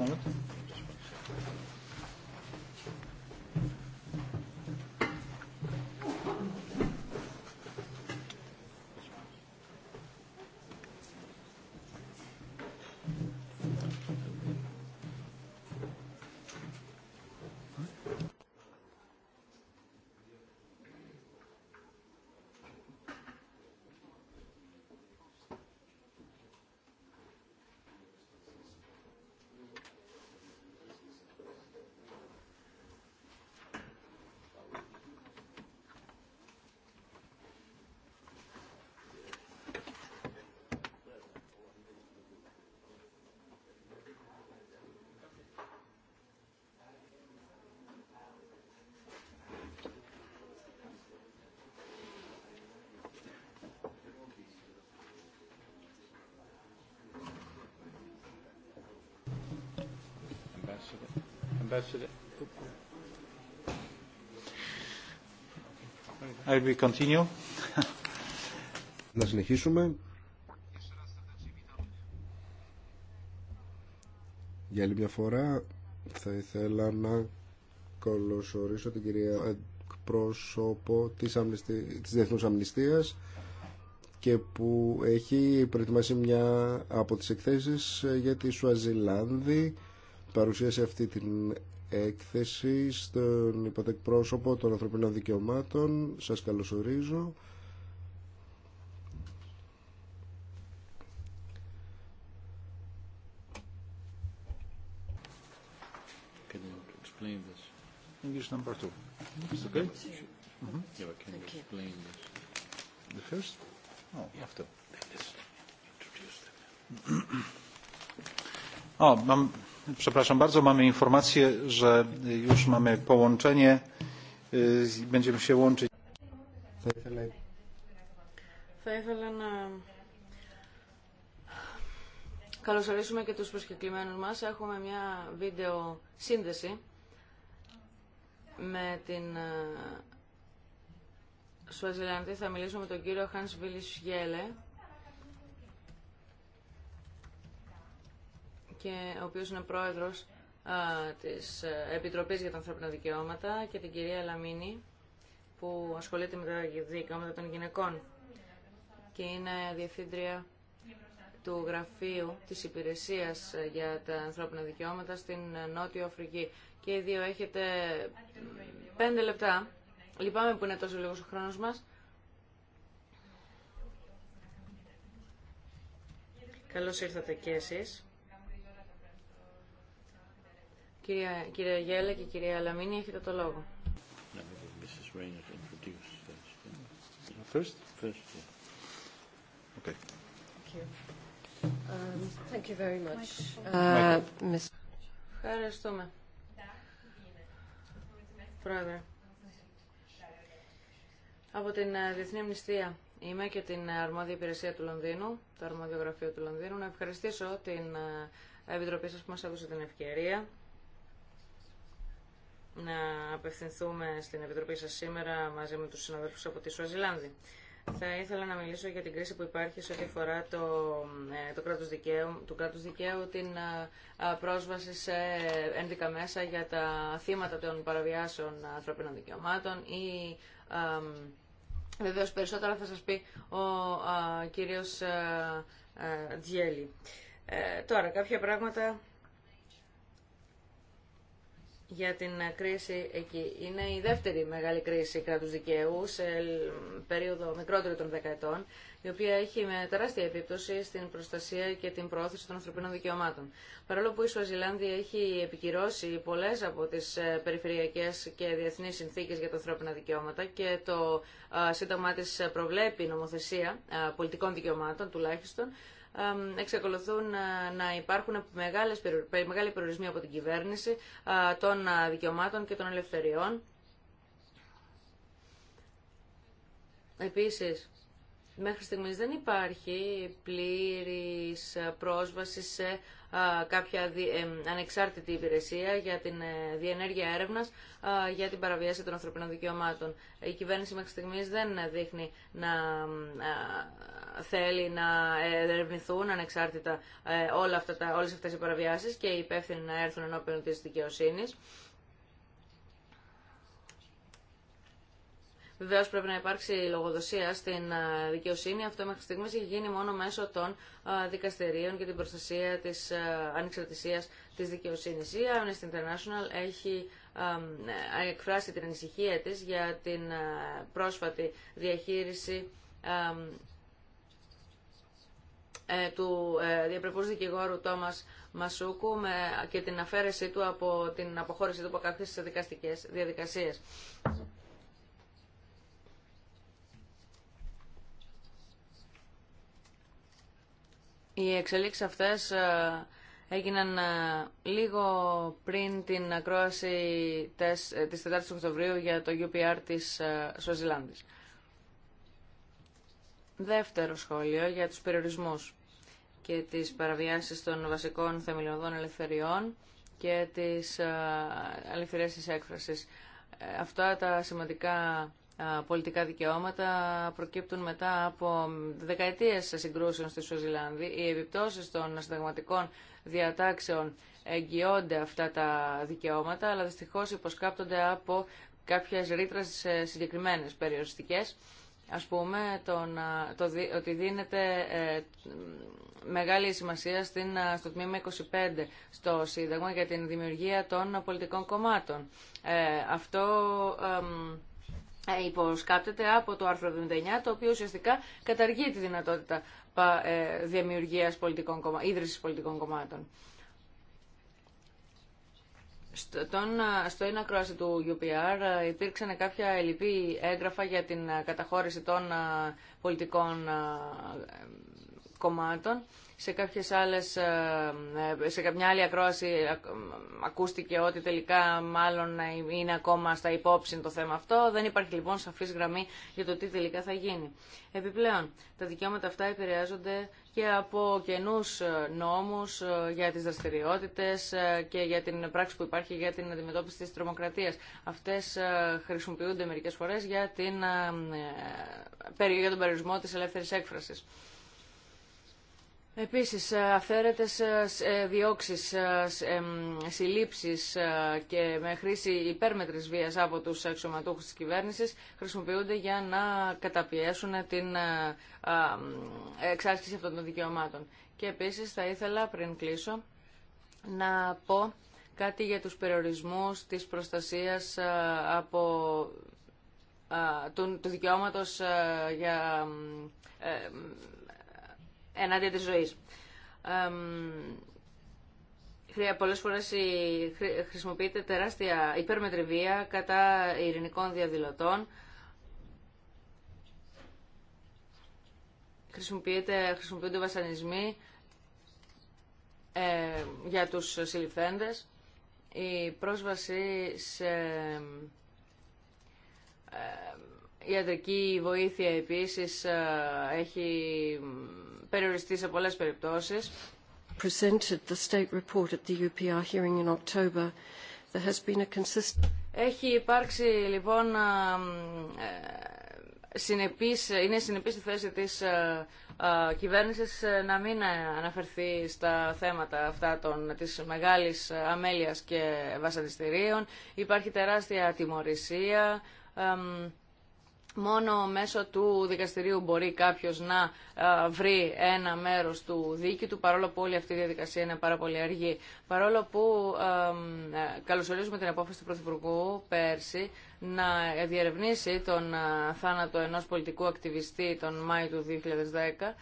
Να συνεχίσουμε. Για άλλη μια φορά θα ήθελα να καλωσορίσω την κυρία πρόσωπο της, αμνηστι... της Διεθνούς Αμνηστίας και που έχει προετοιμάσει μια από τις εκθέσεις για τη Σουαζιλάνδη παρουσίασε αυτή την έκθεση στον υποτεκπρόσωπο των ανθρωπινών δικαιωμάτων. Σας καλωσορίζω. English number two. Is okay? Mm-hmm. Yeah, but can you explain this? The first? Oh, you have to Introduce them. Oh, Przepraszam bardzo, mamy informację, że już mamy połączenie. Będziemy się łączyć. Θα ήθελα καλωσορίσουμε και τους προσκεκλημένους μας. Έχουμε μια βίντεο σύνδεση με την ε, Σουαζιλανδή. Θα μιλήσουμε με τον κύριο Hans Willis Γέλε, και ο οποίο είναι πρόεδρος τη της ε, Επιτροπής για τα Ανθρώπινα Δικαιώματα και την κυρία Λαμίνη που ασχολείται με τα δικαιώματα των γυναικών και είναι διευθύντρια του γραφείου της Υπηρεσίας για τα Ανθρώπινα Δικαιώματα στην Νότιο Αφρική. Και οι δύο έχετε πέντε λεπτά. Λυπάμαι που είναι τόσο λίγο ο χρόνο μας. Καλώς ήρθατε και εσείς. Κυρία, κυρία Γέλα και κυρία Λαμίνη, έχετε το λόγο. Ευχαριστούμε. Πρόεδρε. Από την ε, Διεθνή Μνηστία είμαι και την ε, Αρμόδια Υπηρεσία του Λονδίνου, το Αρμόδιο Γραφείο του Λονδίνου. Να ευχαριστήσω την ε, Επιτροπή σας που μας έδωσε την ευκαιρία να απευθυνθούμε στην Επιτροπή σας σήμερα μαζί με τους συναδέλφους από τη Σουαζιλάνδη. Θα ήθελα να μιλήσω για την κρίση που υπάρχει σε ό,τι αφορά το, ε, το κράτος δικαίου, του κράτους δικαίου, την ε, ε, πρόσβαση σε ένδικα μέσα για τα θύματα των παραβιάσεων ανθρωπίνων δικαιωμάτων ή Βεβαίω περισσότερα θα σας πει ο α, κύριος Τζιέλη. τώρα, κάποια πράγματα για την κρίση εκεί. Είναι η δεύτερη μεγάλη κρίση κράτους δικαίου σε περίοδο μικρότερη των δεκαετών, η οποία έχει με τεράστια επίπτωση στην προστασία και την προώθηση των ανθρωπίνων δικαιωμάτων. Παρόλο που η Σουαζιλάνδη έχει επικυρώσει πολλές από τις ε, περιφερειακές και διεθνείς συνθήκες για τα ανθρώπινα δικαιώματα και το ε, σύνταγμά της προβλέπει νομοθεσία ε, πολιτικών δικαιωμάτων τουλάχιστον, εξακολουθούν ε, να υπάρχουν μεγάλες, μεγάλοι περιορισμοί από την κυβέρνηση ε, των ε, δικαιωμάτων και των ελευθεριών. Επίσης, Μέχρι στιγμής δεν υπάρχει πλήρης πρόσβαση σε κάποια ανεξάρτητη υπηρεσία για την ε, διενέργεια έρευνας για την παραβίαση των ανθρωπίνων δικαιωμάτων. Η κυβέρνηση μέχρι στιγμής δεν δείχνει να θέλει να ερευνηθούν ανεξάρτητα ε, όλα αυτά, όλες αυτές οι παραβιάσεις και οι υπεύθυνοι να έρθουν ενώπιον της δικαιοσύνης. Βεβαίω πρέπει να υπάρξει λογοδοσία στην ε, δικαιοσύνη. Αυτό μέχρι στιγμή έχει γίνει μόνο μέσω των ε, δικαστηρίων και την προστασία τη ε, ανεξαρτησία τη δικαιοσύνη. Η Amnesty International έχει εκφράσει την ανησυχία τη για την πρόσφατη διαχείριση του διαπρεπούς δικηγόρου Τόμας Μασούκου και την αφαίρεσή του από την αποχώρησή του από κάποιες δικαστικές διαδικασίες. Οι εξελίξεις αυτές ε, έγιναν ε, λίγο πριν την ακρόαση ε, της 4ης Οκτωβρίου για το UPR της Σοζηλάνδης. Δεύτερο σχόλιο για τους περιορισμούς και τις παραβιάσεις των βασικών θεμελιωδών ελευθεριών και τις ελευθερίες της έκφρασης. Αυτά τα σημαντικά πολιτικά δικαιώματα προκύπτουν μετά από δεκαετίες συγκρούσεων στη Σουαζιλάνδη. Οι επιπτώσεις των συνταγματικών διατάξεων εγγυώνται αυτά τα δικαιώματα, αλλά δυστυχώς υποσκάπτονται από κάποιες ρήτρες συγκεκριμένες περιοριστικές. Ας πούμε το, το, ότι δίνεται ε, μεγάλη σημασία στην, στο τμήμα 25 στο Σύνταγμα για την δημιουργία των πολιτικών κομμάτων. Ε, αυτό... Ε, υποσκάπτεται από το άρθρο 79, το οποίο ουσιαστικά καταργεί τη δυνατότητα ε, δημιουργίας πολιτικών, ίδρυσης πολιτικών κομμάτων. Στο, τον, στο ένα κρόαση του UPR ε, υπήρξαν κάποια ελλειπή έγγραφα για την καταχώρηση των πολιτικών κομμάτων σε, κάποιες άλλες, ε, ε, σε άλλη ακρόαση ε, ακούστηκε ότι τελικά μάλλον είναι ακόμα στα υπόψη το θέμα αυτό. Δεν υπάρχει λοιπόν σαφής γραμμή για το τι τελικά θα γίνει. Επιπλέον, τα δικαιώματα αυτά επηρεάζονται και από καινού νόμους για τις δραστηριότητες και για την πράξη που υπάρχει για την αντιμετώπιση της τρομοκρατίας. Αυτές χρησιμοποιούνται μερικές φορές για, την, για τον περιορισμό της ελεύθερης έκφρασης. Επίσης, ε, αφαίρετες ε, ε, διώξεις, συλλήψεις και με χρήση υπέρμετρης βίας από τους αξιωματούχους της κυβέρνησης χρησιμοποιούνται για να καταπιέσουν την εξάσκηση αυτών των δικαιωμάτων. Και επίσης θα ήθελα πριν κλείσω να πω κάτι για τους περιορισμούς της προστασίας από του, του δικαιώματος για ενάντια της ζωής. Ε, πολλές φορές χρησιμοποιείται τεράστια βία κατά ειρηνικών διαδηλωτών. Χρησιμοποιείται, χρησιμοποιούνται βασανισμοί ε, για τους συλληφθέντες. Η πρόσβαση σε ε, ιατρική βοήθεια επίσης ε, έχει περιοριστεί σε πολλές περιπτώσεις. Έχει υπάρξει λοιπόν ε, συνεπής, είναι συνεπής η θέση της κυβέρνησης ε, να μην ε, αναφερθεί στα θέματα αυτά των, της μεγάλης αμέλειας και βασανιστήριων. Υπάρχει τεράστια τιμωρησία. Μόνο μέσω του δικαστηρίου μπορεί κάποιος να ε, βρει ένα μέρος του δίκη του, παρόλο που όλη αυτή η διαδικασία είναι πάρα πολύ αργή. Παρόλο που ε, καλωσορίζουμε την απόφαση του Πρωθυπουργού πέρσι να διερευνήσει τον ε, θάνατο ενός πολιτικού ακτιβιστή τον Μάιο του 2010,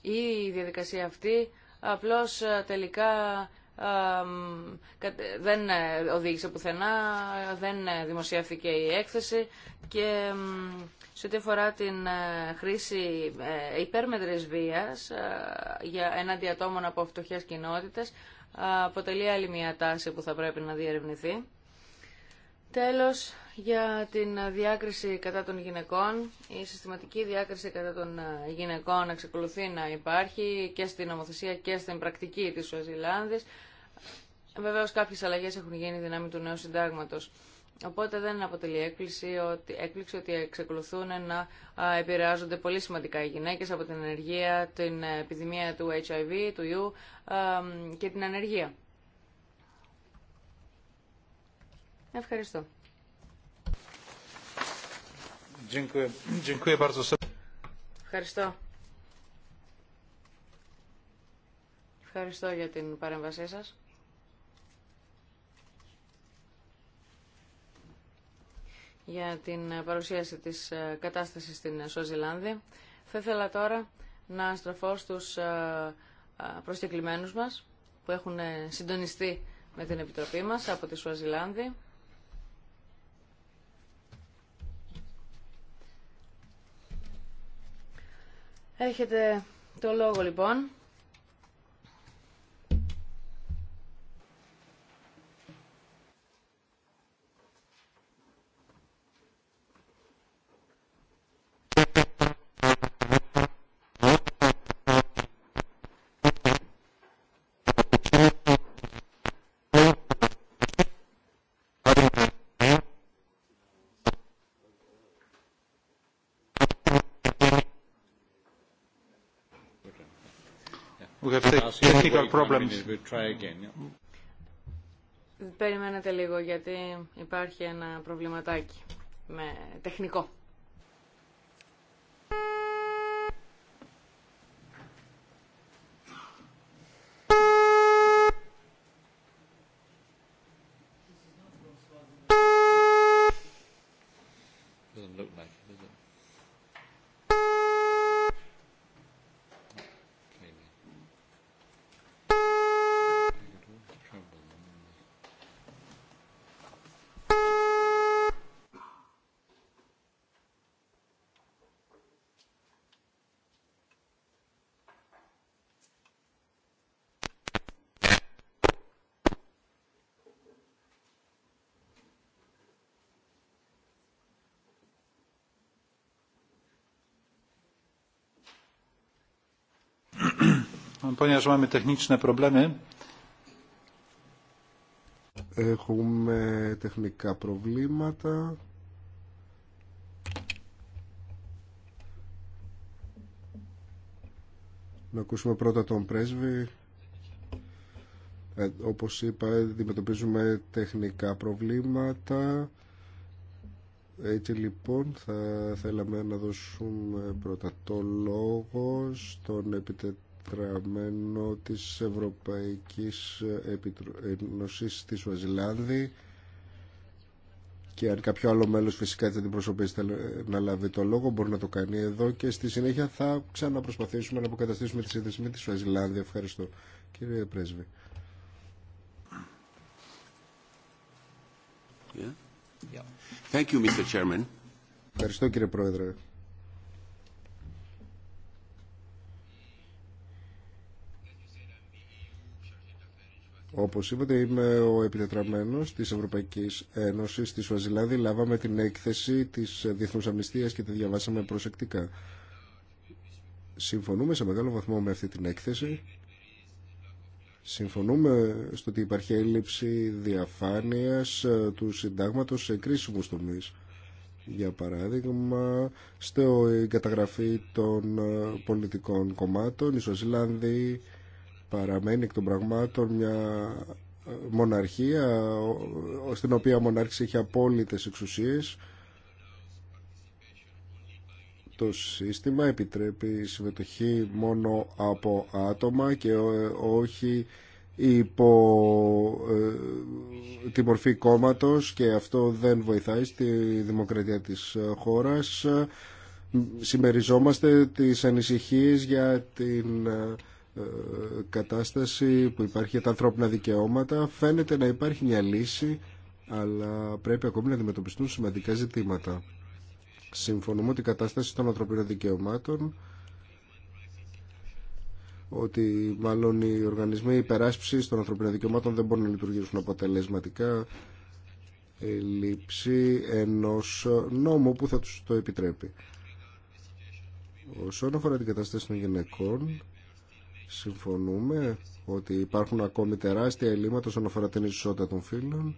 η διαδικασία αυτή απλώς τελικά δεν ε, οδήγησε πουθενά, δεν ε, δημοσιεύθηκε η έκθεση και σε ό,τι αφορά την ε, χρήση υπέρμετρης βίας για έναντι ατόμων από φτωχές κοινότητες αποτελεί άλλη μια τάση που θα πρέπει να διερευνηθεί. Τέλος, για την διάκριση κατά των γυναικών. Η συστηματική διάκριση κατά των ε, γυναικών εξακολουθεί να υπάρχει και στην νομοθεσία και στην πρακτική της Σουαζιλάνδης. Βεβαίως κάποιες αλλαγές έχουν γίνει δυνάμει του νέου συντάγματος. Οπότε δεν αποτελεί έκπληξη ότι, έκπληξη ότι εξακολουθούν να επηρεάζονται πολύ σημαντικά οι γυναίκες από την ενεργεία, την ε, επιδημία του HIV, του ιού ε, και την ανεργία. Ευχαριστώ. Ευχαριστώ. Ευχαριστώ για την παρέμβασή σας. για την παρουσίαση της ε, κατάστασης στην ε, Σουαζιλάνδη. Θα ήθελα τώρα να στραφώ στους ε, προσκεκλημένους μας που έχουν συντονιστεί με την Επιτροπή μας από τη Σουαζιλάνδη. Έχετε το λόγο λοιπόν. We Περιμένετε λίγο γιατί υπάρχει ένα προβληματάκι με τεχνικό. Έχουμε τεχνικά προβλήματα. Να ακούσουμε πρώτα τον πρέσβη. Ε, όπως είπα, αντιμετωπίζουμε τεχνικά προβλήματα. Έτσι λοιπόν θα θέλαμε να δώσουμε πρώτα το λόγο στον επιτετή τετραμένο της Ευρωπαϊκής Ένωσης της Σουαζιλάνδη και αν κάποιο άλλο μέλος φυσικά θα την προσωπήσετε να λάβει το λόγο μπορεί να το κάνει εδώ και στη συνέχεια θα ξαναπροσπαθήσουμε να αποκαταστήσουμε τη σύνδεση με τη Σουαζιλάνδη. Ευχαριστώ κύριε Πρέσβη. Yeah. Yeah. Thank you, Mr. Ευχαριστώ κύριε Πρόεδρε. Όπως είπατε είμαι ο επιτετραμένος της Ευρωπαϊκής Ένωσης στη Σουαζιλάνδη. Λάβαμε την έκθεση της Διεθνούς Αμνηστίας και τη διαβάσαμε προσεκτικά. Συμφωνούμε σε μεγάλο βαθμό με αυτή την έκθεση. Συμφωνούμε στο ότι υπάρχει έλλειψη διαφάνειας ε, του συντάγματος σε κρίσιμους τομείς. Για παράδειγμα, στο καταγραφή των ε, πολιτικών κομμάτων, η Σουαζιλάνδη παραμένει εκ των πραγμάτων μια ε, μοναρχία στην οποία ο μονάρχης έχει απόλυτες εξουσίες το σύστημα επιτρέπει συμμετοχή μόνο από άτομα και ε, όχι υπό ε, τη μορφή κόμματος και αυτό δεν βοηθάει στη δημοκρατία της χώρας. Συμμεριζόμαστε τις ανησυχίες για την ε, κατάσταση που υπάρχει για τα ανθρώπινα δικαιώματα. Φαίνεται να υπάρχει μια λύση, αλλά πρέπει ακόμη να αντιμετωπιστούν σημαντικά ζητήματα. Συμφωνούμε ότι η κατάσταση των ανθρωπίνων δικαιωμάτων ότι μάλλον οι οργανισμοί υπεράσπισης των ανθρωπίνων δικαιωμάτων δεν μπορούν να λειτουργήσουν αποτελεσματικά λήψη ενός νόμου που θα τους το επιτρέπει. Όσον αφορά την κατάσταση των γυναικών, συμφωνούμε ότι υπάρχουν ακόμη τεράστια ελλείμματα όσον αφορά την ισότητα των φύλων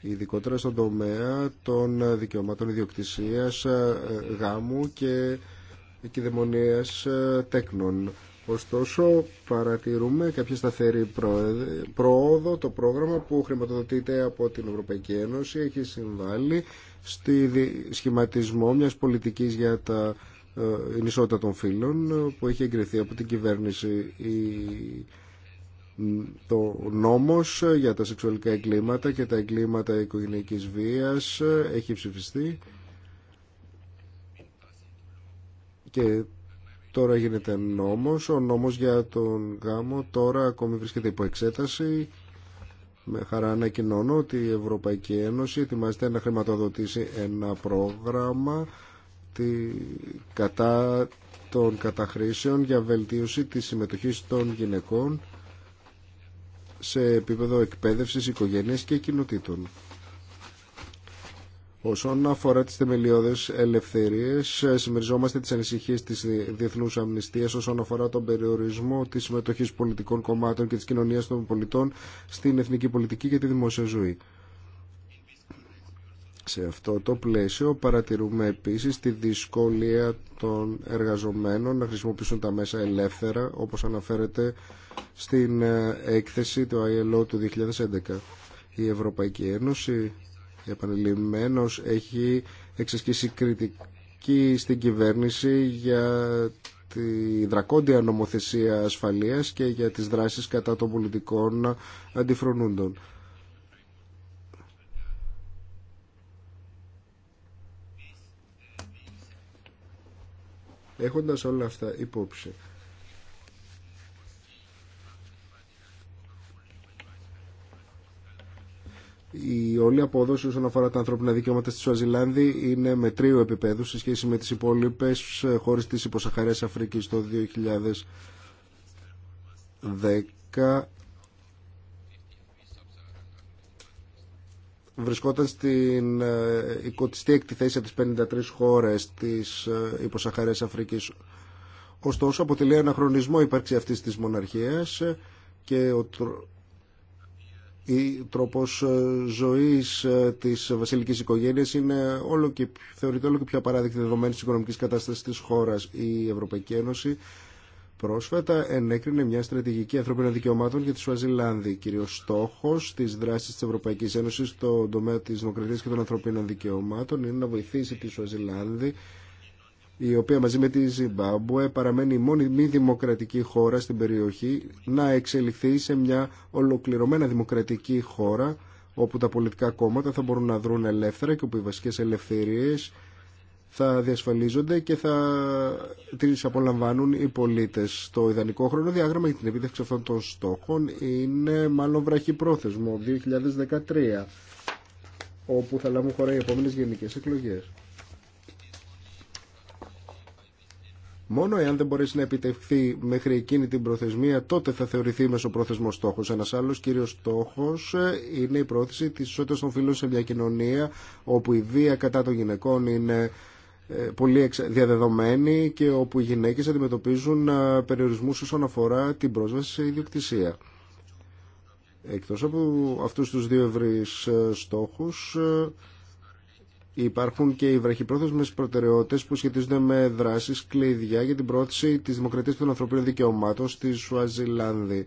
ειδικότερα στον τομέα των δικαιωμάτων ιδιοκτησίας ε, γάμου και κυδαιμονίας ε, τέκνων. Ωστόσο, παρατηρούμε κάποια σταθερή πρόοδο. Το πρόγραμμα που χρηματοδοτείται από την Ευρωπαϊκή Ένωση έχει συμβάλει στη σχηματισμό μιας πολιτικής για τα η ε, ισότητα των φύλων ε, που έχει εγκριθεί από την κυβέρνηση το νόμος ε, για τα σεξουαλικά εγκλήματα και τα εγκλήματα οικογενειακής βίας έχει ψηφιστεί και τώρα γίνεται νόμος ο νόμος για τον γάμο τώρα ακόμη βρίσκεται υπό εξέταση με χαρά ανακοινώνω ότι η Ευρωπαϊκή Ένωση ετοιμάζεται να χρηματοδοτήσει ένα πρόγραμμα τη κατά των καταχρήσεων για βελτίωση της συμμετοχής των γυναικών σε επίπεδο εκπαίδευσης, οικογένειας και κοινοτήτων. Όσον αφορά τις θεμελιώδες ελευθερίες, συμμεριζόμαστε τις ανησυχίες της Διεθνούς Αμνηστίας όσον αφορά τον περιορισμό της συμμετοχής πολιτικών κομμάτων και της κοινωνίας των πολιτών στην εθνική πολιτική και τη δημόσια ζωή. Σε αυτό το πλαίσιο παρατηρούμε επίσης τη δυσκολία των εργαζομένων να χρησιμοποιήσουν τα μέσα ελεύθερα όπως αναφέρεται στην ε, έκθεση του ILO του 2011. Η Ευρωπαϊκή Ένωση επανειλημμένως έχει εξασκήσει κριτική στην κυβέρνηση για τη δρακόντια νομοθεσία ασφαλείας και για τις δράσεις κατά των πολιτικών αντιφρονούντων. έχοντας όλα αυτά υπόψη. Η όλη απόδοση όσον αφορά τα ανθρώπινα δικαιώματα στη Σουαζιλάνδη είναι με τρίο επίπεδο σε σχέση με τις υπόλοιπες χώρες της υποσαχαρίας Αφρικής το 2010 βρισκόταν στην οικοτιστή ε, εκτιθέση από τις 53 χώρες της ε, υποσαχαρές Αφρικής. Ωστόσο αποτελεί ένα χρονισμό ύπαρξη αυτής της μοναρχίας ε, και ο, η τρόπος ζωής της βασιλικής οικογένειας είναι όλο και, θεωρείται όλο και πιο απαράδεικτη δεδομένη της οικονομικής κατάστασης της χώρας. Η Ευρωπαϊκή Ένωση Πρόσφατα ενέκρινε μια στρατηγική ανθρωπίνων δικαιωμάτων για τη Σουαζιλάνδη, κυρίω στόχο τη δράση τη Ευρωπαϊκή Ένωση στον τομέα τη δημοκρατία και των ανθρωπίνων δικαιωμάτων είναι να βοηθήσει τη Σουαζιλάνδη, η οποία μαζί με τη Ζιμπάμπουε παραμένει η μόνη μη δημοκρατική χώρα στην περιοχή, να εξελιχθεί σε μια ολοκληρωμένα δημοκρατική χώρα, όπου τα πολιτικά κόμματα θα μπορούν να δρουν ελεύθερα και όπου οι βασικέ ελευθερίε θα διασφαλίζονται και θα τις απολαμβάνουν οι πολίτες. Το ιδανικό χρονοδιάγραμμα για την επίτευξη αυτών των στόχων είναι μάλλον βραχυπρόθεσμο 2013 όπου θα λάβουν χώρα οι επόμενες γενικές εκλογές. Μόνο εάν δεν μπορέσει να επιτευχθεί μέχρι εκείνη την προθεσμία, τότε θα θεωρηθεί μεσοπρόθεσμο στόχο. Ένα άλλο κύριο στόχο ε, είναι η πρόθεση τη ισότητα των φίλων σε μια κοινωνία όπου η βία κατά των γυναικών είναι ε, πολύ διαδεδομένη και όπου οι γυναίκες αντιμετωπίζουν ε, περιορισμούς όσον αφορά την πρόσβαση σε ιδιοκτησία. Εκτός από αυτούς τους δύο ευρύς ε, στόχους υπάρχουν και οι βραχυπρόθεσμες προτεραιότητες που σχετίζονται με δράσεις κλειδιά για την πρόθεση της δημοκρατίας των ανθρωπίνων δικαιωμάτων στη Σουαζιλάνδη.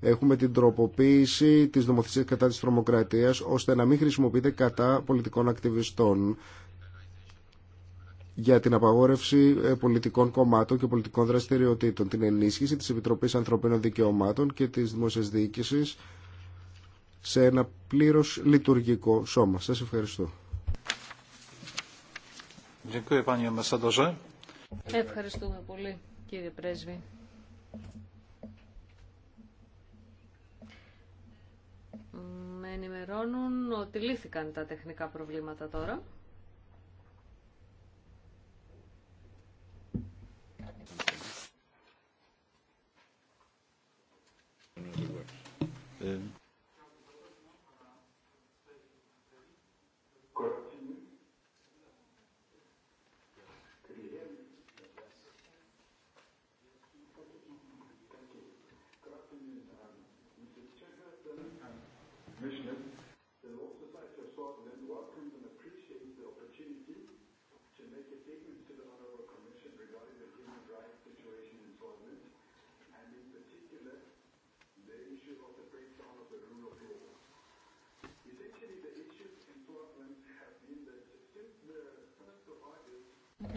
Έχουμε την τροποποίηση της νομοθεσίας κατά της τρομοκρατίας ώστε να μην χρησιμοποιείται κατά πολιτικών ακτιβιστών για την απαγόρευση ε, πολιτικών κομμάτων και πολιτικών δραστηριοτήτων, την ενίσχυση της Επιτροπής Ανθρωπίνων Δικαιωμάτων και της Δημόσιας Διοίκησης σε ένα πλήρως λειτουργικό σώμα. Σας ευχαριστώ. Ευχαριστούμε πολύ κύριε Πρέσβη. Με ενημερώνουν ότι λύθηκαν τα τεχνικά προβλήματα τώρα. ε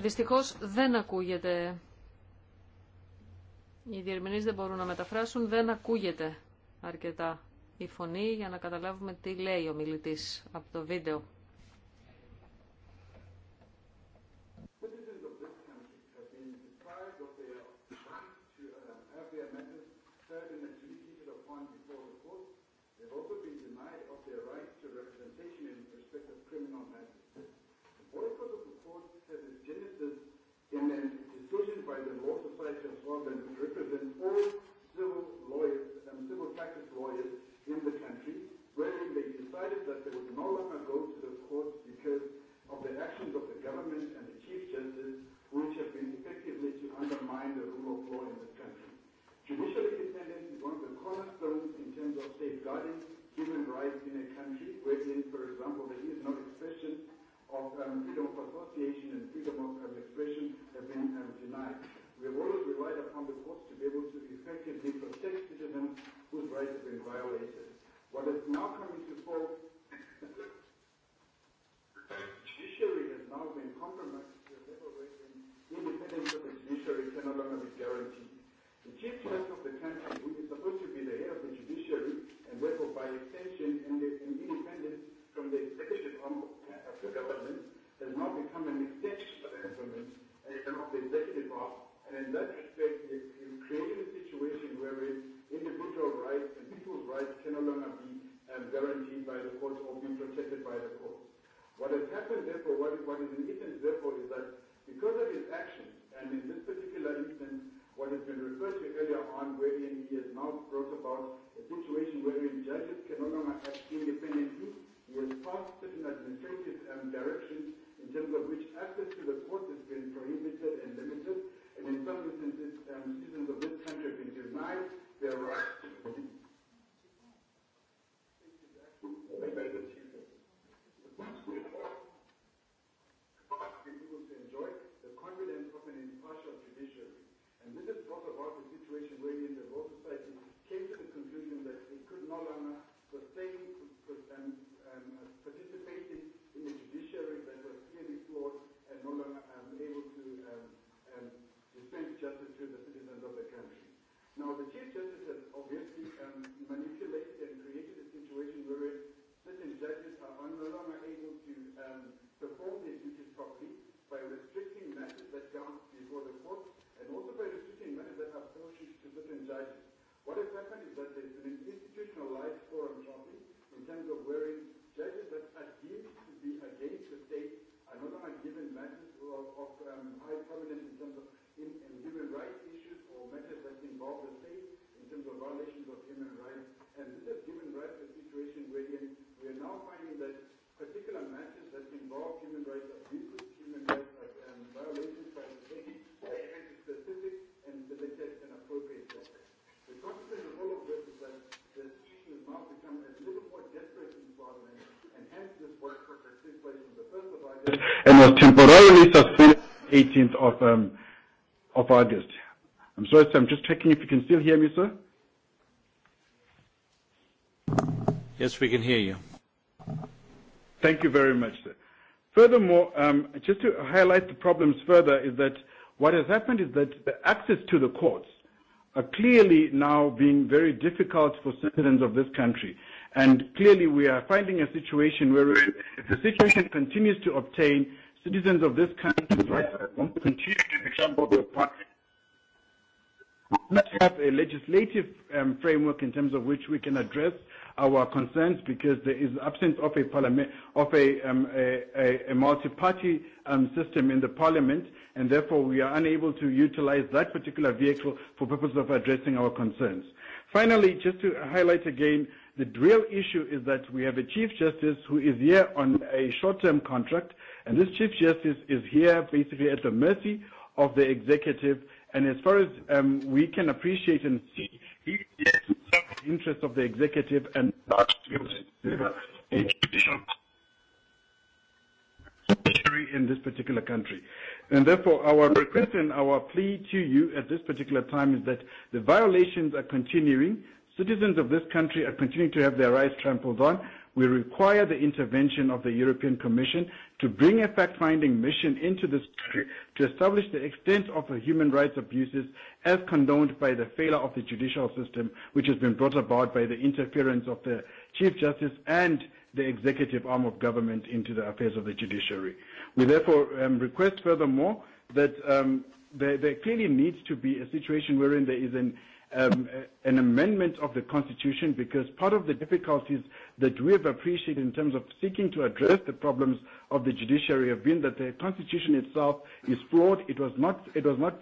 Δυστυχώς δεν ακούγεται. Οι διερμηνείς δεν μπορούν να μεταφράσουν, δεν ακούγεται αρκετά η φωνή για να καταλάβουμε τι λέει ο μιλητής από το βίντεο. represent represent all civil lawyers and civil practice lawyers in the country, wherein they decided that they would no longer go to the courts because of the actions of the government and the Chief Justice, which have been effectively to undermine the rule of law in the country. Judicial independence is one of the cornerstones in terms of safeguarding human rights in a country wherein, for example, there is no expression of freedom of association and freedom of expression have been violated. What is now coming to fall, judiciary has now been compromised to a level independence of the judiciary can no longer be guaranteed. The chief judge of the country, who is supposed to be the head of the judiciary and therefore by extension and independence from the executive arm of the government, has now become an extension of the government and of the executive arm, and in that what is in therefore is that because of his actions, and in this particular instance, what has been referred to earlier on, where he has now brought about and was temporarily suspended 18th of, um, of August. I'm sorry, sir, I'm just checking if you can still hear me, sir. Yes, we can hear you. Thank you very much, sir. Furthermore, um, just to highlight the problems further is that what has happened is that the access to the courts are clearly now being very difficult for citizens of this country. And clearly we are finding a situation where if the situation continues to obtain, citizens of this country will to continue to We do not have a legislative framework in terms of which we can address our concerns because there is absence of a parliament multi-party system in the parliament and therefore we are unable to utilize that particular vehicle for purpose of addressing our concerns. Finally, just to highlight again The real issue is that we have a Chief Justice who is here on a short-term contract, and this Chief Justice is here basically at the mercy of the executive. And as far as we can appreciate and see, he is the interests of the executive and not a in this particular country. And therefore, our request and our plea to you at this particular time is that the violations are continuing. Citizens of this country are continuing to have their rights trampled on. We require the intervention of the European Commission to bring a fact-finding mission into this country to establish the extent of the human rights abuses as condoned by the failure of the judicial system, which has been brought about by the interference of the Chief Justice and the executive arm of government into the affairs of the judiciary. We therefore request furthermore that there clearly needs to be a situation wherein there is an an amendment of the Constitution because part of the difficulties that we have appreciated in terms of seeking to address the problems of the judiciary have been that the Constitution itself is flawed. It was not it was not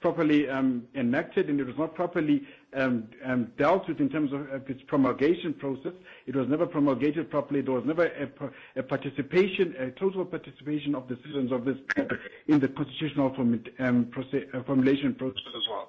properly enacted and it was not properly dealt with in terms of its promulgation process. It was never promulgated properly. There was never a participation, a total participation of the citizens of this in the constitutional formulation process as well.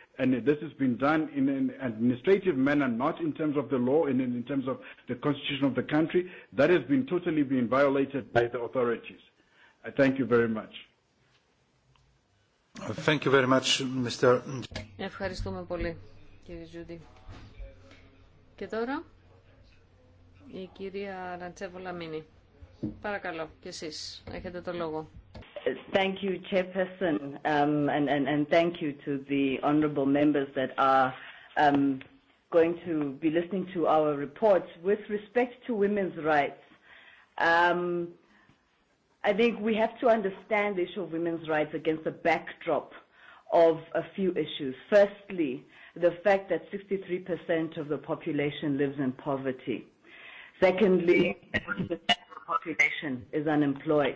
and this has been done in an administrative manner, not in terms of the law and in terms of the constitution of the country. That has been totally been violated by the authorities. I thank you very much. Thank you very much, Mr. Ευχαριστούμε πολύ, κύριε Ζούντι. Και τώρα, η κυρία Ραντσέβολα Μίνη. Παρακαλώ, και εσείς έχετε το λόγο. Thank you, Chairperson, and thank you to the honourable members that are going to be listening to our report With respect to women's rights, I think we have to understand the issue of women's rights against the backdrop of a few issues. Firstly, the fact that 63% of the population lives in poverty. Secondly, the population is unemployed.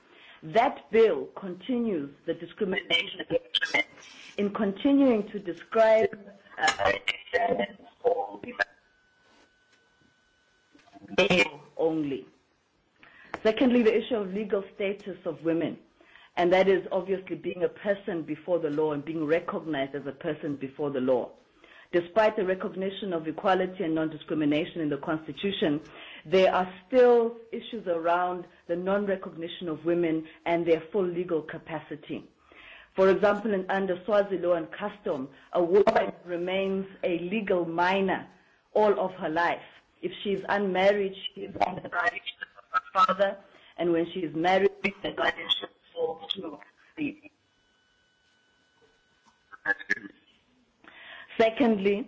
That bill continues the discrimination in continuing to describe only. Secondly, the issue of legal status of women, and that is obviously being a person before the law and being recognized as a person before the law. Despite the recognition of equality and non-discrimination in the Constitution, There are still issues around the non-recognition of women and their full legal capacity. For example, in under Swazi law and custom, a woman remains a legal minor all of her life. If she is unmarried, she is under the of her father, and when she is married, the guardianship falls to the Secondly,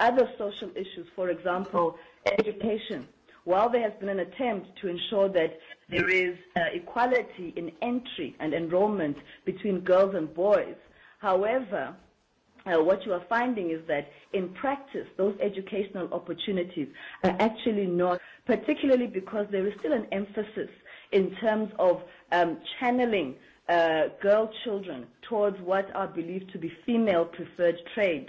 other social issues, for example, education. While there has been an attempt to ensure that there is equality in entry and enrollment between girls and boys, however, what you are finding is that in practice those educational opportunities are actually not, particularly because there is still an emphasis in terms of channeling girl children towards what are believed to be female preferred trades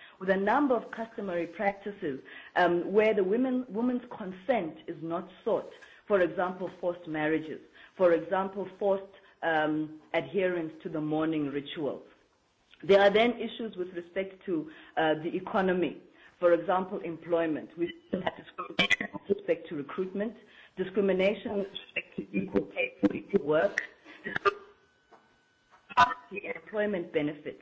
with a number of customary practices where the woman's consent is not sought. For example, forced marriages. For example, forced adherence to the mourning rituals. There are then issues with respect to the economy. For example, employment. We have discrimination with respect to recruitment, discrimination with respect to equal pay for equal work, and employment benefits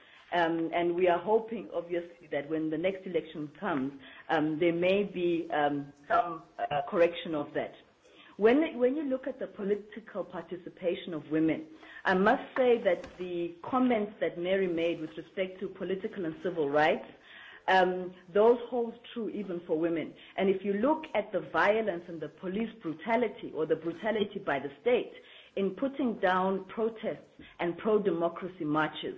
and we are hoping, obviously, that when the next election comes, there may be some correction of that. When when you look at the political participation of women, I must say that the comments that Mary made with respect to political and civil rights, those hold true even for women. And if you look at the violence and the police brutality or the brutality by the state in putting down protests and pro-democracy marches,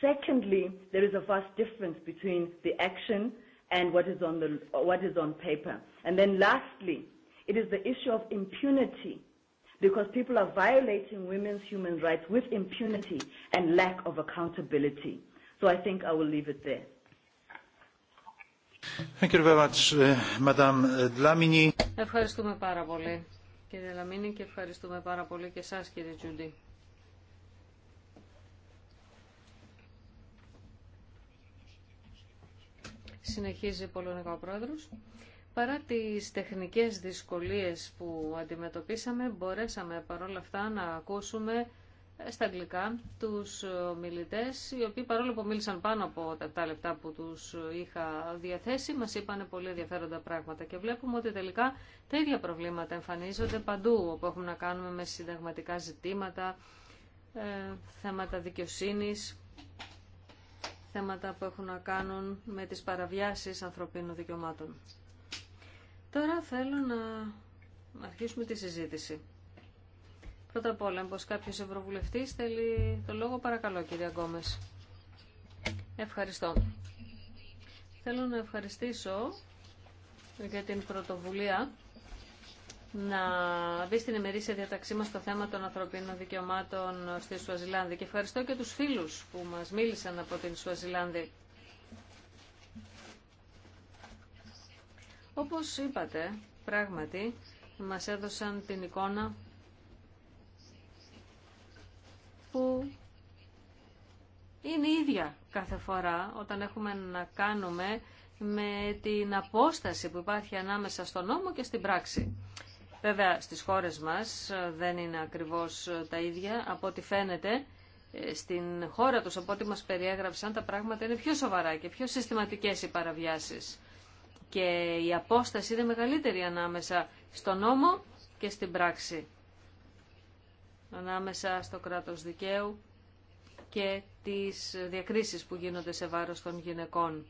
Secondly, there is a vast difference between the action and what is on the what is on paper. And then lastly, it is the issue of impunity because people are violating women's human rights with impunity and lack of accountability. So I think I will leave it there. Thank you very much, Madame Dlamini. Ευχαριστούμε πάρα πολύ, κύριε και ευχαριστούμε πάρα πολύ και εσάς, κύριε συνεχίζει πολωνικά ο πρόεδρος. Παρά τις τεχνικές δυσκολίες που αντιμετωπίσαμε, μπορέσαμε παρόλα αυτά να ακούσουμε ε, στα αγγλικά τους μιλητές, οι οποίοι παρόλο που μίλησαν πάνω από τα λεπτά που τους είχα διαθέσει, μας είπαν πολύ ενδιαφέροντα πράγματα και βλέπουμε ότι τελικά τα ίδια προβλήματα εμφανίζονται παντού, όπου έχουμε να κάνουμε με συνταγματικά ζητήματα, ε, θέματα δικαιοσύνης θέματα που έχουν να κάνουν με τις παραβιάσεις ανθρωπίνων δικαιωμάτων. Τώρα θέλω να αρχίσουμε τη συζήτηση. Πρώτα απ' όλα, πως κάποιος ευρωβουλευτής θέλει το λόγο, παρακαλώ κυρία Γκόμες. Ευχαριστώ. Θέλω να ευχαριστήσω για την πρωτοβουλία να μπει στην ημερήσια διαταξή μα το θέμα των ανθρωπίνων δικαιωμάτων στη Σουαζιλάνδη. Και ευχαριστώ και τους φίλους που μας μίλησαν από την Σουαζιλάνδη. Όπως είπατε, πράγματι, μας έδωσαν την εικόνα που είναι ίδια κάθε φορά όταν έχουμε να κάνουμε με την απόσταση που υπάρχει ανάμεσα στον νόμο και στην πράξη. Βέβαια στις χώρες μας ε, δεν είναι ακριβώς ε, τα ίδια. Από ό,τι φαίνεται ε, στην χώρα τους, από ό,τι μας περιέγραψαν, τα πράγματα είναι πιο σοβαρά και πιο συστηματικές οι παραβιάσεις. Και η απόσταση είναι μεγαλύτερη ανάμεσα στον νόμο και στην πράξη. Ανάμεσα στο κράτος δικαίου και τις διακρίσεις που γίνονται σε βάρος των γυναικών.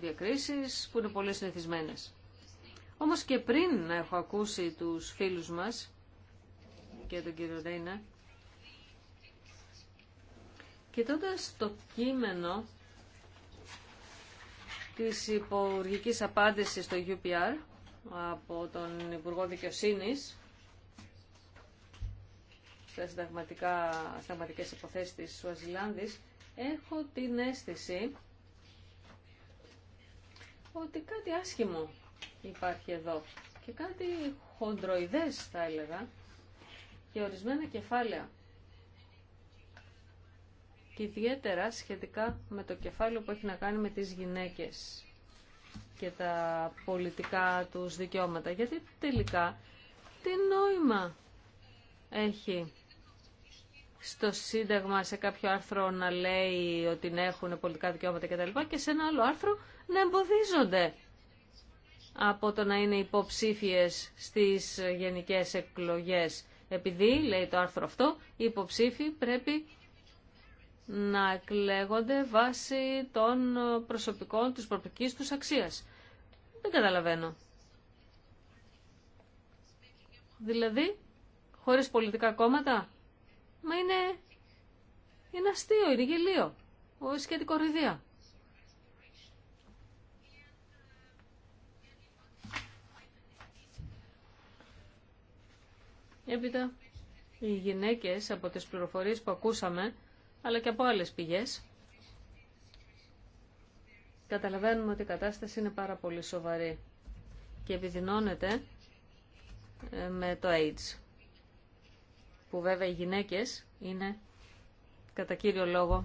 Διακρίσεις που είναι πολύ συνηθισμένες. Όμως και πριν έχω ακούσει τους φίλους μας και τον κύριο Ρέινα, κοιτώντας το κείμενο της υπουργικής απάντησης στο UPR από τον Υπουργό Δικαιοσύνης στα συνταγματικές υποθέσει της Σουαζιλάνδης, έχω την αίσθηση ότι κάτι άσχημο υπάρχει εδώ. Και κάτι χοντροειδές θα έλεγα και ορισμένα κεφάλαια. Και ιδιαίτερα σχετικά με το κεφάλαιο που έχει να κάνει με τις γυναίκες και τα πολιτικά τους δικαιώματα. Γιατί τελικά τι νόημα έχει στο Σύνταγμα σε κάποιο άρθρο να λέει ότι ναι, έχουν πολιτικά δικαιώματα κτλ. Και, και σε ένα άλλο άρθρο να εμποδίζονται από το να είναι υποψήφιες στις γενικές εκλογές. Επειδή, λέει το άρθρο αυτό, οι υποψήφοι πρέπει να εκλέγονται βάσει των προσωπικών της προπτικής τους αξίας. Δεν καταλαβαίνω. Δηλαδή, χωρίς πολιτικά κόμματα, μα είναι, είναι αστείο, είναι γελίο, σχετικό κορυδία. Έπειτα, οι γυναίκες από τις πληροφορίες που ακούσαμε, αλλά και από άλλες πηγές, καταλαβαίνουμε ότι η κατάσταση είναι πάρα πολύ σοβαρή και επιδεινώνεται ε, με το AIDS, που βέβαια οι γυναίκες είναι κατά κύριο λόγο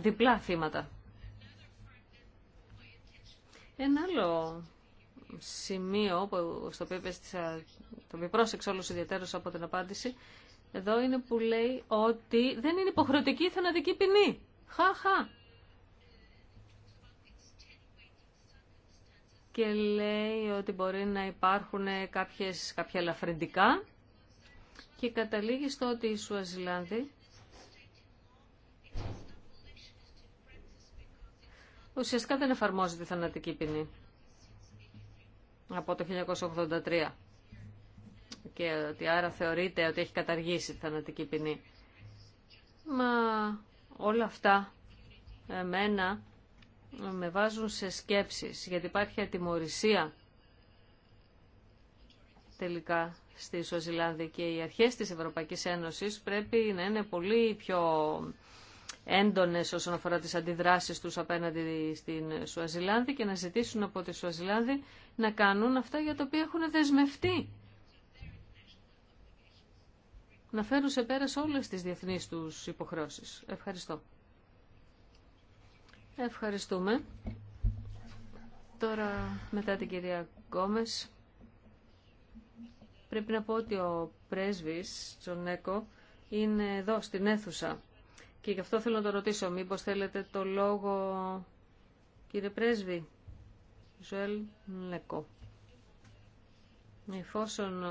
διπλά θύματα. Ένα άλλο σημείο που, στο οποίο, το οποίο πρόσεξε όλους ιδιαίτερος από την απάντηση εδώ είναι που λέει ότι δεν είναι υποχρεωτική η θανατική ποινή. Χα, χα. Και λέει ότι μπορεί να υπάρχουν κάποιες, κάποια ελαφρυντικά και καταλήγει στο ότι η Σουαζιλάνδη ουσιαστικά δεν εφαρμόζεται η θανατική ποινή από το 1983 και ότι άρα θεωρείται ότι έχει καταργήσει τη θανατική ποινή. Μα όλα αυτά εμένα με βάζουν σε σκέψεις γιατί υπάρχει ατιμορρησία τελικά στη Σοζιλάνδη και οι αρχές της Ευρωπαϊκής Ένωσης πρέπει να είναι πολύ πιο έντονες όσον αφορά τις αντιδράσεις τους απέναντι στην Σουαζιλάνδη και να ζητήσουν από τη Σουαζιλάνδη να κάνουν αυτά για τα οποία έχουν δεσμευτεί. Να φέρουν σε πέρας όλες τις διεθνείς τους υποχρεώσεις. Ευχαριστώ. Ευχαριστούμε. Τώρα μετά την κυρία Γκόμες. Πρέπει να πω ότι ο πρέσβης Τζονέκο είναι εδώ στην αίθουσα και γι' αυτό θέλω να το ρωτήσω, μήπως θέλετε το λόγο, κύριε Πρέσβη, Ζωέλ Λεκό. Εφόσον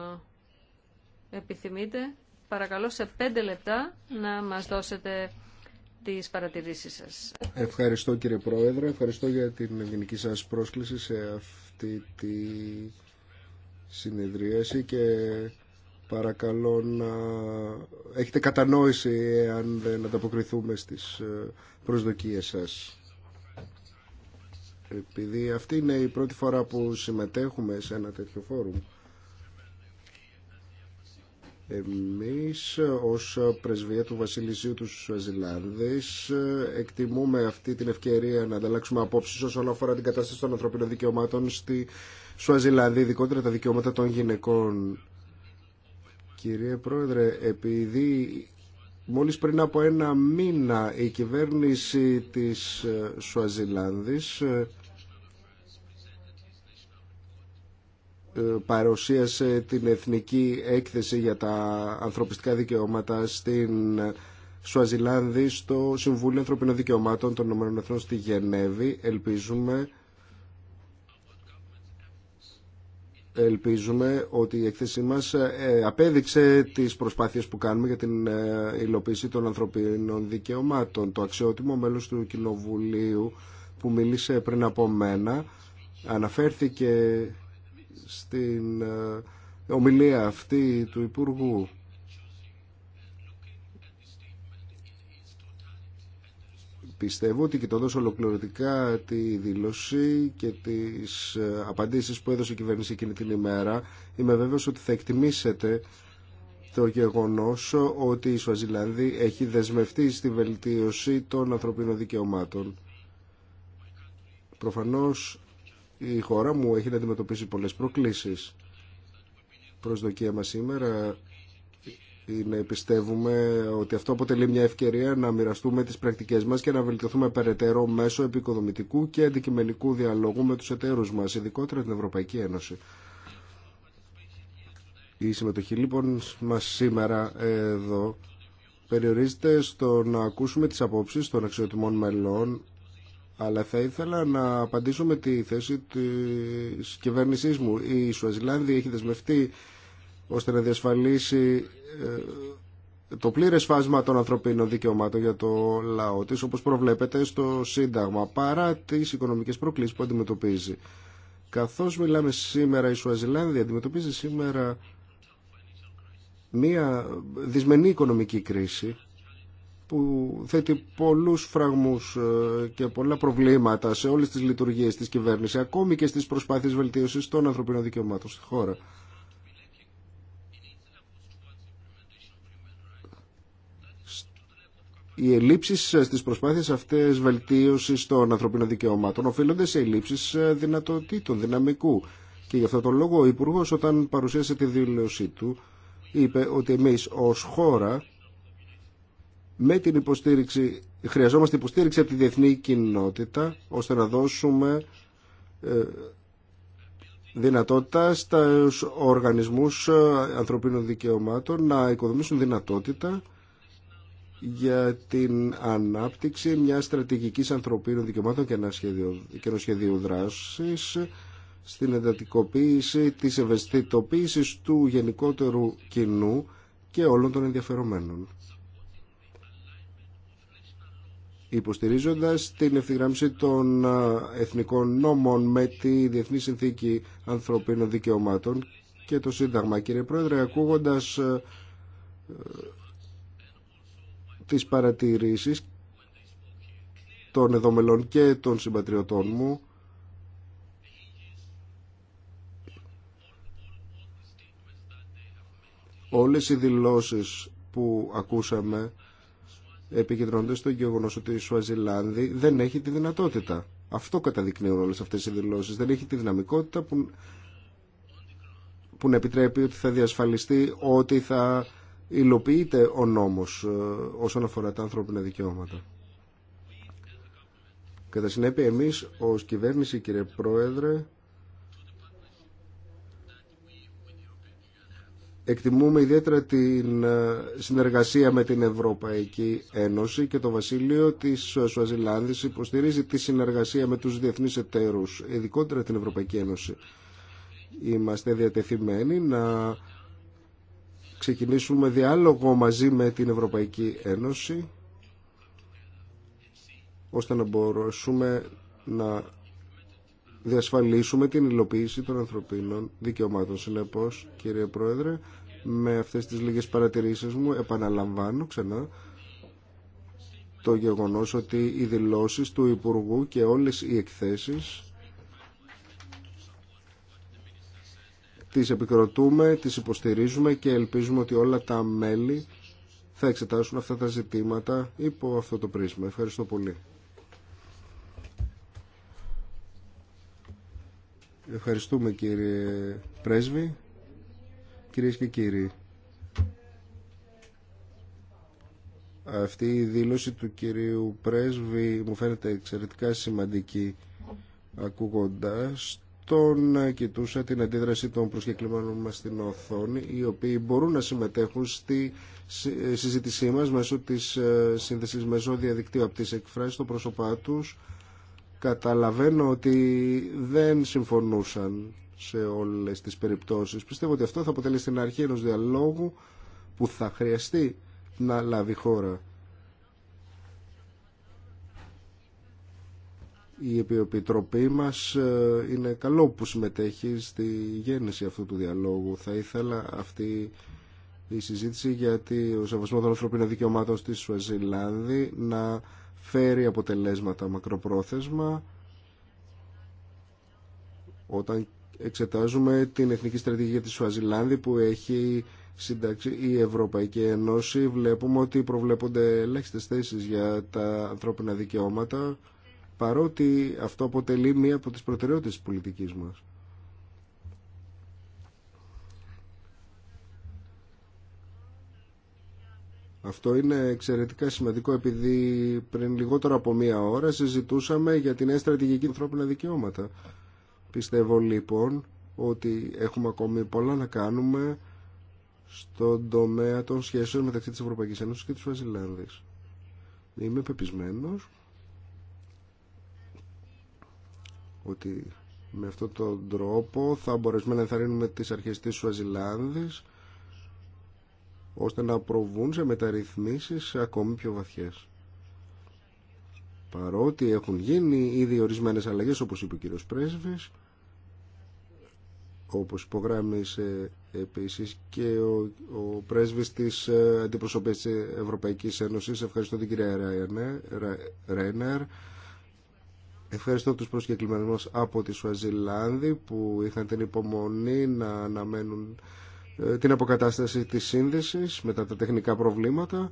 ε, επιθυμείτε, παρακαλώ σε πέντε λεπτά να μας δώσετε τις παρατηρήσεις σας. Ευχαριστώ κύριε Πρόεδρε, ευχαριστώ για την ελληνική σας πρόσκληση σε αυτή τη συνεδρίαση και Παρακαλώ να έχετε κατανόηση αν δεν ανταποκριθούμε στις ε, προσδοκίες σας. Επειδή αυτή είναι η πρώτη φορά που συμμετέχουμε σε ένα τέτοιο φόρουμ, εμείς ως πρεσβεία του Βασιλισσίου του Σουαζιλάνδης ε, εκτιμούμε αυτή την ευκαιρία να ανταλλάξουμε απόψεις όσον αφορά την κατάσταση των ανθρωπίνων δικαιωμάτων στη Σουαζιλάνδη, ειδικότερα τα δικαιώματα των γυναικών. Κύριε Πρόεδρε, επειδή μόλις πριν από ένα μήνα η κυβέρνηση της ε, Σουαζιλάνδης ε, ε, παρουσίασε την εθνική έκθεση για τα ανθρωπιστικά δικαιώματα στην Σουαζιλάνδη στο Συμβούλιο Ανθρωπίνων Δικαιωμάτων των ΗΠΑ στη Γενέβη. Ελπίζουμε Ελπίζουμε ότι η εκθέσή μας ε, απέδειξε τις προσπάθειες που κάνουμε για την ε, υλοποίηση των ανθρωπίνων δικαιωμάτων. Το αξιότιμο μέλος του Κοινοβουλίου που μίλησε πριν από μένα αναφέρθηκε στην ε, ομιλία αυτή του Υπουργού Πιστεύω ότι και το δώσω ολοκληρωτικά τη δήλωση και τις ε, απαντήσεις που έδωσε η κυβέρνηση εκείνη την ημέρα, είμαι βέβαιος ότι θα εκτιμήσετε το γεγονός ότι η Σουαζιλανδή έχει δεσμευτεί στη βελτίωση των ανθρωπίνων δικαιωμάτων. Προφανώς η χώρα μου έχει να αντιμετωπίσει πολλές προκλήσεις. Προσδοκία μας σήμερα είναι πιστεύουμε ότι αυτό αποτελεί μια ευκαιρία να μοιραστούμε τις πρακτικές μας και να βελτιωθούμε περαιτέρω μέσω επικοδομητικού και αντικειμενικού διαλόγου με τους εταίρους μας, ειδικότερα την Ευρωπαϊκή Ένωση. Η συμμετοχή λοιπόν μας σήμερα εδώ περιορίζεται στο να ακούσουμε τις απόψεις των αξιοτιμών μελών αλλά θα ήθελα να απαντήσω με τη θέση της κυβέρνησής μου. Η Σουαζιλάνδη έχει δεσμευτεί ώστε να διασφαλίσει ε, το πλήρε φάσμα των ανθρωπίνων δικαιωμάτων για το λαό τη, όπω προβλέπεται στο Σύνταγμα, παρά τι οικονομικέ προκλήσει που αντιμετωπίζει. Καθώ μιλάμε σήμερα, η Σουαζιλάνδη αντιμετωπίζει σήμερα μία δυσμενή οικονομική κρίση που θέτει πολλούς φραγμούς ε, και πολλά προβλήματα σε όλες τις λειτουργίες της κυβέρνησης, ακόμη και στις προσπάθειες βελτίωσης των ανθρωπίνων δικαιωμάτων στη χώρα. οι ελλείψει ε, στις προσπάθειε αυτές βελτίωση των ανθρωπίνων δικαιωμάτων οφείλονται σε ελλείψει ε, δυνατοτήτων, δυναμικού. Και γι' αυτό τον λόγο ο Υπουργό, όταν παρουσίασε τη δήλωσή του είπε ότι εμείς ως χώρα με την υποστήριξη, χρειαζόμαστε υποστήριξη από τη διεθνή κοινότητα ώστε να δώσουμε ε, δυνατότητα στους οργανισμούς ανθρωπίνων δικαιωμάτων να οικοδομήσουν δυνατότητα για την ανάπτυξη μια στρατηγικής ανθρωπίνων δικαιωμάτων και ενός σχεδίου δράσης στην εντατικοποίηση της ευαισθητοποίησης του γενικότερου κοινού και όλων των ενδιαφερομένων. Υποστηρίζοντας την ευθυγράμμιση των εθνικών νόμων με τη Διεθνή Συνθήκη Ανθρωπίνων Δικαιωμάτων και το Σύνταγμα. Κύριε Πρόεδρε, ακούγοντας ε, τις παρατηρήσεις των εδωμελών και των συμπατριωτών μου όλες οι δηλώσεις που ακούσαμε επικεντρώνονται στο γεγονό ότι η Σουαζιλάνδη δεν έχει τη δυνατότητα. Αυτό καταδεικνύουν όλες αυτές οι δηλώσεις. Δεν έχει τη δυναμικότητα που, που να επιτρέπει ότι θα διασφαλιστεί ότι θα υλοποιείται ο νόμος ε, όσον αφορά τα ανθρώπινα δικαιώματα. Κατά συνέπεια εμείς ως κυβέρνηση κύριε Πρόεδρε εκτιμούμε ιδιαίτερα την ε, συνεργασία με την Ευρωπαϊκή Ένωση και το Βασίλειο της Σουαζιλάνδης υποστηρίζει τη συνεργασία με τους διεθνείς εταίρους, ειδικότερα την Ευρωπαϊκή Ένωση. Είμαστε διατεθειμένοι να ξεκινήσουμε διάλογο μαζί με την Ευρωπαϊκή Ένωση ώστε να μπορέσουμε να διασφαλίσουμε την υλοποίηση των ανθρωπίνων δικαιωμάτων. Συνεπώς, κύριε Πρόεδρε, με αυτές τις λίγες παρατηρήσεις μου επαναλαμβάνω ξανά το γεγονός ότι οι δηλώσεις του Υπουργού και όλες οι εκθέσεις Τις επικροτούμε, τις υποστηρίζουμε και ελπίζουμε ότι όλα τα μέλη θα εξετάσουν αυτά τα ζητήματα υπό αυτό το πρίσμα. Ευχαριστώ πολύ. Ευχαριστούμε κύριε Πρέσβη, κυρίες και κύριοι. Αυτή η δήλωση του κυρίου Πρέσβη μου φαίνεται εξαιρετικά σημαντική ακούγοντας τον ε, κοιτούσα την αντίδραση των προσκεκλημένων μας στην οθόνη οι οποίοι μπορούν να συμμετέχουν στη ε, συζήτησή μας μέσω της ε, σύνδεσης μέσω διαδικτύου από τις εκφράσεις των πρόσωπά τους καταλαβαίνω ότι δεν συμφωνούσαν σε όλες τις περιπτώσεις πιστεύω ότι αυτό θα αποτελεί στην αρχή ενός διαλόγου που θα χρειαστεί να λάβει χώρα η Επιτροπή μας ε, είναι καλό που συμμετέχει στη γέννηση αυτού του διαλόγου. Θα ήθελα αυτή η συζήτηση γιατί ο Σεβασμό των Ανθρωπίνων Δικαιωμάτων στη Σουαζιλάνδη να φέρει αποτελέσματα μακροπρόθεσμα όταν εξετάζουμε την Εθνική Στρατηγική της Σουαζιλάνδη που έχει συντάξει η Ευρωπαϊκή Ένωση βλέπουμε ότι προβλέπονται ελάχιστε θέσεις για τα ανθρώπινα δικαιώματα παρότι αυτό αποτελεί μία από τις προτεραιότητες της πολιτικής μας. Αυτό είναι εξαιρετικά σημαντικό επειδή πριν λιγότερο από μία ώρα συζητούσαμε για την νέα στρατηγική ανθρώπινα δικαιώματα. Πιστεύω λοιπόν ότι έχουμε ακόμη πολλά να κάνουμε στον τομέα των σχέσεων μεταξύ της Ευρωπαϊκής Ένωσης και της Βαζιλάνδης. Είμαι πεπισμένος ότι με αυτόν τον τρόπο θα μπορέσουμε να ενθαρρύνουμε τις αρχές της Σουαζιλάνδης ώστε να προβούν σε μεταρρυθμίσεις ακόμη πιο βαθιές. Παρότι έχουν γίνει ήδη ορισμένες αλλαγές όπως είπε ο κύριος Πρέσβης όπως υπογράμμισε επίσης και ο, ο πρέσβης της ε, αντιπροσωπής της Ευρωπαϊκής Ένωσης ευχαριστώ την κυρία Ρένερ Ευχαριστώ τους προσκεκλημένους από τη Σουαζιλάνδη που είχαν την υπομονή να αναμένουν ε, την αποκατάσταση της σύνδεσης μετά τα τεχνικά προβλήματα.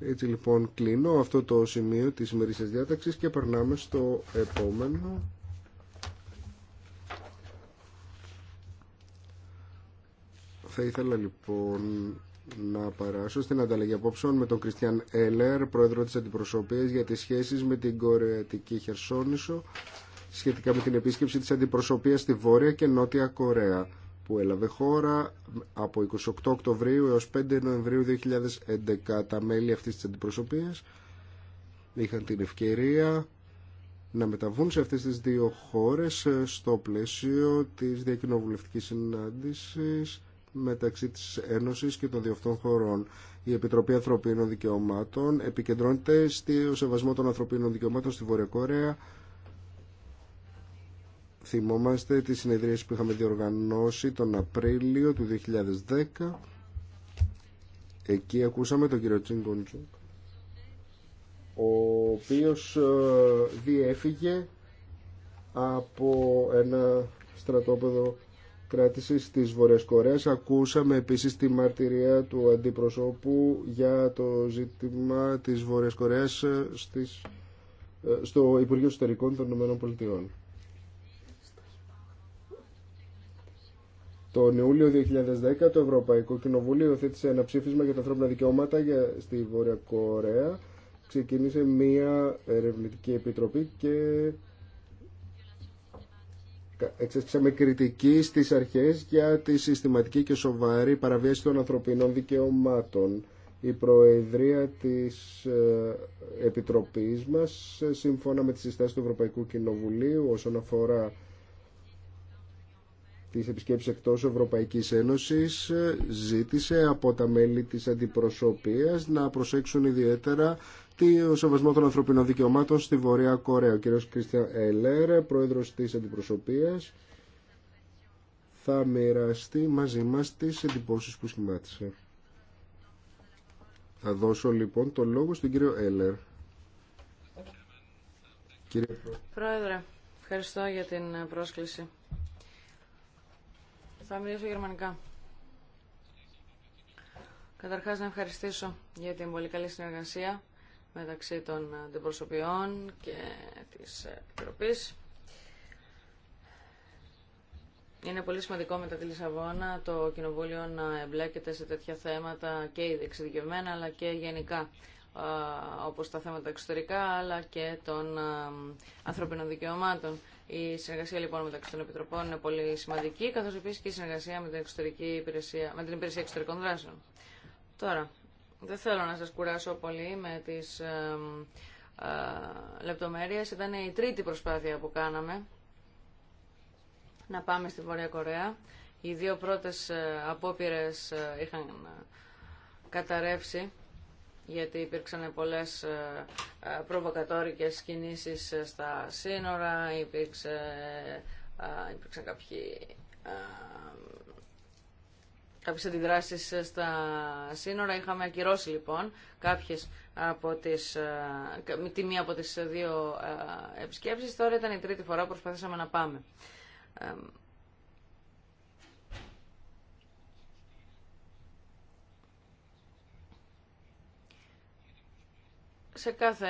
Έτσι λοιπόν κλείνω αυτό το σημείο της ημερήσιας διάταξης και περνάμε στο επόμενο. Θα ήθελα λοιπόν να παράσω στην ανταλλαγή απόψεων με τον Κριστιαν Έλερ, πρόεδρο της Αντιπροσωπείας για τις σχέσεις με την Κορεατική Χερσόνησο σχετικά με την επίσκεψη της Αντιπροσωπείας στη Βόρεια και Νότια Κορέα που έλαβε χώρα από 28 Οκτωβρίου έως 5 Νοεμβρίου 2011. Τα μέλη αυτής της Αντιπροσωπείας είχαν την ευκαιρία να μεταβούν σε αυτές τις δύο χώρες ε, στο πλαίσιο της διακοινοβουλευτικής συνάντησης μεταξύ της Ένωσης και των Διευθών χωρών. Η Επιτροπή Ανθρωπίνων Δικαιωμάτων επικεντρώνεται στο σεβασμό των ανθρωπίνων δικαιωμάτων στη Βόρεια Κορέα. Θυμόμαστε τις συνεδρίες που είχαμε διοργανώσει τον Απρίλιο του 2010. Εκεί ακούσαμε τον κύριο Τσίγκοντζο ο οποίος ε, διέφυγε από ένα στρατόπεδο κράτηση της Βορειας Κορέας. Ακούσαμε επίσης τη μαρτυρία του αντιπροσώπου για το ζήτημα της Βορειας Κορέας ε, στο Υπουργείο Εσωτερικών των Ηνωμένων Πολιτειών. Τον Ιούλιο 2010 το Ευρωπαϊκό Κοινοβούλιο υιοθέτησε ένα ψήφισμα για τα ανθρώπινα δικαιώματα για, στη Βόρεια Κορέα. Ξεκίνησε μία ερευνητική επιτροπή και με κριτική στις αρχές για τη συστηματική και σοβαρή παραβίαση των ανθρωπινών δικαιωμάτων. Η Προεδρία της ε, Επιτροπής μας, ε, σύμφωνα με τις συστάσεις του Ευρωπαϊκού Κοινοβουλίου όσον αφορά τις επισκέψεις εκτός Ευρωπαϊκής Ένωσης, ε, ζήτησε από τα μέλη της αντιπροσωπείας να προσέξουν ιδιαίτερα ο σεβασμό των ανθρωπίνων δικαιωμάτων στη Βορεια Κορέα. Ο κ. Κρίστιαν Ελέρε, πρόεδρος της αντιπροσωπείας, θα μοιραστεί μαζί μας τις εντυπωσει που σχημάτισε. Θα δώσω λοιπόν το λόγο στον κύριο Έλερ. Κύριε Πρόεδρε, ευχαριστώ για την πρόσκληση. Θα μιλήσω γερμανικά. Καταρχάς να ευχαριστήσω για την πολύ καλή συνεργασία μεταξύ των αντιπροσωπιών και της Επιτροπής. Είναι πολύ σημαντικό μετά τη Λισαβόνα το Κοινοβούλιο να εμπλέκεται σε τέτοια θέματα και εξειδικευμένα αλλά και γενικά όπως τα θέματα εξωτερικά αλλά και των ανθρωπίνων δικαιωμάτων. Η συνεργασία λοιπόν μεταξύ των Επιτροπών είναι πολύ σημαντική καθώς επίσης και η συνεργασία με την, υπηρεσία, με την Υπηρεσία Εξωτερικών Δράσεων. Τώρα, δεν θέλω να σας κουράσω πολύ με τις ε, ε, λεπτομέρειες. Ήταν η τρίτη προσπάθεια που κάναμε να πάμε στη Βορεια Κορέα. Οι δύο πρώτες ε, απόπειρες είχαν καταρρεύσει γιατί υπήρξαν πολλές προβοκατόρικες κινήσεις στα σύνορα, υπήρξε, υπήρξαν κάποιοι κάποιες αντιδράσεις στα σύνορα. Είχαμε ακυρώσει λοιπόν κάποιες από τις, ε, τη μία από τις δύο ε, επισκέψεις. Τώρα ήταν η τρίτη φορά που προσπαθήσαμε να πάμε. Σε κάθε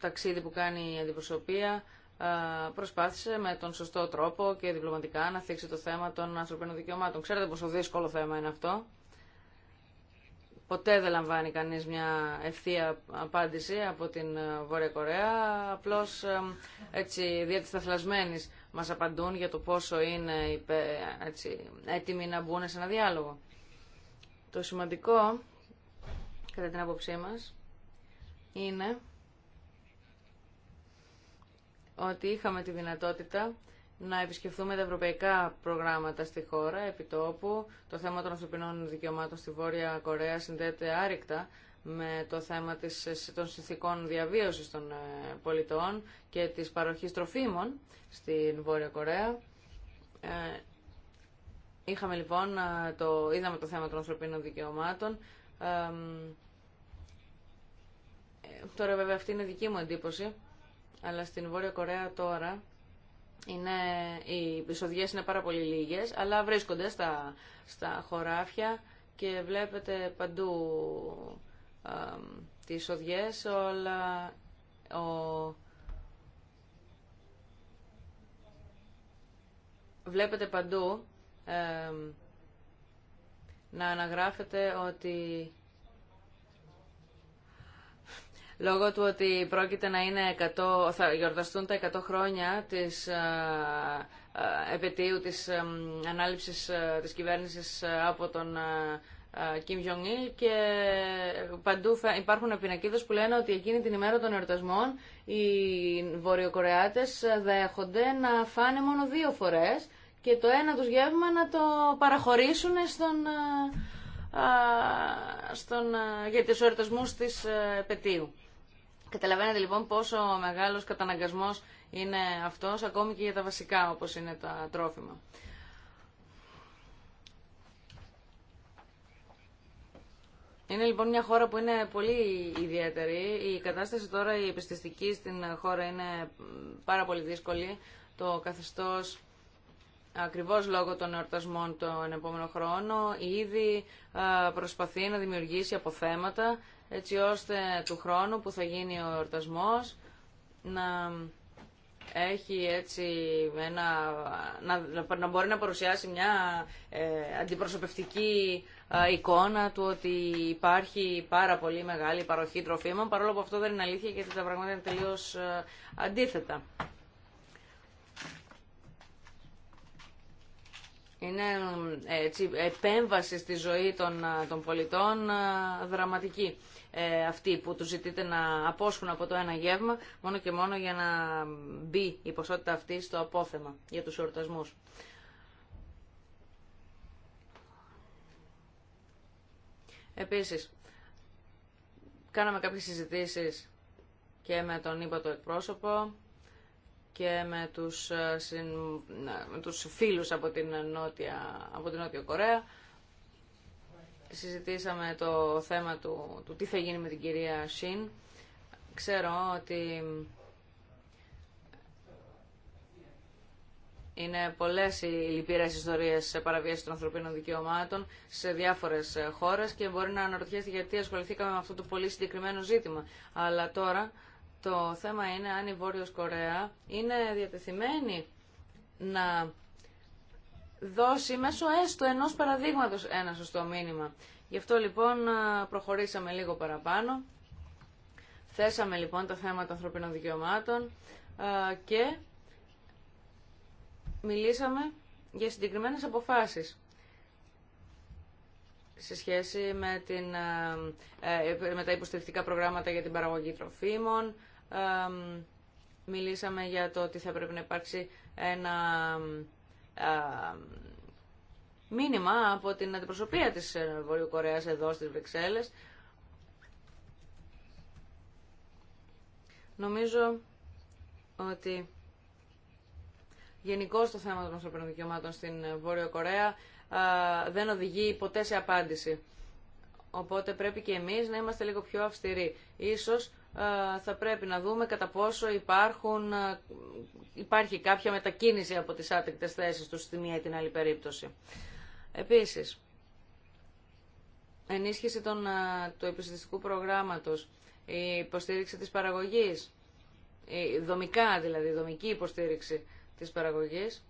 ταξίδι που κάνει η αντιπροσωπεία προσπάθησε με τον σωστό τρόπο και διπλωματικά να θίξει το θέμα των ανθρωπίνων δικαιωμάτων. Ξέρετε πόσο δύσκολο θέμα είναι αυτό. Ποτέ δεν λαμβάνει κανείς μια ευθεία απάντηση από την Βόρεια Κορέα. Απλώς έτσι διατισταθλασμένης μας απαντούν για το πόσο είναι έτσι, έτοιμοι να μπουν σε ένα διάλογο. Το σημαντικό, κατά την άποψή μας, είναι ότι είχαμε τη δυνατότητα να επισκεφθούμε τα ευρωπαϊκά προγράμματα στη χώρα, επιτόπου. Το θέμα των ανθρωπινών δικαιωμάτων στη Βόρεια Κορέα συνδέεται άρρηκτα με το θέμα της, των συνθήκων διαβίωσης των ε, πολιτών και της παροχής τροφίμων στην Βόρεια Κορέα. Ε, είχαμε λοιπόν, ε, το, είδαμε το θέμα των ανθρωπίνων δικαιωμάτων. τώρα βέβαια αυτή είναι δική μου εντύπωση αλλά στην Βόρεια Κορέα τώρα είναι, οι εισοδιές είναι πάρα πολύ λίγες, αλλά βρίσκονται στα, στα χωράφια και βλέπετε παντού α, τις οδιές, όλα ο, βλέπετε παντού να αναγράφεται ότι λόγω του ότι πρόκειται να είναι 100, θα γιορταστούν τα 100 χρόνια της ε, ε, επαιτίου της ε, ανάληψης της κυβέρνησης από τον Κιμ jong και παντού υπάρχουν πινακίδες που λένε ότι εκείνη την ημέρα των εορτασμών οι Βορειοκορεάτες δέχονται να φάνε μόνο δύο φορές και το ένα τους γεύμα να το παραχωρήσουν στον, στον, για τους εορτασμούς της επαιτίου. Καταλαβαίνετε λοιπόν πόσο μεγάλος καταναγκασμός είναι αυτός, ακόμη και για τα βασικά όπως είναι τα τρόφιμα. Είναι λοιπόν μια χώρα που είναι πολύ ιδιαίτερη. Η κατάσταση τώρα η επιστηστική στην χώρα είναι πάρα πολύ δύσκολη. Το καθεστώς ακριβώς λόγω των εορτασμών τον επόμενο χρόνο ήδη προσπαθεί να δημιουργήσει αποθέματα έτσι ώστε του χρόνου που θα γίνει ο εορτασμός να έχει έτσι ένα, να, να μπορεί να παρουσιάσει μια ε, αντιπροσωπευτική εικόνα του ότι υπάρχει πάρα πολύ μεγάλη παροχή τροφίμων παρόλο που αυτό δεν είναι αλήθεια γιατί τα πράγματα είναι τελείως αντίθετα. Είναι ε, έτσι, επέμβαση στη ζωή των, των πολιτών δραματική. Ε, αυτοί που τους ζητείτε να απόσχουν από το ένα γεύμα, μόνο και μόνο για να μπει η ποσότητα αυτή στο απόθεμα για τους εορτασμούς. Επίσης, κάναμε κάποιες συζητήσεις και με τον ύπατο εκπρόσωπο και με τους, ε, συν, με τους φίλους από την, νότια, από την Νότια Κορέα συζητήσαμε το θέμα του, του τι θα γίνει με την κυρία Σιν. Ξέρω ότι είναι πολλές οι λυπηρές ιστορίες σε παραβίαση των ανθρωπίνων δικαιωμάτων σε διάφορες χώρες και μπορεί να αναρωτιέστε γιατί ασχοληθήκαμε με αυτό το πολύ συγκεκριμένο ζήτημα. Αλλά τώρα το θέμα είναι αν η Βόρειος Κορέα είναι διατεθειμένη να δώσει μέσω έστω ενός παραδείγματος ένα σωστό μήνυμα. Γι' αυτό λοιπόν προχωρήσαμε λίγο παραπάνω. Θέσαμε λοιπόν τα θέματα ανθρωπίνων δικαιωμάτων και μιλήσαμε για συγκεκριμένες αποφάσεις σε σχέση με, την, ε, ε, με τα υποστηρικτικά προγράμματα για την παραγωγή τροφίμων. Μιλήσαμε για το ότι θα πρέπει να υπάρξει ένα μήνυμα από την αντιπροσωπεία της Βορειού Κορέας εδώ στις Βρυξέλλες. Νομίζω ότι γενικώ το θέμα των ανθρωπίνων δικαιωμάτων στην Βόρειο Κορέα δεν οδηγεί ποτέ σε απάντηση. Οπότε πρέπει και εμείς να είμαστε λίγο πιο αυστηροί. Ίσως ε, θα πρέπει να δούμε κατά πόσο υπάρχουν, ε, υπάρχει κάποια μετακίνηση από τις άτεκτες θέσεις του στη μία ή την άλλη περίπτωση. Επίσης, ενίσχυση των, ε, του επιστημιστικού προγράμματος, η υποστήριξη της παραγωγής, η δομικά δηλαδή, η δομική υποστήριξη της παραγωγής,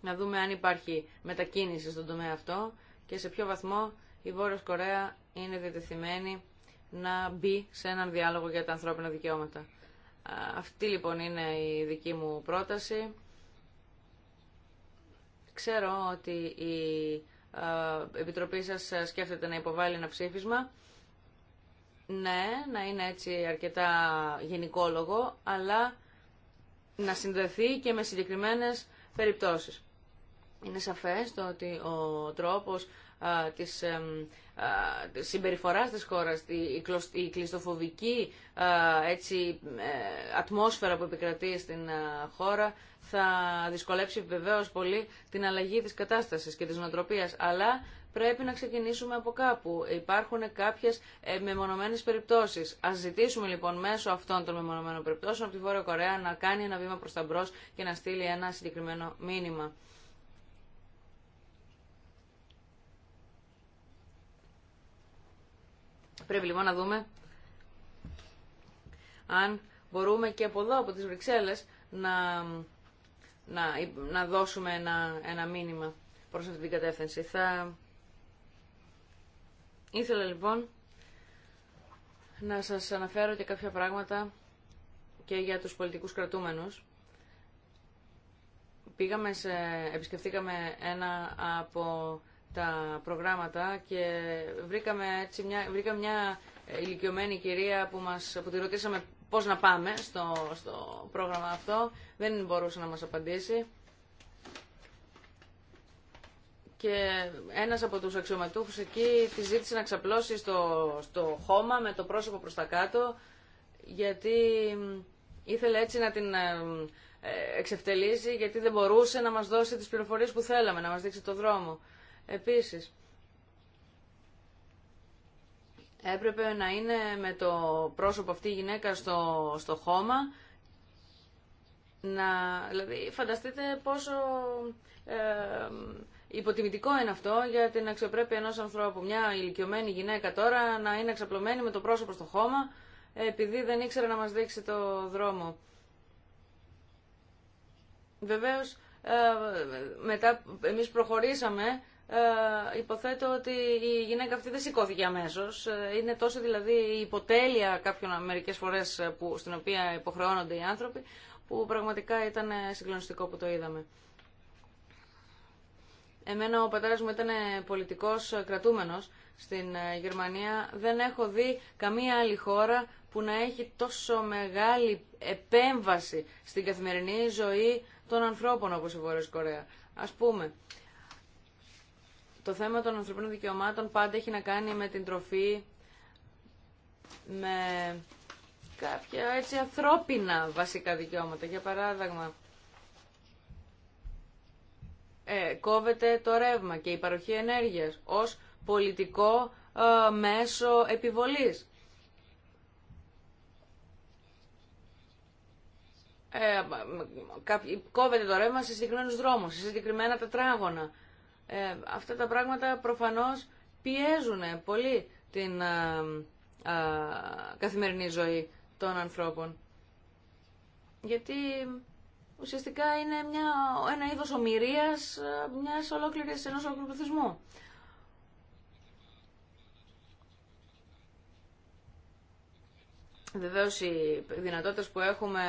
να δούμε αν υπάρχει μετακίνηση στον τομέα αυτό και σε ποιο βαθμό η Βόρειος Κορέα είναι διατεθειμένη να μπει σε έναν διάλογο για τα ανθρώπινα δικαιώματα. Αυτή λοιπόν είναι η δική μου πρόταση. Ξέρω ότι η Επιτροπή σας σκέφτεται να υποβάλει ένα ψήφισμα. Ναι, να είναι έτσι αρκετά γενικόλογο, αλλά να συνδεθεί και με συγκεκριμένες περιπτώσεις. Είναι σαφές το ότι ο τρόπος της συμπεριφοράς της χώρας, η κλειστοφοβική έτσι, ε, ατμόσφαιρα που επικρατεί στην χώρα θα δυσκολέψει βεβαίως πολύ την αλλαγή της κατάστασης και της νοοτροπίας. Αλλά πρέπει να ξεκινήσουμε από κάπου. Υπάρχουν κάποιε ε, μεμονωμένες περιπτώσεις. Ας ζητήσουμε λοιπόν μέσω αυτών των μεμονωμένων περιπτώσεων από τη Βόρεια Κορέα να κάνει ένα βήμα προς τα μπρος και να στείλει ένα συγκεκριμένο μήνυμα. Πρέπει λοιπόν να δούμε αν μπορούμε και από εδώ, από τις Βρυξέλλες, να, να, να δώσουμε ένα, ένα μήνυμα προς αυτή την κατεύθυνση. Θα... Ήθελα λοιπόν να σας αναφέρω και κάποια πράγματα και για τους πολιτικούς κρατούμενους. Πήγαμε σε, ένα από τα προγράμματα και βρήκαμε, έτσι μια, βρήκαμε μια ηλικιωμένη κυρία που, μας, που τη ρωτήσαμε πώς να πάμε στο, στο πρόγραμμα αυτό. Δεν μπορούσε να μας απαντήσει. Και ένας από τους αξιωματούχους εκεί τη ζήτησε να ξαπλώσει στο, στο χώμα με το πρόσωπο προς τα κάτω γιατί ήθελε έτσι να την ε, εξευτελίσει γιατί δεν μπορούσε να μας δώσει τις πληροφορίες που θέλαμε, να μας δείξει το δρόμο. Επίσης, έπρεπε να είναι με το πρόσωπο αυτή η γυναίκα στο, στο χώμα. Να, δηλαδή, φανταστείτε πόσο ε, υποτιμητικό είναι αυτό για την αξιοπρέπεια ενός ανθρώπου. Μια ηλικιωμένη γυναίκα τώρα να είναι εξαπλωμένη με το πρόσωπο στο χώμα επειδή δεν ήξερε να μας δείξει το δρόμο. Βεβαίως, ε, μετά εμείς προχωρήσαμε ε, υποθέτω ότι η γυναίκα αυτή δεν σηκώθηκε αμέσω. Ε, είναι τόσο δηλαδή η υποτέλεια κάποιων ε, μερικέ φορέ ε, στην οποία υποχρεώνονται οι άνθρωποι, που πραγματικά ήταν συγκλονιστικό που το είδαμε. Εμένα ο πατέρας μου ήταν πολιτικός κρατούμενος στην Γερμανία. Δεν έχω δει καμία άλλη χώρα που να έχει τόσο μεγάλη επέμβαση στην καθημερινή ζωή των ανθρώπων όπως η Βόρεια Κορέα. Ας πούμε, το θέμα των ανθρωπίνων δικαιωμάτων πάντα έχει να κάνει με την τροφή, με κάποια έτσι ανθρώπινα βασικά δικαιώματα. Για παράδειγμα, ε, κόβεται το ρεύμα και η παροχή ενέργειας ως πολιτικό ε, μέσο επιβολής. Ε, κόβεται το ρεύμα σε συγκεκριμένους δρόμους, σε συγκεκριμένα τετράγωνα. Ε, αυτά τα πράγματα προφανώς πιέζουν πολύ την ε, ε, καθημερινή ζωή των ανθρώπων. Γιατί ουσιαστικά είναι μια, ένα είδος ομοιρίας μιας ολόκληρης, ενός ολόκληρου Βεβαίω οι δυνατότητε που έχουμε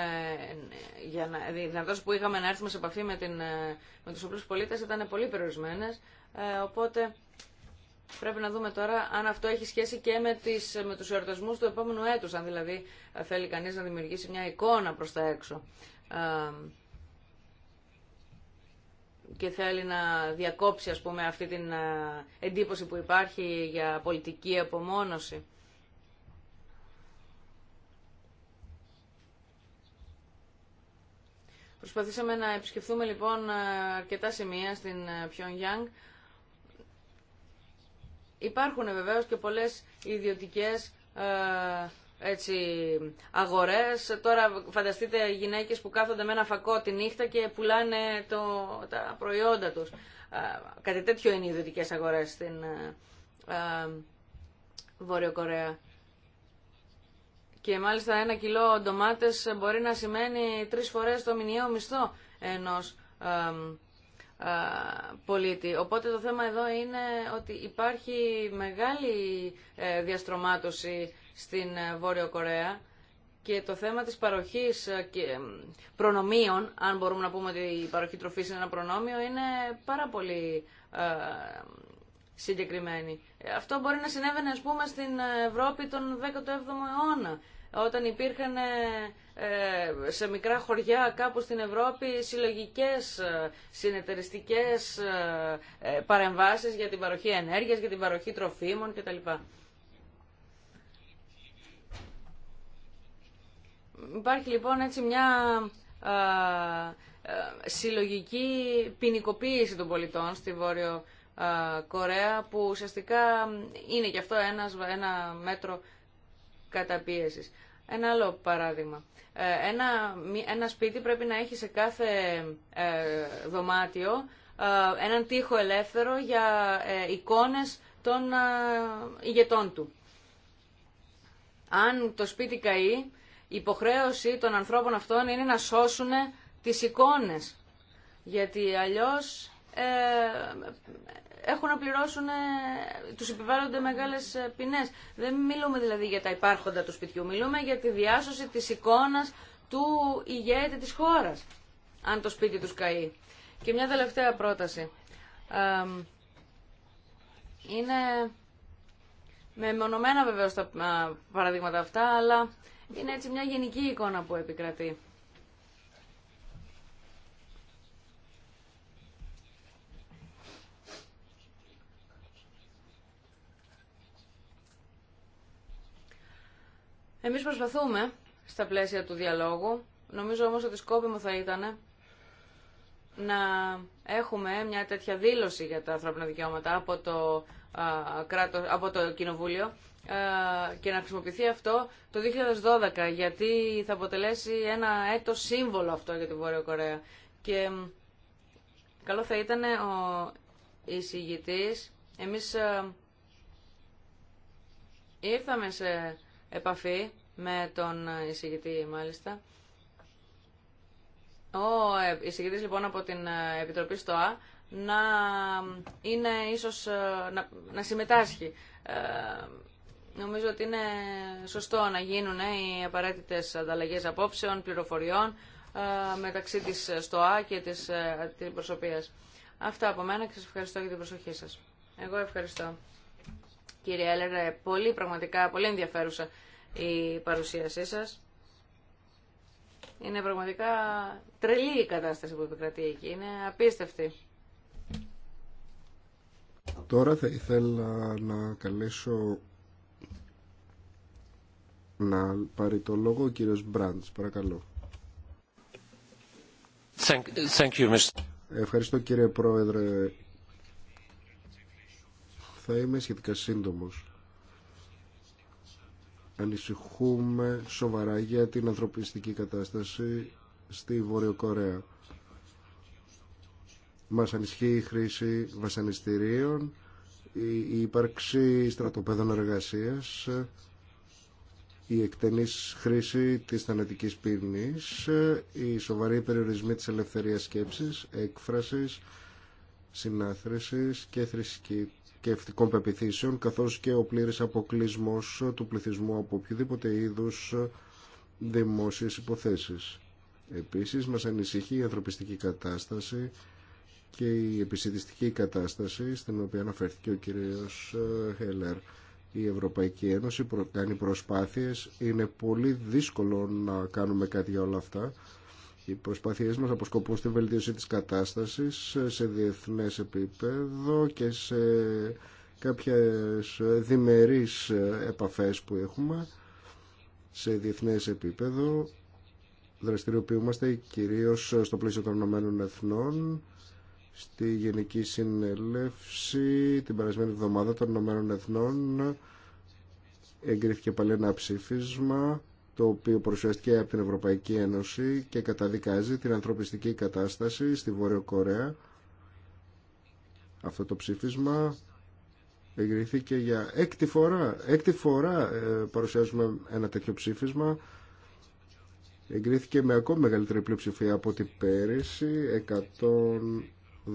για να, δυνατότητες που είχαμε να έρθουμε σε επαφή με, την, ε, με τους οπλούς πολίτες ήταν πολύ περιορισμένες, ε, οπότε πρέπει να δούμε τώρα αν αυτό έχει σχέση και με, τις, με τους εορτασμούς του επόμενου έτους, αν δηλαδή θέλει κανείς να δημιουργήσει μια εικόνα προς τα έξω ε, και θέλει να διακόψει πούμε αυτή την ε, εντύπωση που υπάρχει για πολιτική απομόνωση. Προσπαθήσαμε να επισκεφθούμε λοιπόν ε, αρκετά σημεία στην ε, Pyongyang. Υπάρχουν ε, βεβαίως και πολλές ιδιωτικές έτσι, αγορές. Τώρα φανταστείτε γυναίκες που κάθονται με ένα φακό τη νύχτα και πουλάνε το, τα προϊόντα τους. Κάτι τέτοιο είναι οι ιδιωτικές αγορές στην Βόρειο Κορέα. Και μάλιστα ένα κιλό ντομάτες μπορεί να σημαίνει τρεις φορές το μηνιαίο μισθό ενός ε, πολίτη. Οπότε το θέμα εδώ είναι ότι υπάρχει μεγάλη ε, διαστρωμάτωση στην ε, Βόρειο Κορέα και το θέμα της παροχής ε, προνομίων, αν μπορούμε να πούμε ότι η παροχή τροφής είναι ένα προνόμιο, είναι πάρα πολύ ε, συγκεκριμένη. Αυτό μπορεί να συνέβαινε, ας πούμε, στην Ευρώπη τον 17ο αιώνα όταν υπήρχαν ε, ε, σε μικρά χωριά κάπου στην Ευρώπη συλλογικές ε, συνεταιριστικές παρεμβάσεις για την παροχή ενέργειας, για την παροχή τροφίμων κτλ. Υπάρχει λοιπόν έτσι μια συλλογική ποινικοποίηση των πολιτών στη Βόρειο Κορέα που ουσιαστικά είναι και αυτό ένα μέτρο καταπίεσης. Ένα άλλο παράδειγμα. Ε, ένα, ένα σπίτι πρέπει να έχει σε κάθε ε, δωμάτιο ε, έναν τοίχο ελεύθερο για εικόνες των ηγετών του. Αν το σπίτι καεί, η υποχρέωση των ανθρώπων αυτών είναι να σώσουν τις εικόνες. Γιατί αλλιώς ε, έχουν να πληρώσουν, ε, τους επιβάλλονται μεγάλες ε, ποινέ. Δεν μιλούμε δηλαδή για τα υπάρχοντα του σπιτιού, μιλούμε για τη διάσωση της εικόνας του ηγέτη της χώρας, αν το σπίτι τους καεί. Και μια τελευταία πρόταση. είναι με μονομένα βεβαίω τα παραδείγματα αυτά, αλλά είναι έτσι μια γενική εικόνα που επικρατεί. Εμείς προσπαθούμε στα πλαίσια του διαλόγου. Νομίζω όμως ότι σκόπιμο θα ήταν να έχουμε μια τέτοια δήλωση για τα ανθρώπινα δικαιώματα από το, κράτος, από το Κοινοβούλιο και να χρησιμοποιηθεί αυτό το 2012 γιατί θα αποτελέσει ένα έτος σύμβολο αυτό για την Βόρεια Κορέα. Και καλό θα ήταν ο εισηγητής, εμείς ήρθαμε σε επαφή με τον εισηγητή μάλιστα. Ο ε, εισηγητής λοιπόν από την ε, Επιτροπή στο Α να είναι ίσως ε, να, συμμετάσχει. Ε, νομίζω ότι είναι σωστό να γίνουν οι απαραίτητες ανταλλαγές απόψεων, πληροφοριών ε, μεταξύ της ΣΤΟΑ και της ε, Αυτά από μένα και σας ευχαριστώ για την προσοχή σας. Εγώ ευχαριστώ κύριε Έλερ. Ε, πολύ πραγματικά, πολύ ενδιαφέρουσα η παρουσίασή σας. Είναι πραγματικά τρελή η κατάσταση που επικρατεί εκεί. Είναι απίστευτη. Τώρα θα ήθελα να καλέσω να πάρει το λόγο ο κύριος Μπραντς. Παρακαλώ. Thank you, Mr. Ευχαριστώ κύριε Πρόεδρε. Θα είμαι σχετικά σύντομος. Ανησυχούμε σοβαρά για την ανθρωπιστική κατάσταση στη Βόρειο Κορέα. Μας ανισχύει η χρήση βασανιστήριων, η ύπαρξη στρατοπέδων εργασίας, η εκτενής χρήση της θανατικής πύρνης, οι σοβαροί περιορισμοί της ελευθερίας σκέψης, έκφρασης, συνάθρησης και θρησκευτική θρησκευτικών πεπιθήσεων καθώς και ο πλήρης αποκλεισμός του πληθυσμού από οποιοδήποτε είδους δημόσιες υποθέσεις. Επίσης μας ανησυχεί η ανθρωπιστική κατάσταση και η επισητιστική κατάσταση στην οποία αναφέρθηκε ο κύριος ε, Χέλλερ. Η Ευρωπαϊκή Ένωση κάνει προσπάθειες, είναι πολύ δύσκολο να κάνουμε κάτι για όλα αυτά οι προσπάθειές μας αποσκοπούν στη βελτίωση της κατάστασης σε διεθνές επίπεδο και σε κάποιες διμερείς επαφές που έχουμε σε διεθνές επίπεδο. Δραστηριοποιούμαστε κυρίως στο πλαίσιο των Ηνωμένων Εθνών στη Γενική Συνέλευση την περασμένη εβδομάδα των Ηνωμένων Εθνών εγκρίθηκε πάλι ένα ψήφισμα το οποίο παρουσιάστηκε από την Ευρωπαϊκή Ένωση και καταδικάζει την ανθρωπιστική κατάσταση στη Βόρεια Κορέα. Αυτό το ψήφισμα εγκριθήκε για έκτη φορά. Έκτη φορά ε, παρουσιάζουμε ένα τέτοιο ψήφισμα. Εγκρίθηκε με ακόμη μεγαλύτερη πλειοψηφία από την πέρυσι.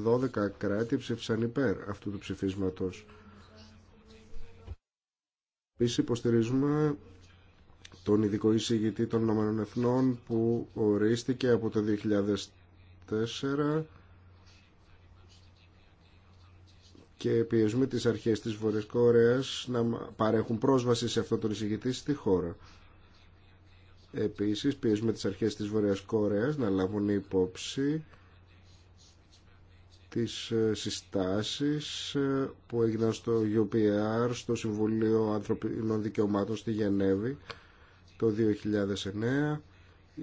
112 κράτη ψήφισαν υπέρ αυτού του ψηφίσματος. Επίσης υποστηρίζουμε τον ειδικό εισηγητή των Ηνωμένων Εθνών που ορίστηκε από το 2004 και πιεζούμε τις αρχές της Βορειας Κορέας να παρέχουν πρόσβαση σε αυτό τον εισηγητή στη χώρα. Επίσης πιεζούμε τις αρχές της Βορειας Κορέας να λάβουν υπόψη τις ε, συστάσεις ε, που έγιναν στο UPR, στο Συμβουλίο Ανθρωπινών Δικαιωμάτων στη Γενέβη το 2009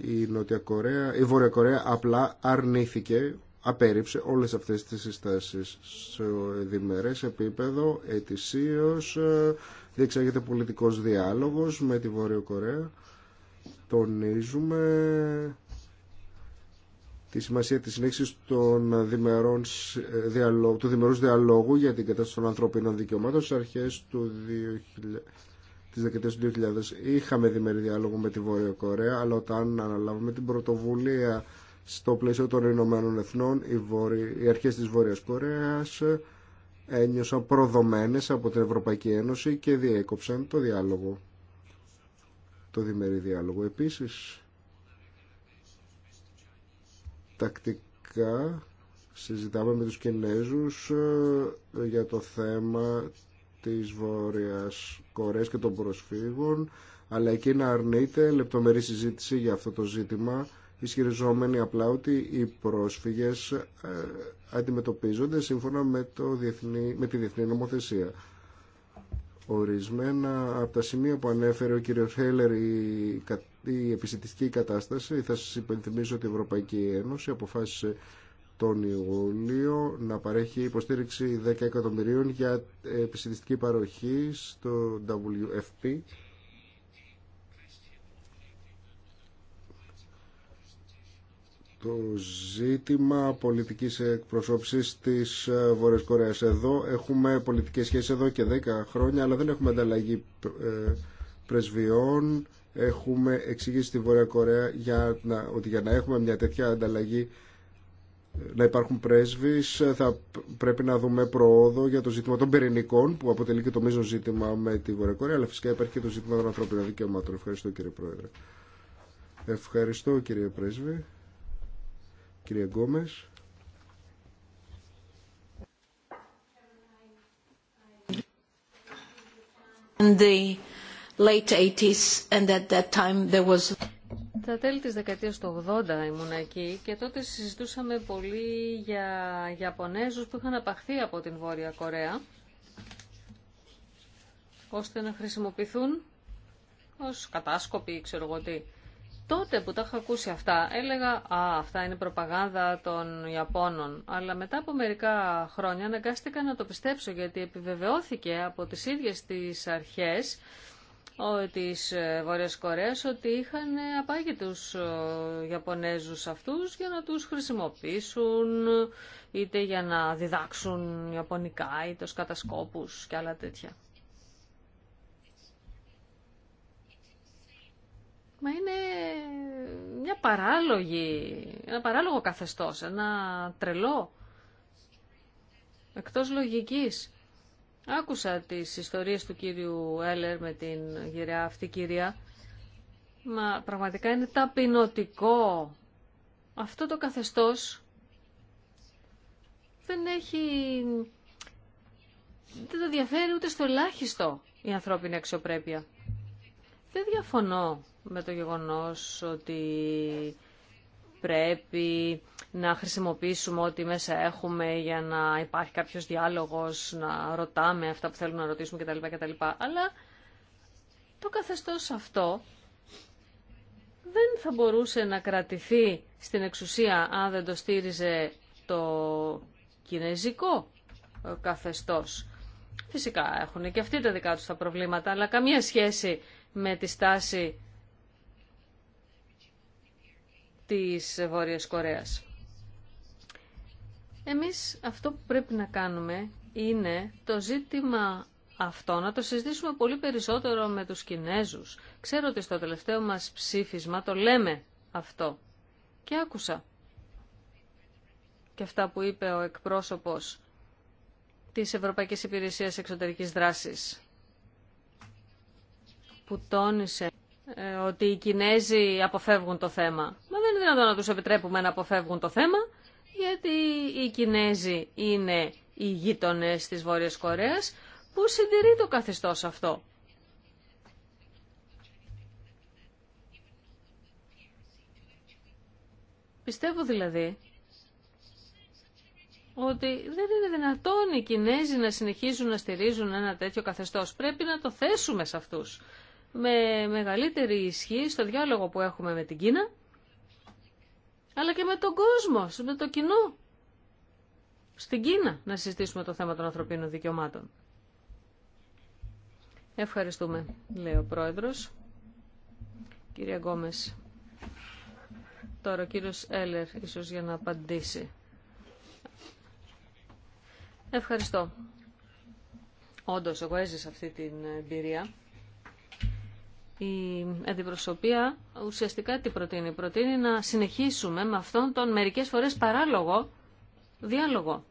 η Νότια Κορέα, η Βόρεια Κορέα απλά αρνήθηκε, απέρριψε όλες αυτές τις συστάσεις σε διμερές επίπεδο, ετησίως, ε, διεξάγεται πολιτικός διάλογος με τη Βόρεια Κορέα. Τονίζουμε τη σημασία της συνέχισης των διμερών, ε, του διμερούς διαλόγου για την κατάσταση των ανθρωπίνων δικαιωμάτων στις αρχές του 2000 Τις δεκαετές του 2000 είχαμε διμερή διάλογο με τη Βόρεια Κορέα αλλά όταν αναλάβουμε την πρωτοβουλία στο πλαίσιο των Ηνωμένων Εθνών οι, Βόρει... οι αρχές της Βόρειας Κορέας ένιωσαν προδομένες από την Ευρωπαϊκή Ένωση και διέκοψαν το διάλογο το διμερή διάλογο επίσης τακτικά συζητάμε με τους Κινέζους ε, για το θέμα της Βόρειας Κορέας και των προσφύγων, αλλά εκεί να αρνείται λεπτομερή συζήτηση για αυτό το ζήτημα, ισχυριζόμενοι απλά ότι οι πρόσφυγες ε, αντιμετωπίζονται σύμφωνα με, το διεθνή, με τη διεθνή νομοθεσία. Ορισμένα από τα σημεία που ανέφερε ο κ. Χέλλερ η, η κατάσταση, θα σας υπενθυμίσω ότι η Ευρωπαϊκή Ένωση αποφάσισε τον Ιούλιο να παρέχει υποστήριξη 10 εκατομμυρίων για επιστημιστική παροχή στο WFP. Το ζήτημα πολιτικής εκπροσώψης της Βόρειας Κορέας εδώ. Έχουμε πολιτικές σχέσεις εδώ και 10 χρόνια, αλλά δεν έχουμε ανταλλαγή ε, πρεσβειών. Έχουμε εξηγήσει στη Βόρεια Κορέα για να, ότι για να έχουμε μια τέτοια ανταλλαγή να υπάρχουν πρέσβεις θα πρέπει να δούμε προόδο για το ζήτημα των πυρηνικών που αποτελεί και το μείζον ζήτημα με τη Βορειοκορία αλλά φυσικά υπάρχει και το ζήτημα των ανθρώπινων δικαιωμάτων. Ευχαριστώ κύριε Πρόεδρε. Ευχαριστώ κύριε Πρέσβη. Κύριε Γκόμες. In the late 80s and at that time there was... Στα τέλη της δεκαετίας του 80 ήμουν εκεί και τότε συζητούσαμε πολύ για Ιαπωνέζους που είχαν απαχθεί από την Βόρεια Κορέα ώστε να χρησιμοποιηθούν ως κατάσκοποι, ξέρω εγώ τι. Τότε που τα είχα ακούσει αυτά, έλεγα «Α, αυτά είναι προπαγάνδα των Ιαπώνων». Αλλά μετά από μερικά χρόνια αναγκάστηκα να το πιστέψω, γιατί επιβεβαιώθηκε από τις ίδιες τις αρχές της ε, Βόρειας Κορέας ότι είχαν απάγει τους ε, Ιαπωνέζους αυτούς για να τους χρησιμοποιήσουν είτε για να διδάξουν Ιαπωνικά είτε ως κατασκόπους και άλλα τέτοια. Μα είναι μια παράλογη, ένα παράλογο καθεστώς, ένα τρελό, εκτός λογικής. Άκουσα τις ιστορίες του κύριου Έλερ με την γυραιά αυτή κυρία. Μα πραγματικά είναι ταπεινωτικό. Αυτό το καθεστώς δεν έχει... Δεν το διαφέρει ούτε στο ελάχιστο η ανθρώπινη αξιοπρέπεια. Δεν διαφωνώ με το γεγονός ότι πρέπει να χρησιμοποιήσουμε ό,τι μέσα έχουμε για να υπάρχει κάποιος διάλογος, να ρωτάμε αυτά που θέλουμε να ρωτήσουμε κτλ. κτλ. Αλλά το καθεστώς αυτό δεν θα μπορούσε να κρατηθεί στην εξουσία αν δεν το στήριζε το κινέζικο καθεστώς. Φυσικά έχουν και αυτοί τα δικά τους τα προβλήματα, αλλά καμία σχέση με τη στάση της Βόρειας Κορέας. Εμείς αυτό που πρέπει να κάνουμε είναι το ζήτημα αυτό να το συζητήσουμε πολύ περισσότερο με τους Κινέζους. Ξέρω ότι στο τελευταίο μας ψήφισμα το λέμε αυτό. Και άκουσα και αυτά που είπε ο εκπρόσωπος της Ευρωπαϊκής Υπηρεσίας Εξωτερικής Δράσης που τόνισε ε, ότι οι Κινέζοι αποφεύγουν το θέμα είναι δυνατόν να του επιτρέπουμε να αποφεύγουν το θέμα, γιατί οι Κινέζοι είναι οι γείτονε τη Βόρειας Κορέας που συντηρεί το καθεστώς αυτό. Πιστεύω δηλαδή ότι δεν είναι δυνατόν οι Κινέζοι να συνεχίζουν να στηρίζουν ένα τέτοιο καθεστώς. Πρέπει να το θέσουμε σε αυτούς με μεγαλύτερη ισχύ στο διάλογο που έχουμε με την Κίνα αλλά και με τον κόσμο, με το κοινό. Στην Κίνα να συζητήσουμε το θέμα των ανθρωπίνων δικαιωμάτων. Ευχαριστούμε, λέει ο Πρόεδρος. Κυρία Γκόμες, τώρα ο κύριος Έλερ ίσως για να απαντήσει. Ευχαριστώ. Όντως, εγώ έζησα αυτή την εμπειρία η αντιπροσωπεία ουσιαστικά τι προτείνει. Προτείνει να συνεχίσουμε με αυτόν τον μερικές φορές παράλογο διάλογο.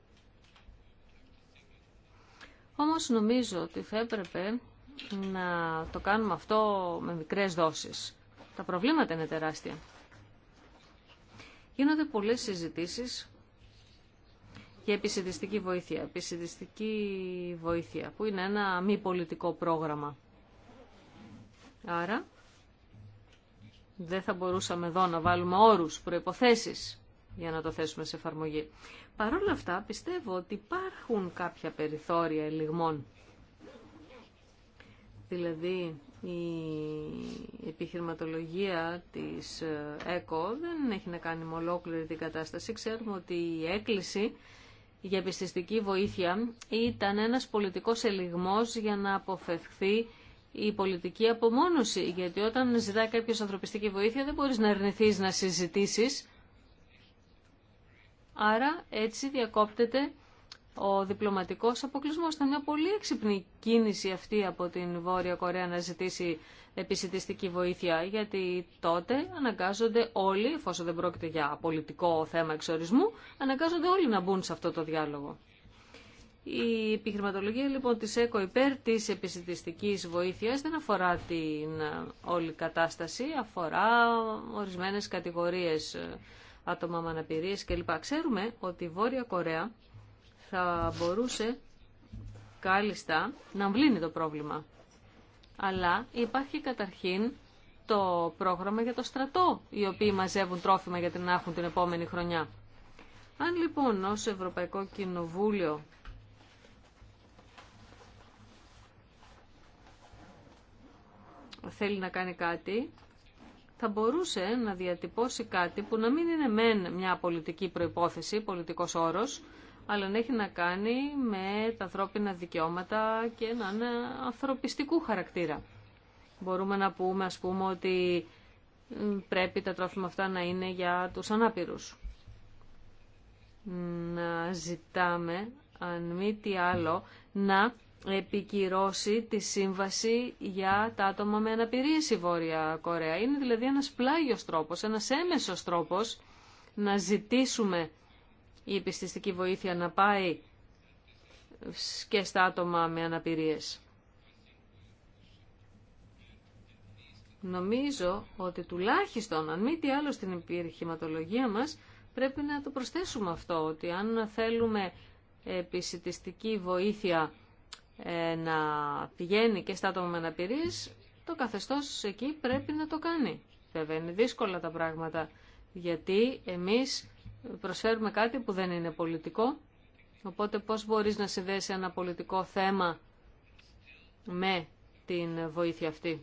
Όμως νομίζω ότι θα έπρεπε να το κάνουμε αυτό με μικρές δόσεις. Τα προβλήματα είναι τεράστια. Γίνονται πολλές συζητήσεις για επισητιστική βοήθεια. Επισητιστική βοήθεια που είναι ένα μη πολιτικό πρόγραμμα. Άρα δεν θα μπορούσαμε εδώ να βάλουμε όρους, προϋποθέσεις για να το θέσουμε σε εφαρμογή. Παρ' όλα αυτά πιστεύω ότι υπάρχουν κάποια περιθώρια ελιγμών. Δηλαδή η επιχειρηματολογία της ε, ΕΚΟ δεν έχει να κάνει με ολόκληρη την κατάσταση. Ξέρουμε ότι η έκκληση για επιστηστική βοήθεια ήταν ένας πολιτικός ελιγμός για να αποφευχθεί η πολιτική απομόνωση. Γιατί όταν ζητάει κάποιο ανθρωπιστική βοήθεια δεν μπορείς να αρνηθείς να συζητήσεις. Άρα έτσι διακόπτεται ο διπλωματικός αποκλεισμός. Ήταν μια πολύ έξυπνη κίνηση αυτή από την Βόρεια Κορέα να ζητήσει επισητιστική βοήθεια. Γιατί τότε αναγκάζονται όλοι, εφόσον δεν πρόκειται για πολιτικό θέμα εξορισμού, αναγκάζονται όλοι να μπουν σε αυτό το διάλογο. Η επιχειρηματολογία λοιπόν της ΕΚΟ υπέρ της επιστημιστικής βοήθειας δεν αφορά την ε, όλη κατάσταση, αφορά ορισμένες κατηγορίες ε, άτομα με αναπηρίες κλπ. Ξέρουμε ότι η Βόρεια Κορέα θα μπορούσε κάλλιστα να βλύνει το πρόβλημα. Αλλά υπάρχει καταρχήν το πρόγραμμα για το στρατό, οι οποίοι μαζεύουν τρόφιμα για να έχουν την επόμενη χρονιά. Αν λοιπόν ως Ευρωπαϊκό Κοινοβούλιο θέλει να κάνει κάτι, θα μπορούσε να διατυπώσει κάτι που να μην είναι μεν μια πολιτική προϋπόθεση, πολιτικός όρος, αλλά να έχει να κάνει με τα ανθρώπινα δικαιώματα και να είναι ανθρωπιστικού χαρακτήρα. Μπορούμε να πούμε, ας πούμε, ότι πρέπει τα τρόφιμα αυτά να είναι για τους ανάπηρους. Να ζητάμε, αν μη τι άλλο, να επικυρώσει τη σύμβαση για τα άτομα με αναπηρία στη Βόρεια Κορέα. Είναι δηλαδή ένας πλάγιος τρόπος, ένας έμεσος τρόπος να ζητήσουμε η επιστηστική βοήθεια να πάει και στα άτομα με αναπηρίες. Νομίζω ότι τουλάχιστον, αν μη τι άλλο στην επιχειρηματολογία μας, πρέπει να το προσθέσουμε αυτό, ότι αν θέλουμε επιστηστική βοήθεια ε, να πηγαίνει και στα άτομα με αναπηρίες, το καθεστώς εκεί πρέπει να το κάνει. Βέβαια είναι δύσκολα τα πράγματα, γιατί εμείς προσφέρουμε κάτι που δεν είναι πολιτικό, οπότε πώς μπορείς να συνδέσει ένα πολιτικό θέμα με την βοήθεια αυτή.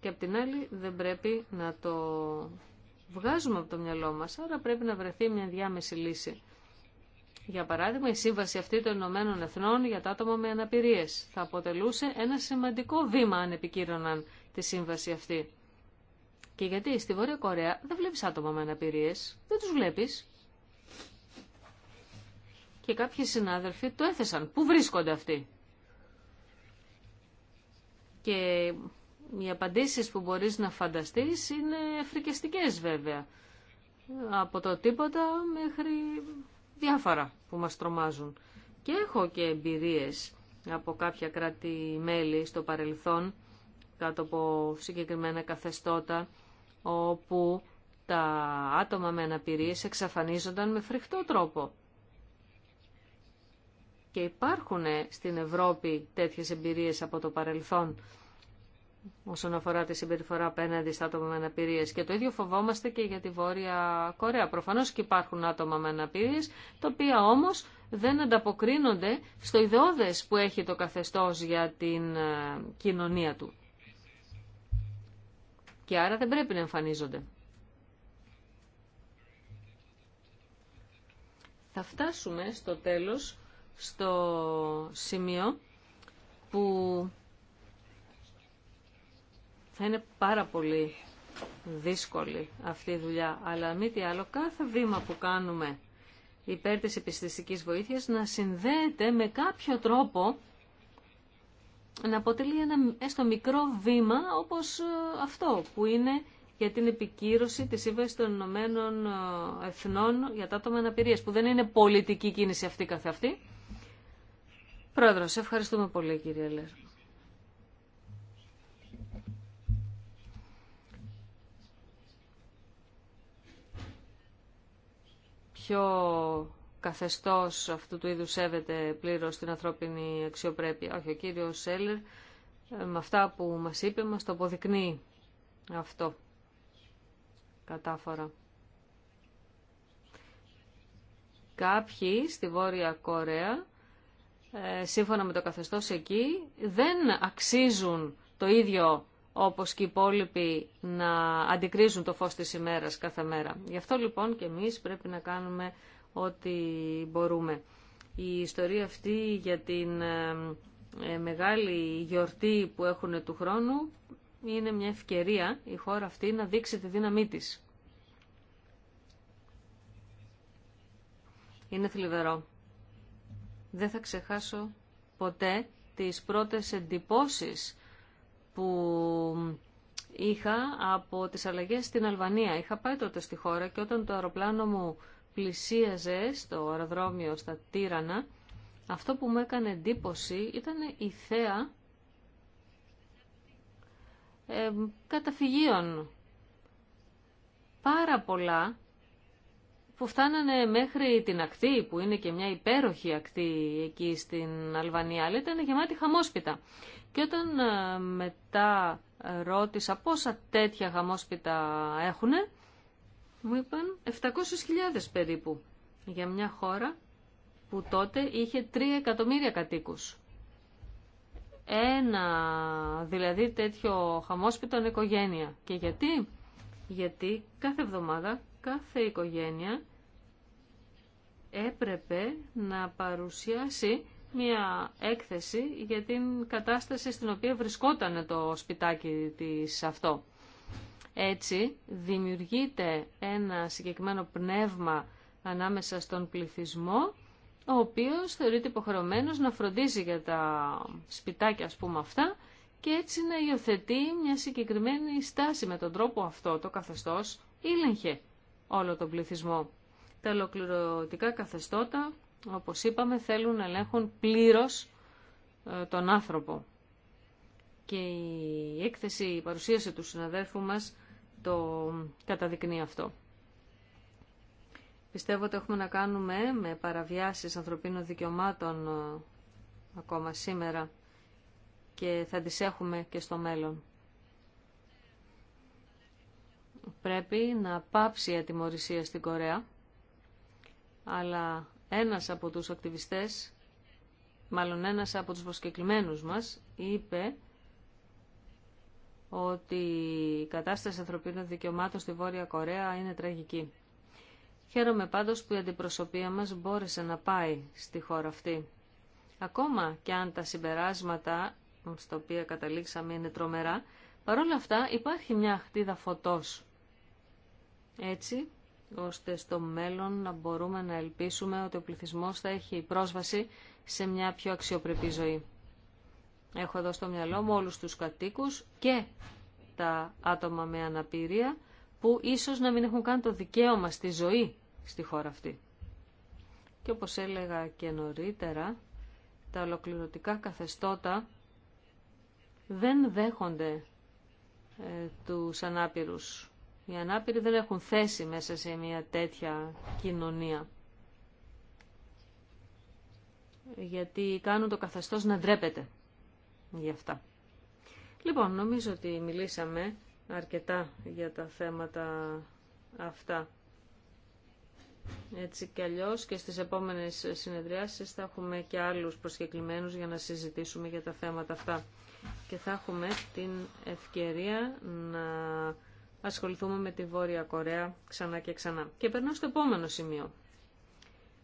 Και απ' την άλλη δεν πρέπει να το βγάζουμε από το μυαλό μας, άρα πρέπει να βρεθεί μια διάμεση λύση. Για παράδειγμα, η σύμβαση αυτή των Ηνωμένων Εθνών για τα άτομα με αναπηρίες θα αποτελούσε ένα σημαντικό βήμα αν επικύρωναν τη σύμβαση αυτή. Και γιατί στη Βόρεια Κορέα δεν βλέπεις άτομα με αναπηρίες, δεν τους βλέπεις. Και κάποιοι συνάδελφοι το έθεσαν. Πού βρίσκονται αυτοί. Και οι απαντήσεις που μπορείς να φανταστείς είναι φρικεστικέ βέβαια. Από το τίποτα μέχρι διάφορα που μας τρομάζουν. Και έχω και εμπειρίες από κάποια κράτη-μέλη στο παρελθόν, κάτω από συγκεκριμένα καθεστώτα, όπου τα άτομα με αναπηρίες εξαφανίζονταν με φρικτό τρόπο. Και υπάρχουν στην Ευρώπη τέτοιες εμπειρίες από το παρελθόν όσον αφορά τη συμπεριφορά απέναντι στα άτομα με αναπηρίε. Και το ίδιο φοβόμαστε και για τη Βόρεια Κορέα. Προφανώ και υπάρχουν άτομα με αναπηρίε, τα οποία όμω δεν ανταποκρίνονται στο ιδεώδε που έχει το καθεστώ για την ε, κοινωνία του. Και άρα δεν πρέπει να εμφανίζονται. Θα φτάσουμε στο τέλος στο σημείο που θα είναι πάρα πολύ δύσκολη αυτή η δουλειά, αλλά μη τι άλλο, κάθε βήμα που κάνουμε υπέρ της επιστηστικής βοήθειας να συνδέεται με κάποιο τρόπο να αποτελεί ένα έστω μικρό βήμα όπως ε, αυτό που είναι για την επικύρωση της Σύμβασης των Ηνωμένων ε, Εθνών για τα άτομα αναπηρίας, που δεν είναι πολιτική κίνηση αυτή καθ' αυτή. Πρόεδρος, ευχαριστούμε πολύ κύριε Λέρ. ποιο καθεστώς αυτού του είδους σέβεται πλήρως την ανθρώπινη αξιοπρέπεια. Όχι, ο κύριος Σέλλερ με αυτά που μας είπε μας το αποδεικνύει αυτό κατάφορα. Κάποιοι στη Βόρεια Κορέα, ε, σύμφωνα με το καθεστώς εκεί, δεν αξίζουν το ίδιο όπως και οι υπόλοιποι να αντικρίζουν το φως της ημέρας κάθε μέρα. Γι' αυτό λοιπόν και εμείς πρέπει να κάνουμε ό,τι μπορούμε. Η ιστορία αυτή για την ε, ε, μεγάλη γιορτή που έχουν του χρόνου είναι μια ευκαιρία η χώρα αυτή να δείξει τη δύναμή της. Είναι θλιβερό. Δεν θα ξεχάσω ποτέ τις πρώτες εντυπώσεις που είχα από τις αλλαγές στην Αλβανία. Είχα πάει τότε στη χώρα και όταν το αεροπλάνο μου πλησίαζε στο αεροδρόμιο στα Τύρανα, αυτό που μου έκανε εντύπωση ήταν η θέα καταφυγίων. Πάρα πολλά που φτάνανε μέχρι την ακτή, που είναι και μια υπέροχη ακτή εκεί στην Αλβανία, αλλά ήταν γεμάτη χαμόσπιτα. Και όταν ε, μετά ε, ρώτησα πόσα τέτοια χαμόσπιτα έχουν, μου είπαν 700.000 περίπου για μια χώρα που τότε είχε 3 εκατομμύρια κατοίκους. Ένα δηλαδή τέτοιο χαμόσπιτο είναι οικογένεια. Και γιατί? Γιατί κάθε εβδομάδα, κάθε οικογένεια έπρεπε να παρουσιάσει μια έκθεση για την κατάσταση στην οποία βρισκόταν το σπιτάκι της αυτό. Έτσι δημιουργείται ένα συγκεκριμένο πνεύμα ανάμεσα στον πληθυσμό, ο οποίος θεωρείται υποχρεωμένος να φροντίζει για τα σπιτάκια ας πούμε αυτά και έτσι να υιοθετεί μια συγκεκριμένη στάση με τον τρόπο αυτό το καθεστώς ήλεγχε όλο τον πληθυσμό. Τα ολοκληρωτικά καθεστώτα όπως είπαμε, θέλουν να ελέγχουν πλήρως ε, τον άνθρωπο. Και η έκθεση, η παρουσίαση του συναδέλφου μας το καταδεικνύει αυτό. Πιστεύω ότι έχουμε να κάνουμε με παραβιάσεις ανθρωπίνων δικαιωμάτων ε, ακόμα σήμερα και θα τις έχουμε και στο μέλλον. Πρέπει να πάψει η ατιμορρησία στην Κορέα, αλλά ένας από τους ακτιβιστές, μάλλον ένας από τους προσκεκλημένους μας, είπε ότι η κατάσταση ανθρωπίνων δικαιωμάτων στη Βόρεια Κορέα είναι τραγική. Χαίρομαι πάντως που η αντιπροσωπεία μας μπόρεσε να πάει στη χώρα αυτή. Ακόμα και αν τα συμπεράσματα στα οποία καταλήξαμε είναι τρομερά, παρόλα αυτά υπάρχει μια χτίδα φωτός. Έτσι ώστε στο μέλλον να μπορούμε να ελπίσουμε ότι ο πληθυσμός θα έχει πρόσβαση σε μια πιο αξιοπρεπή ζωή. Έχω εδώ στο μυαλό μου όλους τους κατοίκους και τα άτομα με αναπηρία που ίσως να μην έχουν καν το δικαίωμα στη ζωή στη χώρα αυτή. Και όπως έλεγα και νωρίτερα, τα ολοκληρωτικά καθεστώτα δεν δέχονται ε, τους ανάπηρους οι ανάπηροι δεν έχουν θέση μέσα σε μια τέτοια κοινωνία. Γιατί κάνουν το καθεστώς να ντρέπεται γι' αυτά. Λοιπόν, νομίζω ότι μιλήσαμε αρκετά για τα θέματα αυτά. Έτσι κι αλλιώς και στις επόμενες συνεδριάσεις θα έχουμε και άλλους προσκεκλημένους για να συζητήσουμε για τα θέματα αυτά. Και θα έχουμε την ευκαιρία να ασχοληθούμε με τη Βόρεια Κορέα ξανά και ξανά. Και περνάω στο επόμενο σημείο.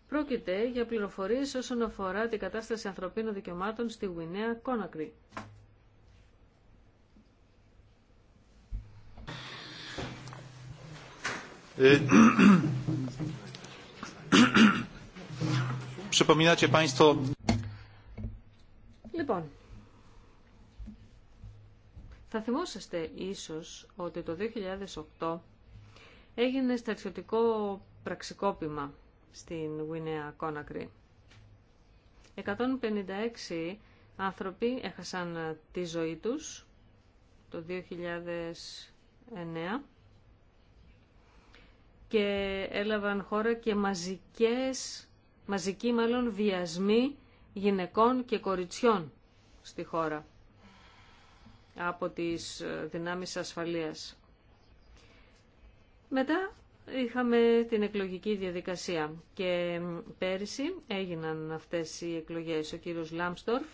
Πρόκειται για πληροφορίες όσον αφορά την κατάσταση ανθρωπίνων δικαιωμάτων στη Γουινέα Κόνακρη. Ε, <coughs> λοιπόν, θα θυμόσαστε ίσως ότι το 2008 έγινε στρατιωτικό πραξικόπημα στην Γουινέα Κόνακρη. 156 άνθρωποι έχασαν τη ζωή τους το 2009 και έλαβαν χώρα και μαζικές, μαζικοί μάλλον βιασμοί γυναικών και κοριτσιών στη χώρα από τις δυνάμεις ασφαλείας. Μετά είχαμε την εκλογική διαδικασία και πέρυσι έγιναν αυτές οι εκλογές. Ο κύριος Λάμστορφ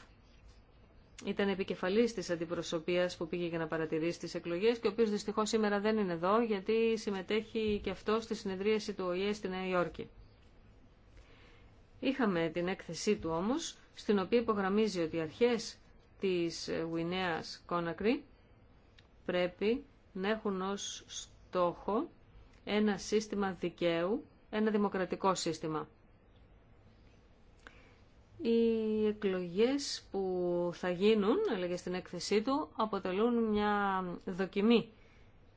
ήταν επικεφαλής της αντιπροσωπείας που πήγε για να παρατηρήσει τις εκλογές και ο οποίος δυστυχώς σήμερα δεν είναι εδώ γιατί συμμετέχει και αυτό στη συνεδρίαση του ΟΗΕ στη Νέα Υόρκη. Είχαμε την έκθεσή του όμως, στην οποία υπογραμμίζει ότι οι αρχές της Γουινέας Κόνακρη πρέπει να έχουν ως στόχο ένα σύστημα δικαίου, ένα δημοκρατικό σύστημα. Οι εκλογές που θα γίνουν, έλεγε στην έκθεσή του, αποτελούν μια δοκιμή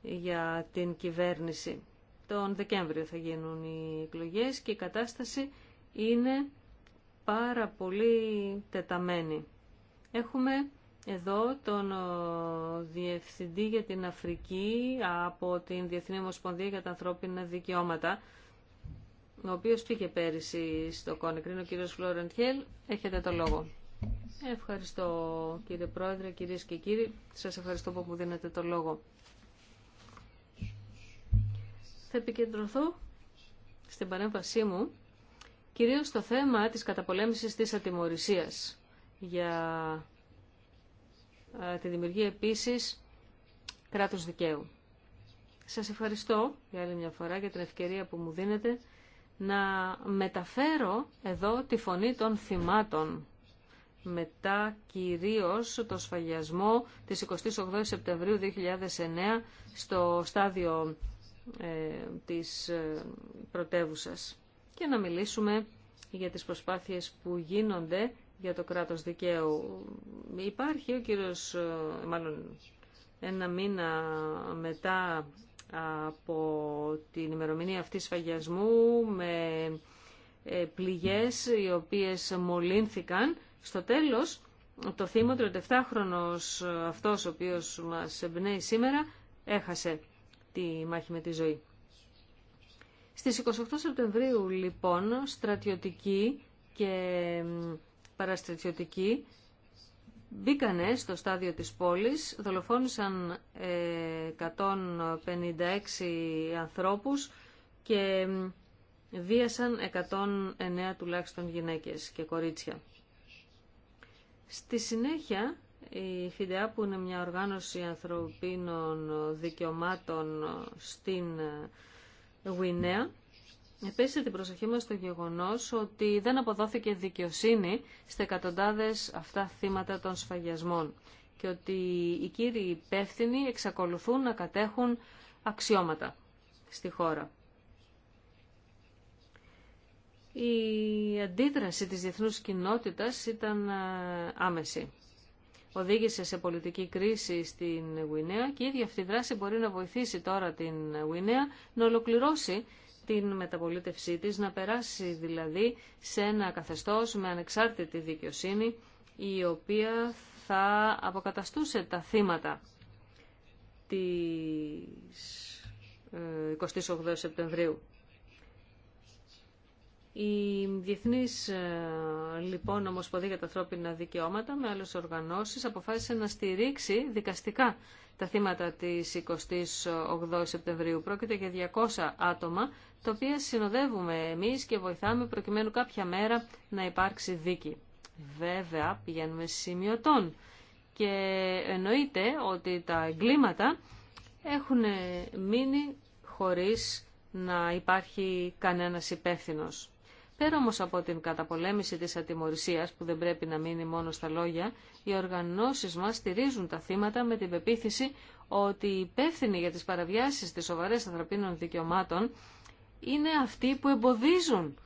για την κυβέρνηση. Τον Δεκέμβριο θα γίνουν οι εκλογές και η κατάσταση είναι πάρα πολύ τεταμένη. Έχουμε εδώ τον Διευθυντή για την Αφρική από την Διεθνή Ομοσπονδία για τα Ανθρώπινα Δικαιώματα, ο οποίος πήγε πέρυσι στο Κόνεκριν, ο κύριος Φλόρεντ Έχετε το λόγο. Ευχαριστώ κύριε Πρόεδρε, κυρίες και κύριοι. Σας ευχαριστώ που μου δίνετε το λόγο. Θα επικεντρωθώ στην παρέμβασή μου κυρίως στο θέμα της καταπολέμησης της ατιμορρησίας για ε, τη δημιουργία επίσης κράτους δικαίου. Σας ευχαριστώ για άλλη μια φορά για την ευκαιρία που μου δίνετε να μεταφέρω εδώ τη φωνή των θυμάτων μετά κυρίως το σφαγιασμό της 28 Σεπτεμβρίου 2009 στο στάδιο ε, της ε, και να μιλήσουμε για τις προσπάθειες που γίνονται για το κράτος δικαίου. Υπάρχει ο κύριος, ε, μάλλον ένα μήνα μετά από την ημερομηνία αυτής σφαγιασμού με ε, πληγές οι οποίες μολύνθηκαν. Στο τέλος, το θύμα, 37χρονος ε, αυτός ο οποίος μας εμπνέει σήμερα, έχασε τη μάχη με τη ζωή. Στις 28 Σεπτεμβρίου, λοιπόν, στρατιωτικοί και παραστρατιωτικοί μπήκανε στο στάδιο της πόλης, δολοφόνησαν 156 ε, ανθρώπους και βίασαν 109 τουλάχιστον γυναίκες και κορίτσια. Στη συνέχεια, η ΦΙΔΕΑ που είναι μια οργάνωση ανθρωπίνων δικαιωμάτων στην ε, Γουινέα, Επίσης την προσοχή μας στο γεγονός ότι δεν αποδόθηκε δικαιοσύνη στα εκατοντάδες αυτά θύματα των σφαγιασμών και ότι οι κύριοι υπεύθυνοι εξακολουθούν να κατέχουν αξιώματα στη χώρα. Η αντίδραση της διεθνούς κοινότητας ήταν ε, άμεση. Οδήγησε σε πολιτική κρίση στην Γουινέα και η ίδια αυτή δράση μπορεί να βοηθήσει τώρα την Γουινέα να ολοκληρώσει την μεταπολίτευσή της, να περάσει δηλαδή σε ένα καθεστώς με ανεξάρτητη δικαιοσύνη, η οποία θα αποκαταστούσε τα θύματα της 28 ε, Σεπτεμβρίου. Η Διεθνής ε, λοιπόν, Ομοσπονδία για τα Ανθρώπινα Δικαιώματα με άλλες οργανώσεις αποφάσισε να στηρίξει δικαστικά τα θύματα της 28 Σεπτεμβρίου. Πρόκειται για 200 άτομα τα οποία συνοδεύουμε εμείς και βοηθάμε προκειμένου κάποια μέρα να υπάρξει δίκη. Βέβαια, πηγαίνουμε σημειωτών και εννοείται ότι τα εγκλήματα έχουν μείνει χωρίς να υπάρχει κανένας υπεύθυνο. Πέρα όμως από την καταπολέμηση της ατιμορρησίας που δεν πρέπει να μείνει μόνο στα λόγια, οι οργανώσεις μας στηρίζουν τα θύματα με την πεποίθηση ότι οι υπεύθυνοι για τις παραβιάσεις της σοβαρές ανθρωπίνων δικαιωμάτων είναι αυτοί που εμποδίζουν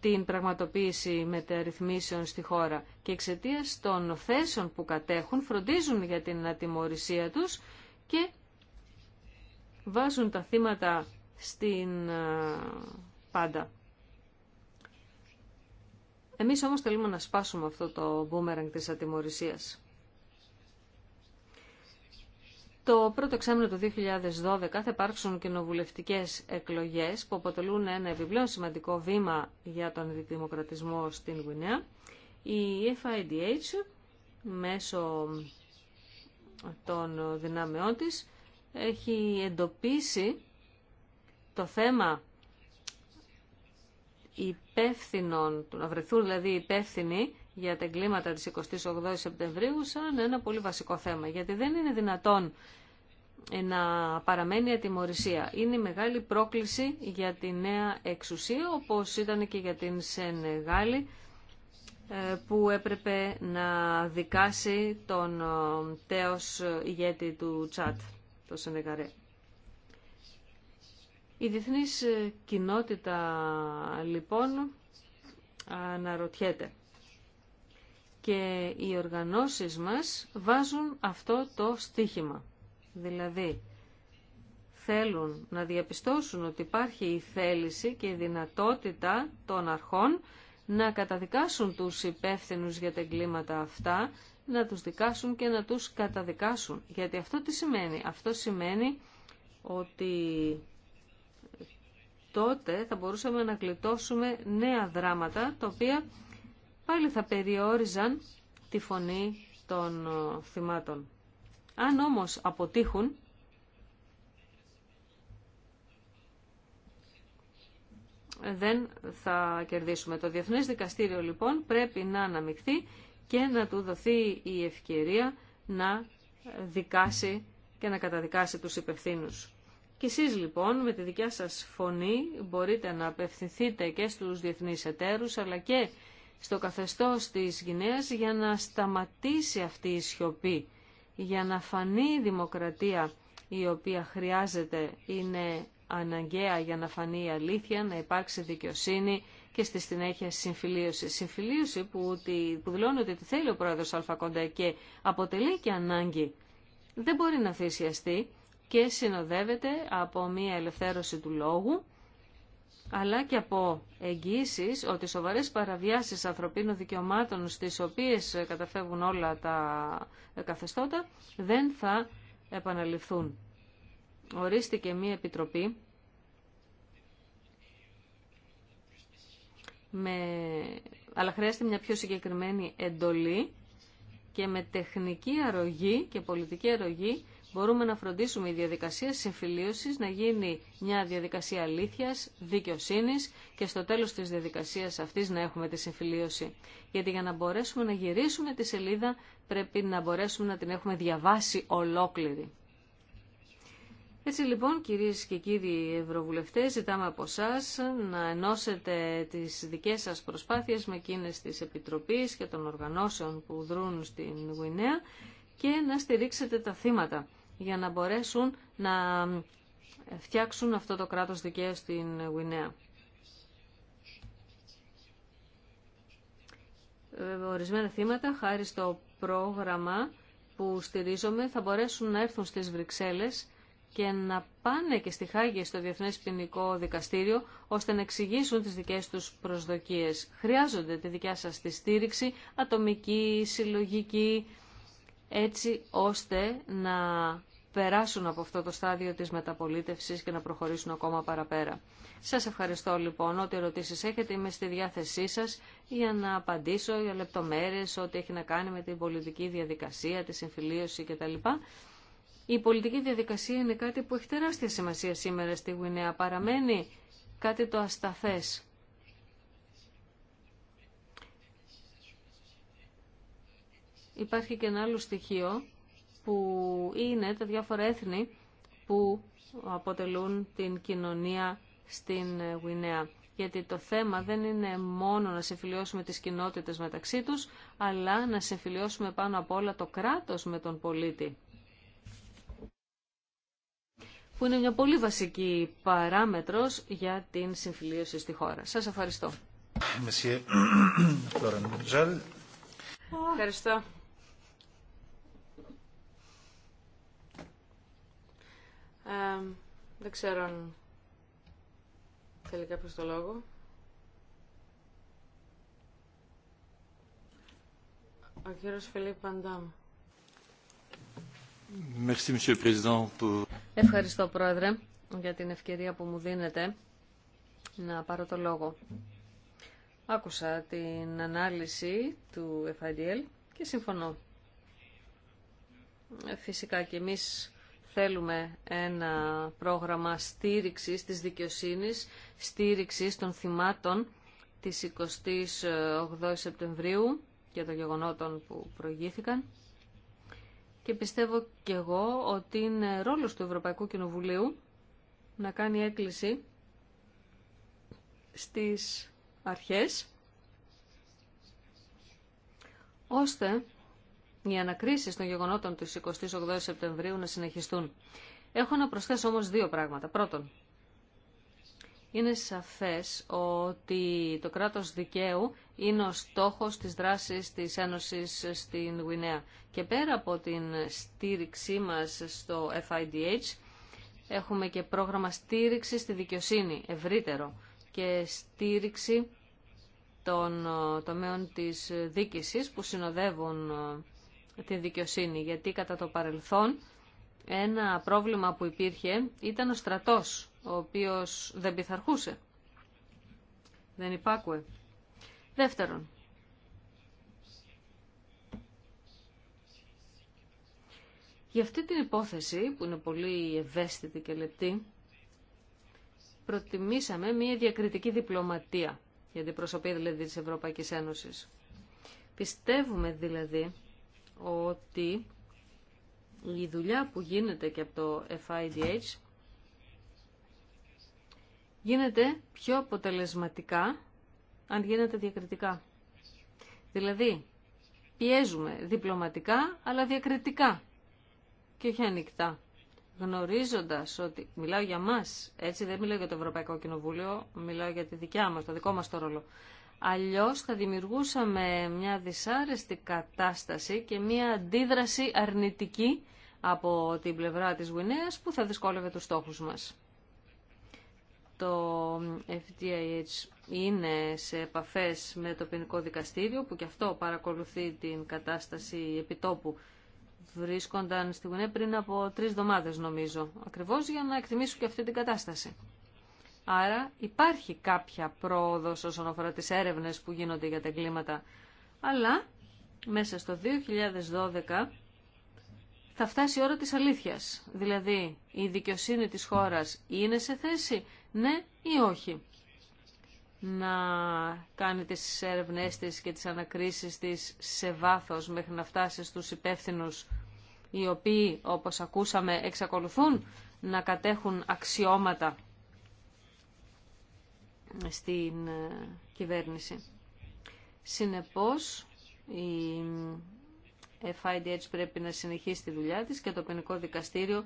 την πραγματοποίηση μεταρρυθμίσεων στη χώρα και εξαιτία των θέσεων που κατέχουν φροντίζουν για την ατιμορρησία τους και βάζουν τα θύματα στην πάντα. Εμείς όμως θέλουμε να σπάσουμε αυτό το μπούμερανγκ της ατιμορρησίας. Το πρώτο εξάμεινο του 2012 θα υπάρξουν κοινοβουλευτικέ εκλογές που αποτελούν ένα επιπλέον σημαντικό βήμα για τον δημοκρατισμό στην Γουινέα. Η FIDH μέσω των δυνάμεών της έχει εντοπίσει το θέμα υπεύθυνων, να βρεθούν δηλαδή υπεύθυνοι για τα εγκλήματα της 28 Σεπτεμβρίου σαν ένα πολύ βασικό θέμα. Γιατί δεν είναι δυνατόν να παραμένει ατιμορρησία. Είναι μεγάλη πρόκληση για τη νέα εξουσία, όπως ήταν και για την Σενεγάλη, ε, που έπρεπε να δικάσει τον ε, τέος ηγέτη του Τσάτ, το Σενεγαρέ. Η διεθνής ε, κοινότητα, λοιπόν, αναρωτιέται και οι οργανώσεις μας βάζουν αυτό το στίχημα. Δηλαδή, θέλουν να διαπιστώσουν ότι υπάρχει η θέληση και η δυνατότητα των αρχών να καταδικάσουν τους υπεύθυνους για τα εγκλήματα αυτά, να τους δικάσουν και να τους καταδικάσουν. Γιατί αυτό τι σημαίνει. Αυτό σημαίνει ότι τότε θα μπορούσαμε να γλιτώσουμε νέα δράματα, τα οποία πάλι θα περιόριζαν τη φωνή των ε, θυμάτων. Αν όμως αποτύχουν, δεν θα κερδίσουμε. Το Διεθνές Δικαστήριο λοιπόν πρέπει να αναμειχθεί και να του δοθεί η ευκαιρία να δικάσει και να καταδικάσει τους υπευθύνους. Και εσείς λοιπόν με τη δικιά σας φωνή μπορείτε να απευθυνθείτε και στους διεθνείς εταίρους αλλά και στο καθεστώς της Γινέας για να σταματήσει αυτή η σιωπή, για να φανεί η δημοκρατία η οποία χρειάζεται, είναι αναγκαία για να φανεί η αλήθεια, να υπάρξει δικαιοσύνη και στη συνέχεια συμφιλίωση. Συμφιλίωση που, που δηλώνει ότι τη θέλει ο πρόεδρος Αλφακοντά και αποτελεί και ανάγκη. Δεν μπορεί να θυσιαστεί και συνοδεύεται από μια ελευθέρωση του λόγου αλλά και από εγγύσεις ότι σοβαρές παραβιάσεις ανθρωπίνων δικαιωμάτων στις οποίες καταφεύγουν όλα τα καθεστώτα δεν θα επαναληφθούν. Ορίστηκε μία επιτροπή με... αλλά χρειάζεται μια πιο συγκεκριμένη εντολή και με τεχνική αρρωγή και πολιτική αρρωγή μπορούμε να φροντίσουμε η διαδικασία της συμφιλίωσης να γίνει μια διαδικασία αλήθεια δικαιοσύνη και στο τέλο της διαδικασία αυτής να έχουμε τη συμφιλίωση. Γιατί για να μπορέσουμε να γυρίσουμε τη σελίδα πρέπει να μπορέσουμε να την έχουμε διαβάσει ολόκληρη. Έτσι λοιπόν κυρίες και κύριοι Ευρωβουλευτές ζητάμε από εσά να ενώσετε τις δικές σας προσπάθειες με εκείνες της Επιτροπής και των οργανώσεων που δρούν στην Γουινέα και να στηρίξετε τα θύματα για να μπορέσουν να φτιάξουν αυτό το κράτος δικαίου στην Γουινέα. Ορισμένα θύματα, χάρη στο πρόγραμμα που στηρίζομαι, θα μπορέσουν να έρθουν στις Βρυξέλλες και να πάνε και στη Χάγη στο Διεθνές Ποινικό Δικαστήριο, ώστε να εξηγήσουν τις δικές τους προσδοκίες. Χρειάζονται τη δικιά σας τη στήριξη, ατομική, συλλογική, έτσι ώστε να περάσουν από αυτό το στάδιο της μεταπολίτευσης και να προχωρήσουν ακόμα παραπέρα. Σας ευχαριστώ λοιπόν. Ό,τι ερωτήσεις έχετε είμαι στη διάθεσή σας για να απαντήσω για λεπτομέρειες, ό,τι έχει να κάνει με την πολιτική διαδικασία, τη συμφιλίωση κτλ. Η πολιτική διαδικασία είναι κάτι που έχει τεράστια σημασία σήμερα στη Γουινέα. Παραμένει κάτι το ασταθές υπάρχει και ένα άλλο στοιχείο που είναι τα διάφορα έθνη που αποτελούν την κοινωνία στην ε, Γουινέα. Γιατί το θέμα δεν είναι μόνο να συμφιλιώσουμε τις κοινότητες μεταξύ τους, αλλά να συμφιλιώσουμε πάνω απ' όλα το κράτος με τον πολίτη. Που είναι μια πολύ βασική παράμετρος για την συμφιλίωση στη χώρα. Σας ευχαριστώ. <coughs> Ευχαριστώ. Ε, δεν ξέρω αν θέλει κάποιο το λόγο. Ο κύριο Φιλίπ Παντάμ. Ευχαριστώ, Πρόεδρε, για την ευκαιρία που μου δίνετε να πάρω το λόγο. Άκουσα την ανάλυση του FIDL και συμφωνώ. Ε, φυσικά και εμείς θέλουμε ένα πρόγραμμα στήριξης της δικαιοσύνης, στήριξης των θυμάτων της 28 Σεπτεμβρίου και των γεγονότων που προηγήθηκαν. Και πιστεύω και εγώ ότι είναι ρόλος του Ευρωπαϊκού Κοινοβουλίου να κάνει έκκληση στις αρχές, ώστε οι ανακρίσει των γεγονότων του 28 Σεπτεμβρίου να συνεχιστούν. Έχω να προσθέσω όμως δύο πράγματα. Πρώτον, είναι σαφές ότι το κράτος δικαίου είναι ο στόχος της δράσης της Ένωση στην Γουινέα. Και πέρα από την στήριξή μας στο FIDH, έχουμε και πρόγραμμα στήριξη στη δικαιοσύνη ευρύτερο και στήριξη των τομέων της δίκησης που συνοδεύουν δικαιοσύνη, γιατί κατά το παρελθόν ένα πρόβλημα που υπήρχε ήταν ο στρατός, ο οποίος δεν πειθαρχούσε. Δεν υπάκουε. Δεύτερον, για αυτή την υπόθεση, που είναι πολύ ευαίσθητη και λεπτή, προτιμήσαμε μια διακριτική διπλωματία, για την προσωπή δηλαδή της Ευρωπαϊκής Ένωσης. Πιστεύουμε δηλαδή ότι η δουλειά που γίνεται και από το FIDH γίνεται πιο αποτελεσματικά αν γίνεται διακριτικά. Δηλαδή, πιέζουμε διπλωματικά αλλά διακριτικά και όχι ανοιχτά. Γνωρίζοντας ότι μιλάω για μας, έτσι δεν μιλάω για το Ευρωπαϊκό Κοινοβούλιο, μιλάω για τη δικιά μας, το δικό μας το ρόλο. Αλλιώς θα δημιουργούσαμε μια δυσάρεστη κατάσταση και μια αντίδραση αρνητική από την πλευρά της Γουινέας που θα δυσκόλευε τους στόχους μας. Το FTIH είναι σε επαφές με το ποινικό δικαστήριο που και αυτό παρακολουθεί την κατάσταση επιτόπου βρίσκονταν στη Γουνέ πριν από τρεις εβδομάδες νομίζω, ακριβώς για να εκτιμήσουν και αυτή την κατάσταση. Άρα υπάρχει κάποια πρόοδος όσον αφορά τις έρευνες που γίνονται για τα εγκλήματα. Αλλά μέσα στο 2012 θα φτάσει η ώρα της αλήθειας. Δηλαδή η δικαιοσύνη της χώρας είναι σε θέση ναι ή όχι να κάνει τις έρευνές της και τις ανακρίσεις της σε βάθος μέχρι να φτάσει στους υπεύθυνους οι οποίοι όπως ακούσαμε εξακολουθούν να κατέχουν αξιώματα στην ε, κυβέρνηση. Συνεπώς, η FIDH πρέπει να συνεχίσει τη δουλειά της και το ποινικό δικαστήριο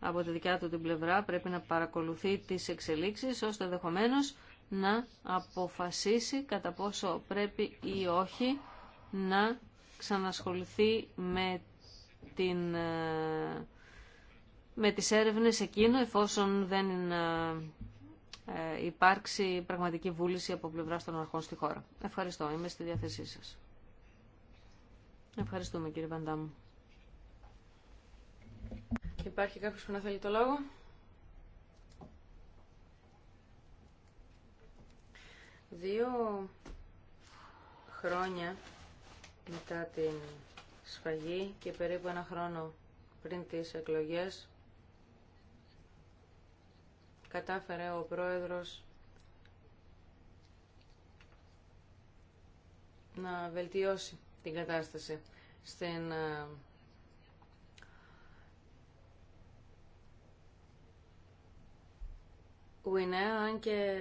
από τη δικιά του την πλευρά πρέπει να παρακολουθεί τις εξελίξεις ώστε ενδεχομένω να αποφασίσει κατά πόσο πρέπει ή όχι να ξανασχοληθεί με, την, ε, με τις έρευνες εκείνο εφόσον δεν ε, ε, υπάρξει πραγματική βούληση από πλευρά των αρχών στη χώρα. Ευχαριστώ. Είμαι στη διάθεσή σας. Ευχαριστούμε κύριε Βαντάμου. Υπάρχει κάποιος που να θέλει το λόγο. Δύο χρόνια μετά την σφαγή και περίπου ένα χρόνο πριν τις εκλογές κατάφερε ο πρόεδρος να βελτιώσει την κατάσταση στην ε, Γουινέα, αν και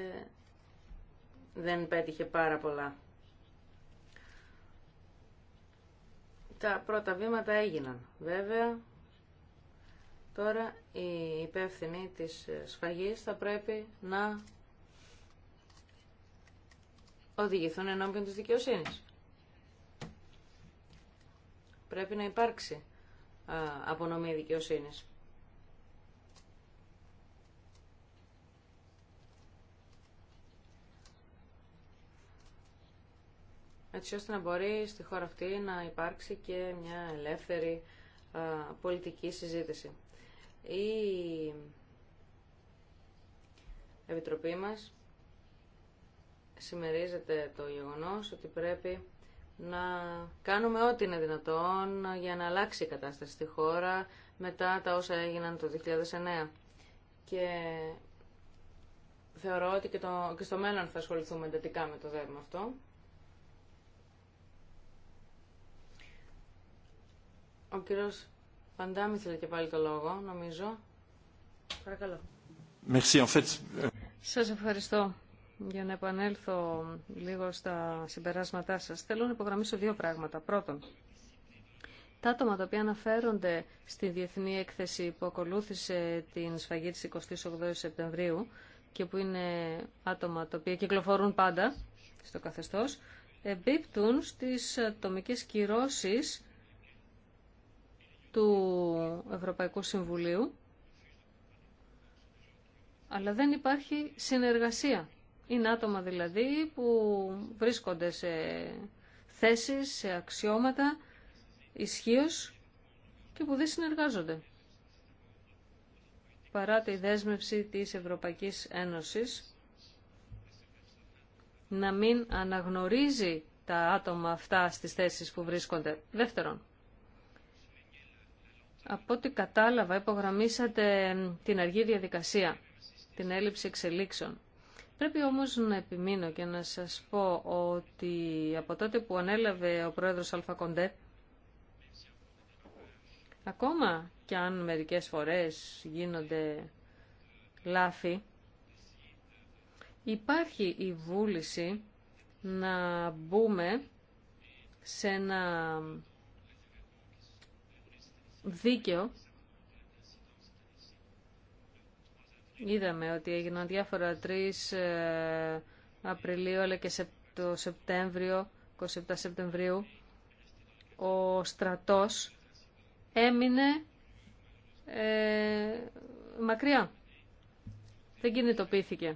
δεν πέτυχε πάρα πολλά. Τα πρώτα βήματα έγιναν. Βέβαια, τώρα η υπεύθυνοι της σφαγής θα πρέπει να οδηγηθούν ενώπιον της δικαιοσύνης. Πρέπει να υπάρξει απονομή δικαιοσύνης. έτσι ώστε να μπορεί στη χώρα αυτή να υπάρξει και μια ελεύθερη πολιτική συζήτηση η Επιτροπή μας συμμερίζεται το γεγονός ότι πρέπει να κάνουμε ό,τι είναι δυνατόν για να αλλάξει η κατάσταση στη χώρα μετά τα όσα έγιναν το 2009. Και θεωρώ ότι και, το, και στο μέλλον θα ασχοληθούμε εντατικά με το δέρμα αυτό. Ο κύριος Παντάμι θέλει και πάλι το λόγο, νομίζω. Παρακαλώ. Merci, en fait. Euh, σας ευχαριστώ. Για να επανέλθω λίγο στα συμπεράσματά σας, θέλω να υπογραμμίσω δύο πράγματα. Πρώτον, τα άτομα τα οποία αναφέρονται στη διεθνή έκθεση που ακολούθησε την σφαγή της 28 Σεπτεμβρίου και που είναι άτομα τα οποία κυκλοφορούν πάντα στο καθεστώς, εμπίπτουν στις ατομικές κυρώσεις του Ευρωπαϊκού Συμβουλίου, αλλά δεν υπάρχει συνεργασία. Είναι άτομα δηλαδή που βρίσκονται σε θέσεις, σε αξιώματα ισχύω και που δεν συνεργάζονται. Παρά τη δέσμευση της Ευρωπαϊκής Ένωσης να μην αναγνωρίζει τα άτομα αυτά στις θέσεις που βρίσκονται. Δεύτερον, από ό,τι κατάλαβα, υπογραμμίσατε την αργή διαδικασία, την έλλειψη εξελίξεων. Πρέπει όμως να επιμείνω και να σας πω ότι από τότε που ανέλαβε ο πρόεδρος Αλφακοντέ, ακόμα και αν μερικές φορές γίνονται λάθη, υπάρχει η βούληση να μπούμε σε ένα δίκαιο. Είδαμε ότι έγιναν διάφορα 3 ε, Απριλίου αλλά και το Σεπτέμβριο, 27 Σεπτεμβρίου, ο στρατός έμεινε ε, μακριά. Δεν κινητοποιήθηκε.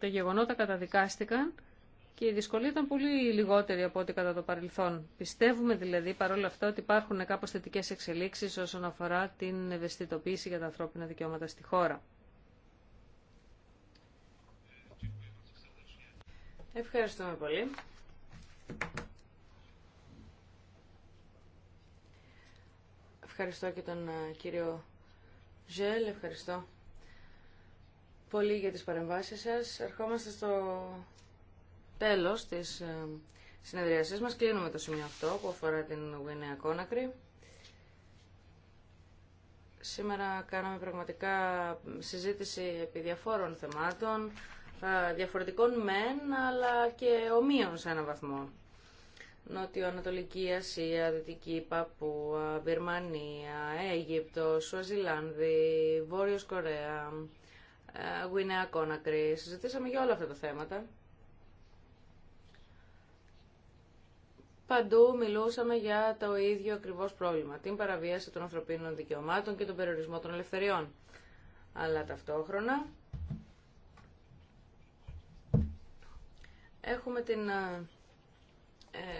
Τα γεγονότα καταδικάστηκαν και η δυσκολία ήταν πολύ λιγότερη από ό,τι κατά το παρελθόν. Πιστεύουμε δηλαδή παρόλα αυτά ότι υπάρχουν κάπως θετικέ εξελίξεις όσον αφορά την ευαισθητοποίηση για τα ανθρώπινα δικαιώματα στη χώρα. Ευχαριστούμε πολύ. Ευχαριστώ και τον ε, κύριο Ζέλ, ευχαριστώ πολύ για τις παρεμβάσεις σας. Ερχόμαστε στο τέλος της ε, συνεδριασής μας κλείνουμε το σημείο αυτό που αφορά την Γουινέα Κόνακρη. Σήμερα κάναμε πραγματικά συζήτηση επί διαφόρων θεμάτων, ε, διαφορετικών μεν, αλλά και ομοίων σε έναν βαθμό. Νότιο-Ανατολική Ασία, Δυτική Παππούα, Βερμανία, Αίγυπτο, Σουαζιλάνδη, Βόρειος Κορέα, ε, Γουινέα Κόνακρη. Συζητήσαμε για όλα αυτά τα θέματα. Παντού μιλούσαμε για το ίδιο ακριβώς πρόβλημα, την παραβίαση των ανθρωπίνων δικαιωμάτων και τον περιορισμό των ελευθεριών. Αλλά ταυτόχρονα έχουμε την ε,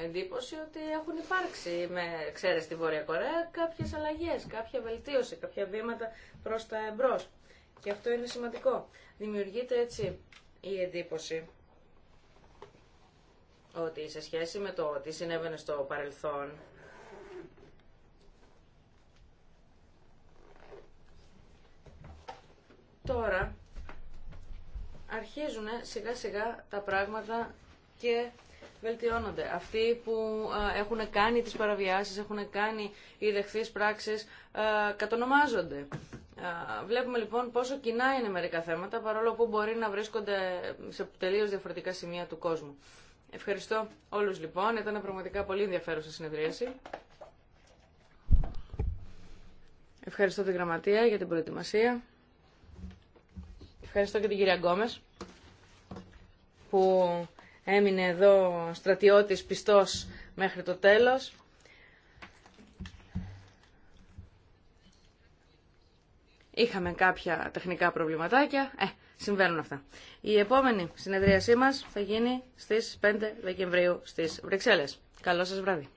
εντύπωση ότι έχουν υπάρξει, με ξέρεις στη Βόρεια Κορέα, κάποιες αλλαγές, κάποια βελτίωση, κάποια βήματα προς τα εμπρός. Και αυτό είναι σημαντικό. Δημιουργείται έτσι η εντύπωση ότι σε σχέση με το τι συνέβαινε στο παρελθόν τώρα αρχίζουν σιγά σιγά τα πράγματα και βελτιώνονται. Αυτοί που έχουν κάνει τις παραβιάσεις, έχουν κάνει οι δεχθείς πράξεις, κατονομάζονται. Βλέπουμε λοιπόν πόσο κοινά είναι μερικά θέματα, παρόλο που μπορεί να βρίσκονται σε τελείως διαφορετικά σημεία του κόσμου. Ευχαριστώ όλους λοιπόν. Ήταν πραγματικά πολύ ενδιαφέρουσα συνεδρίαση. Ευχαριστώ την Γραμματεία για την προετοιμασία. Ευχαριστώ και την κυρία Γκόμες που έμεινε εδώ στρατιώτης πιστός μέχρι το τέλος. Είχαμε κάποια τεχνικά προβληματάκια. Ε, συμβαίνουν αυτά. Η επόμενη συνεδρίασή μας θα γίνει στις 5 Δεκεμβρίου στις Βρυξέλλες. Καλό σα βράδυ.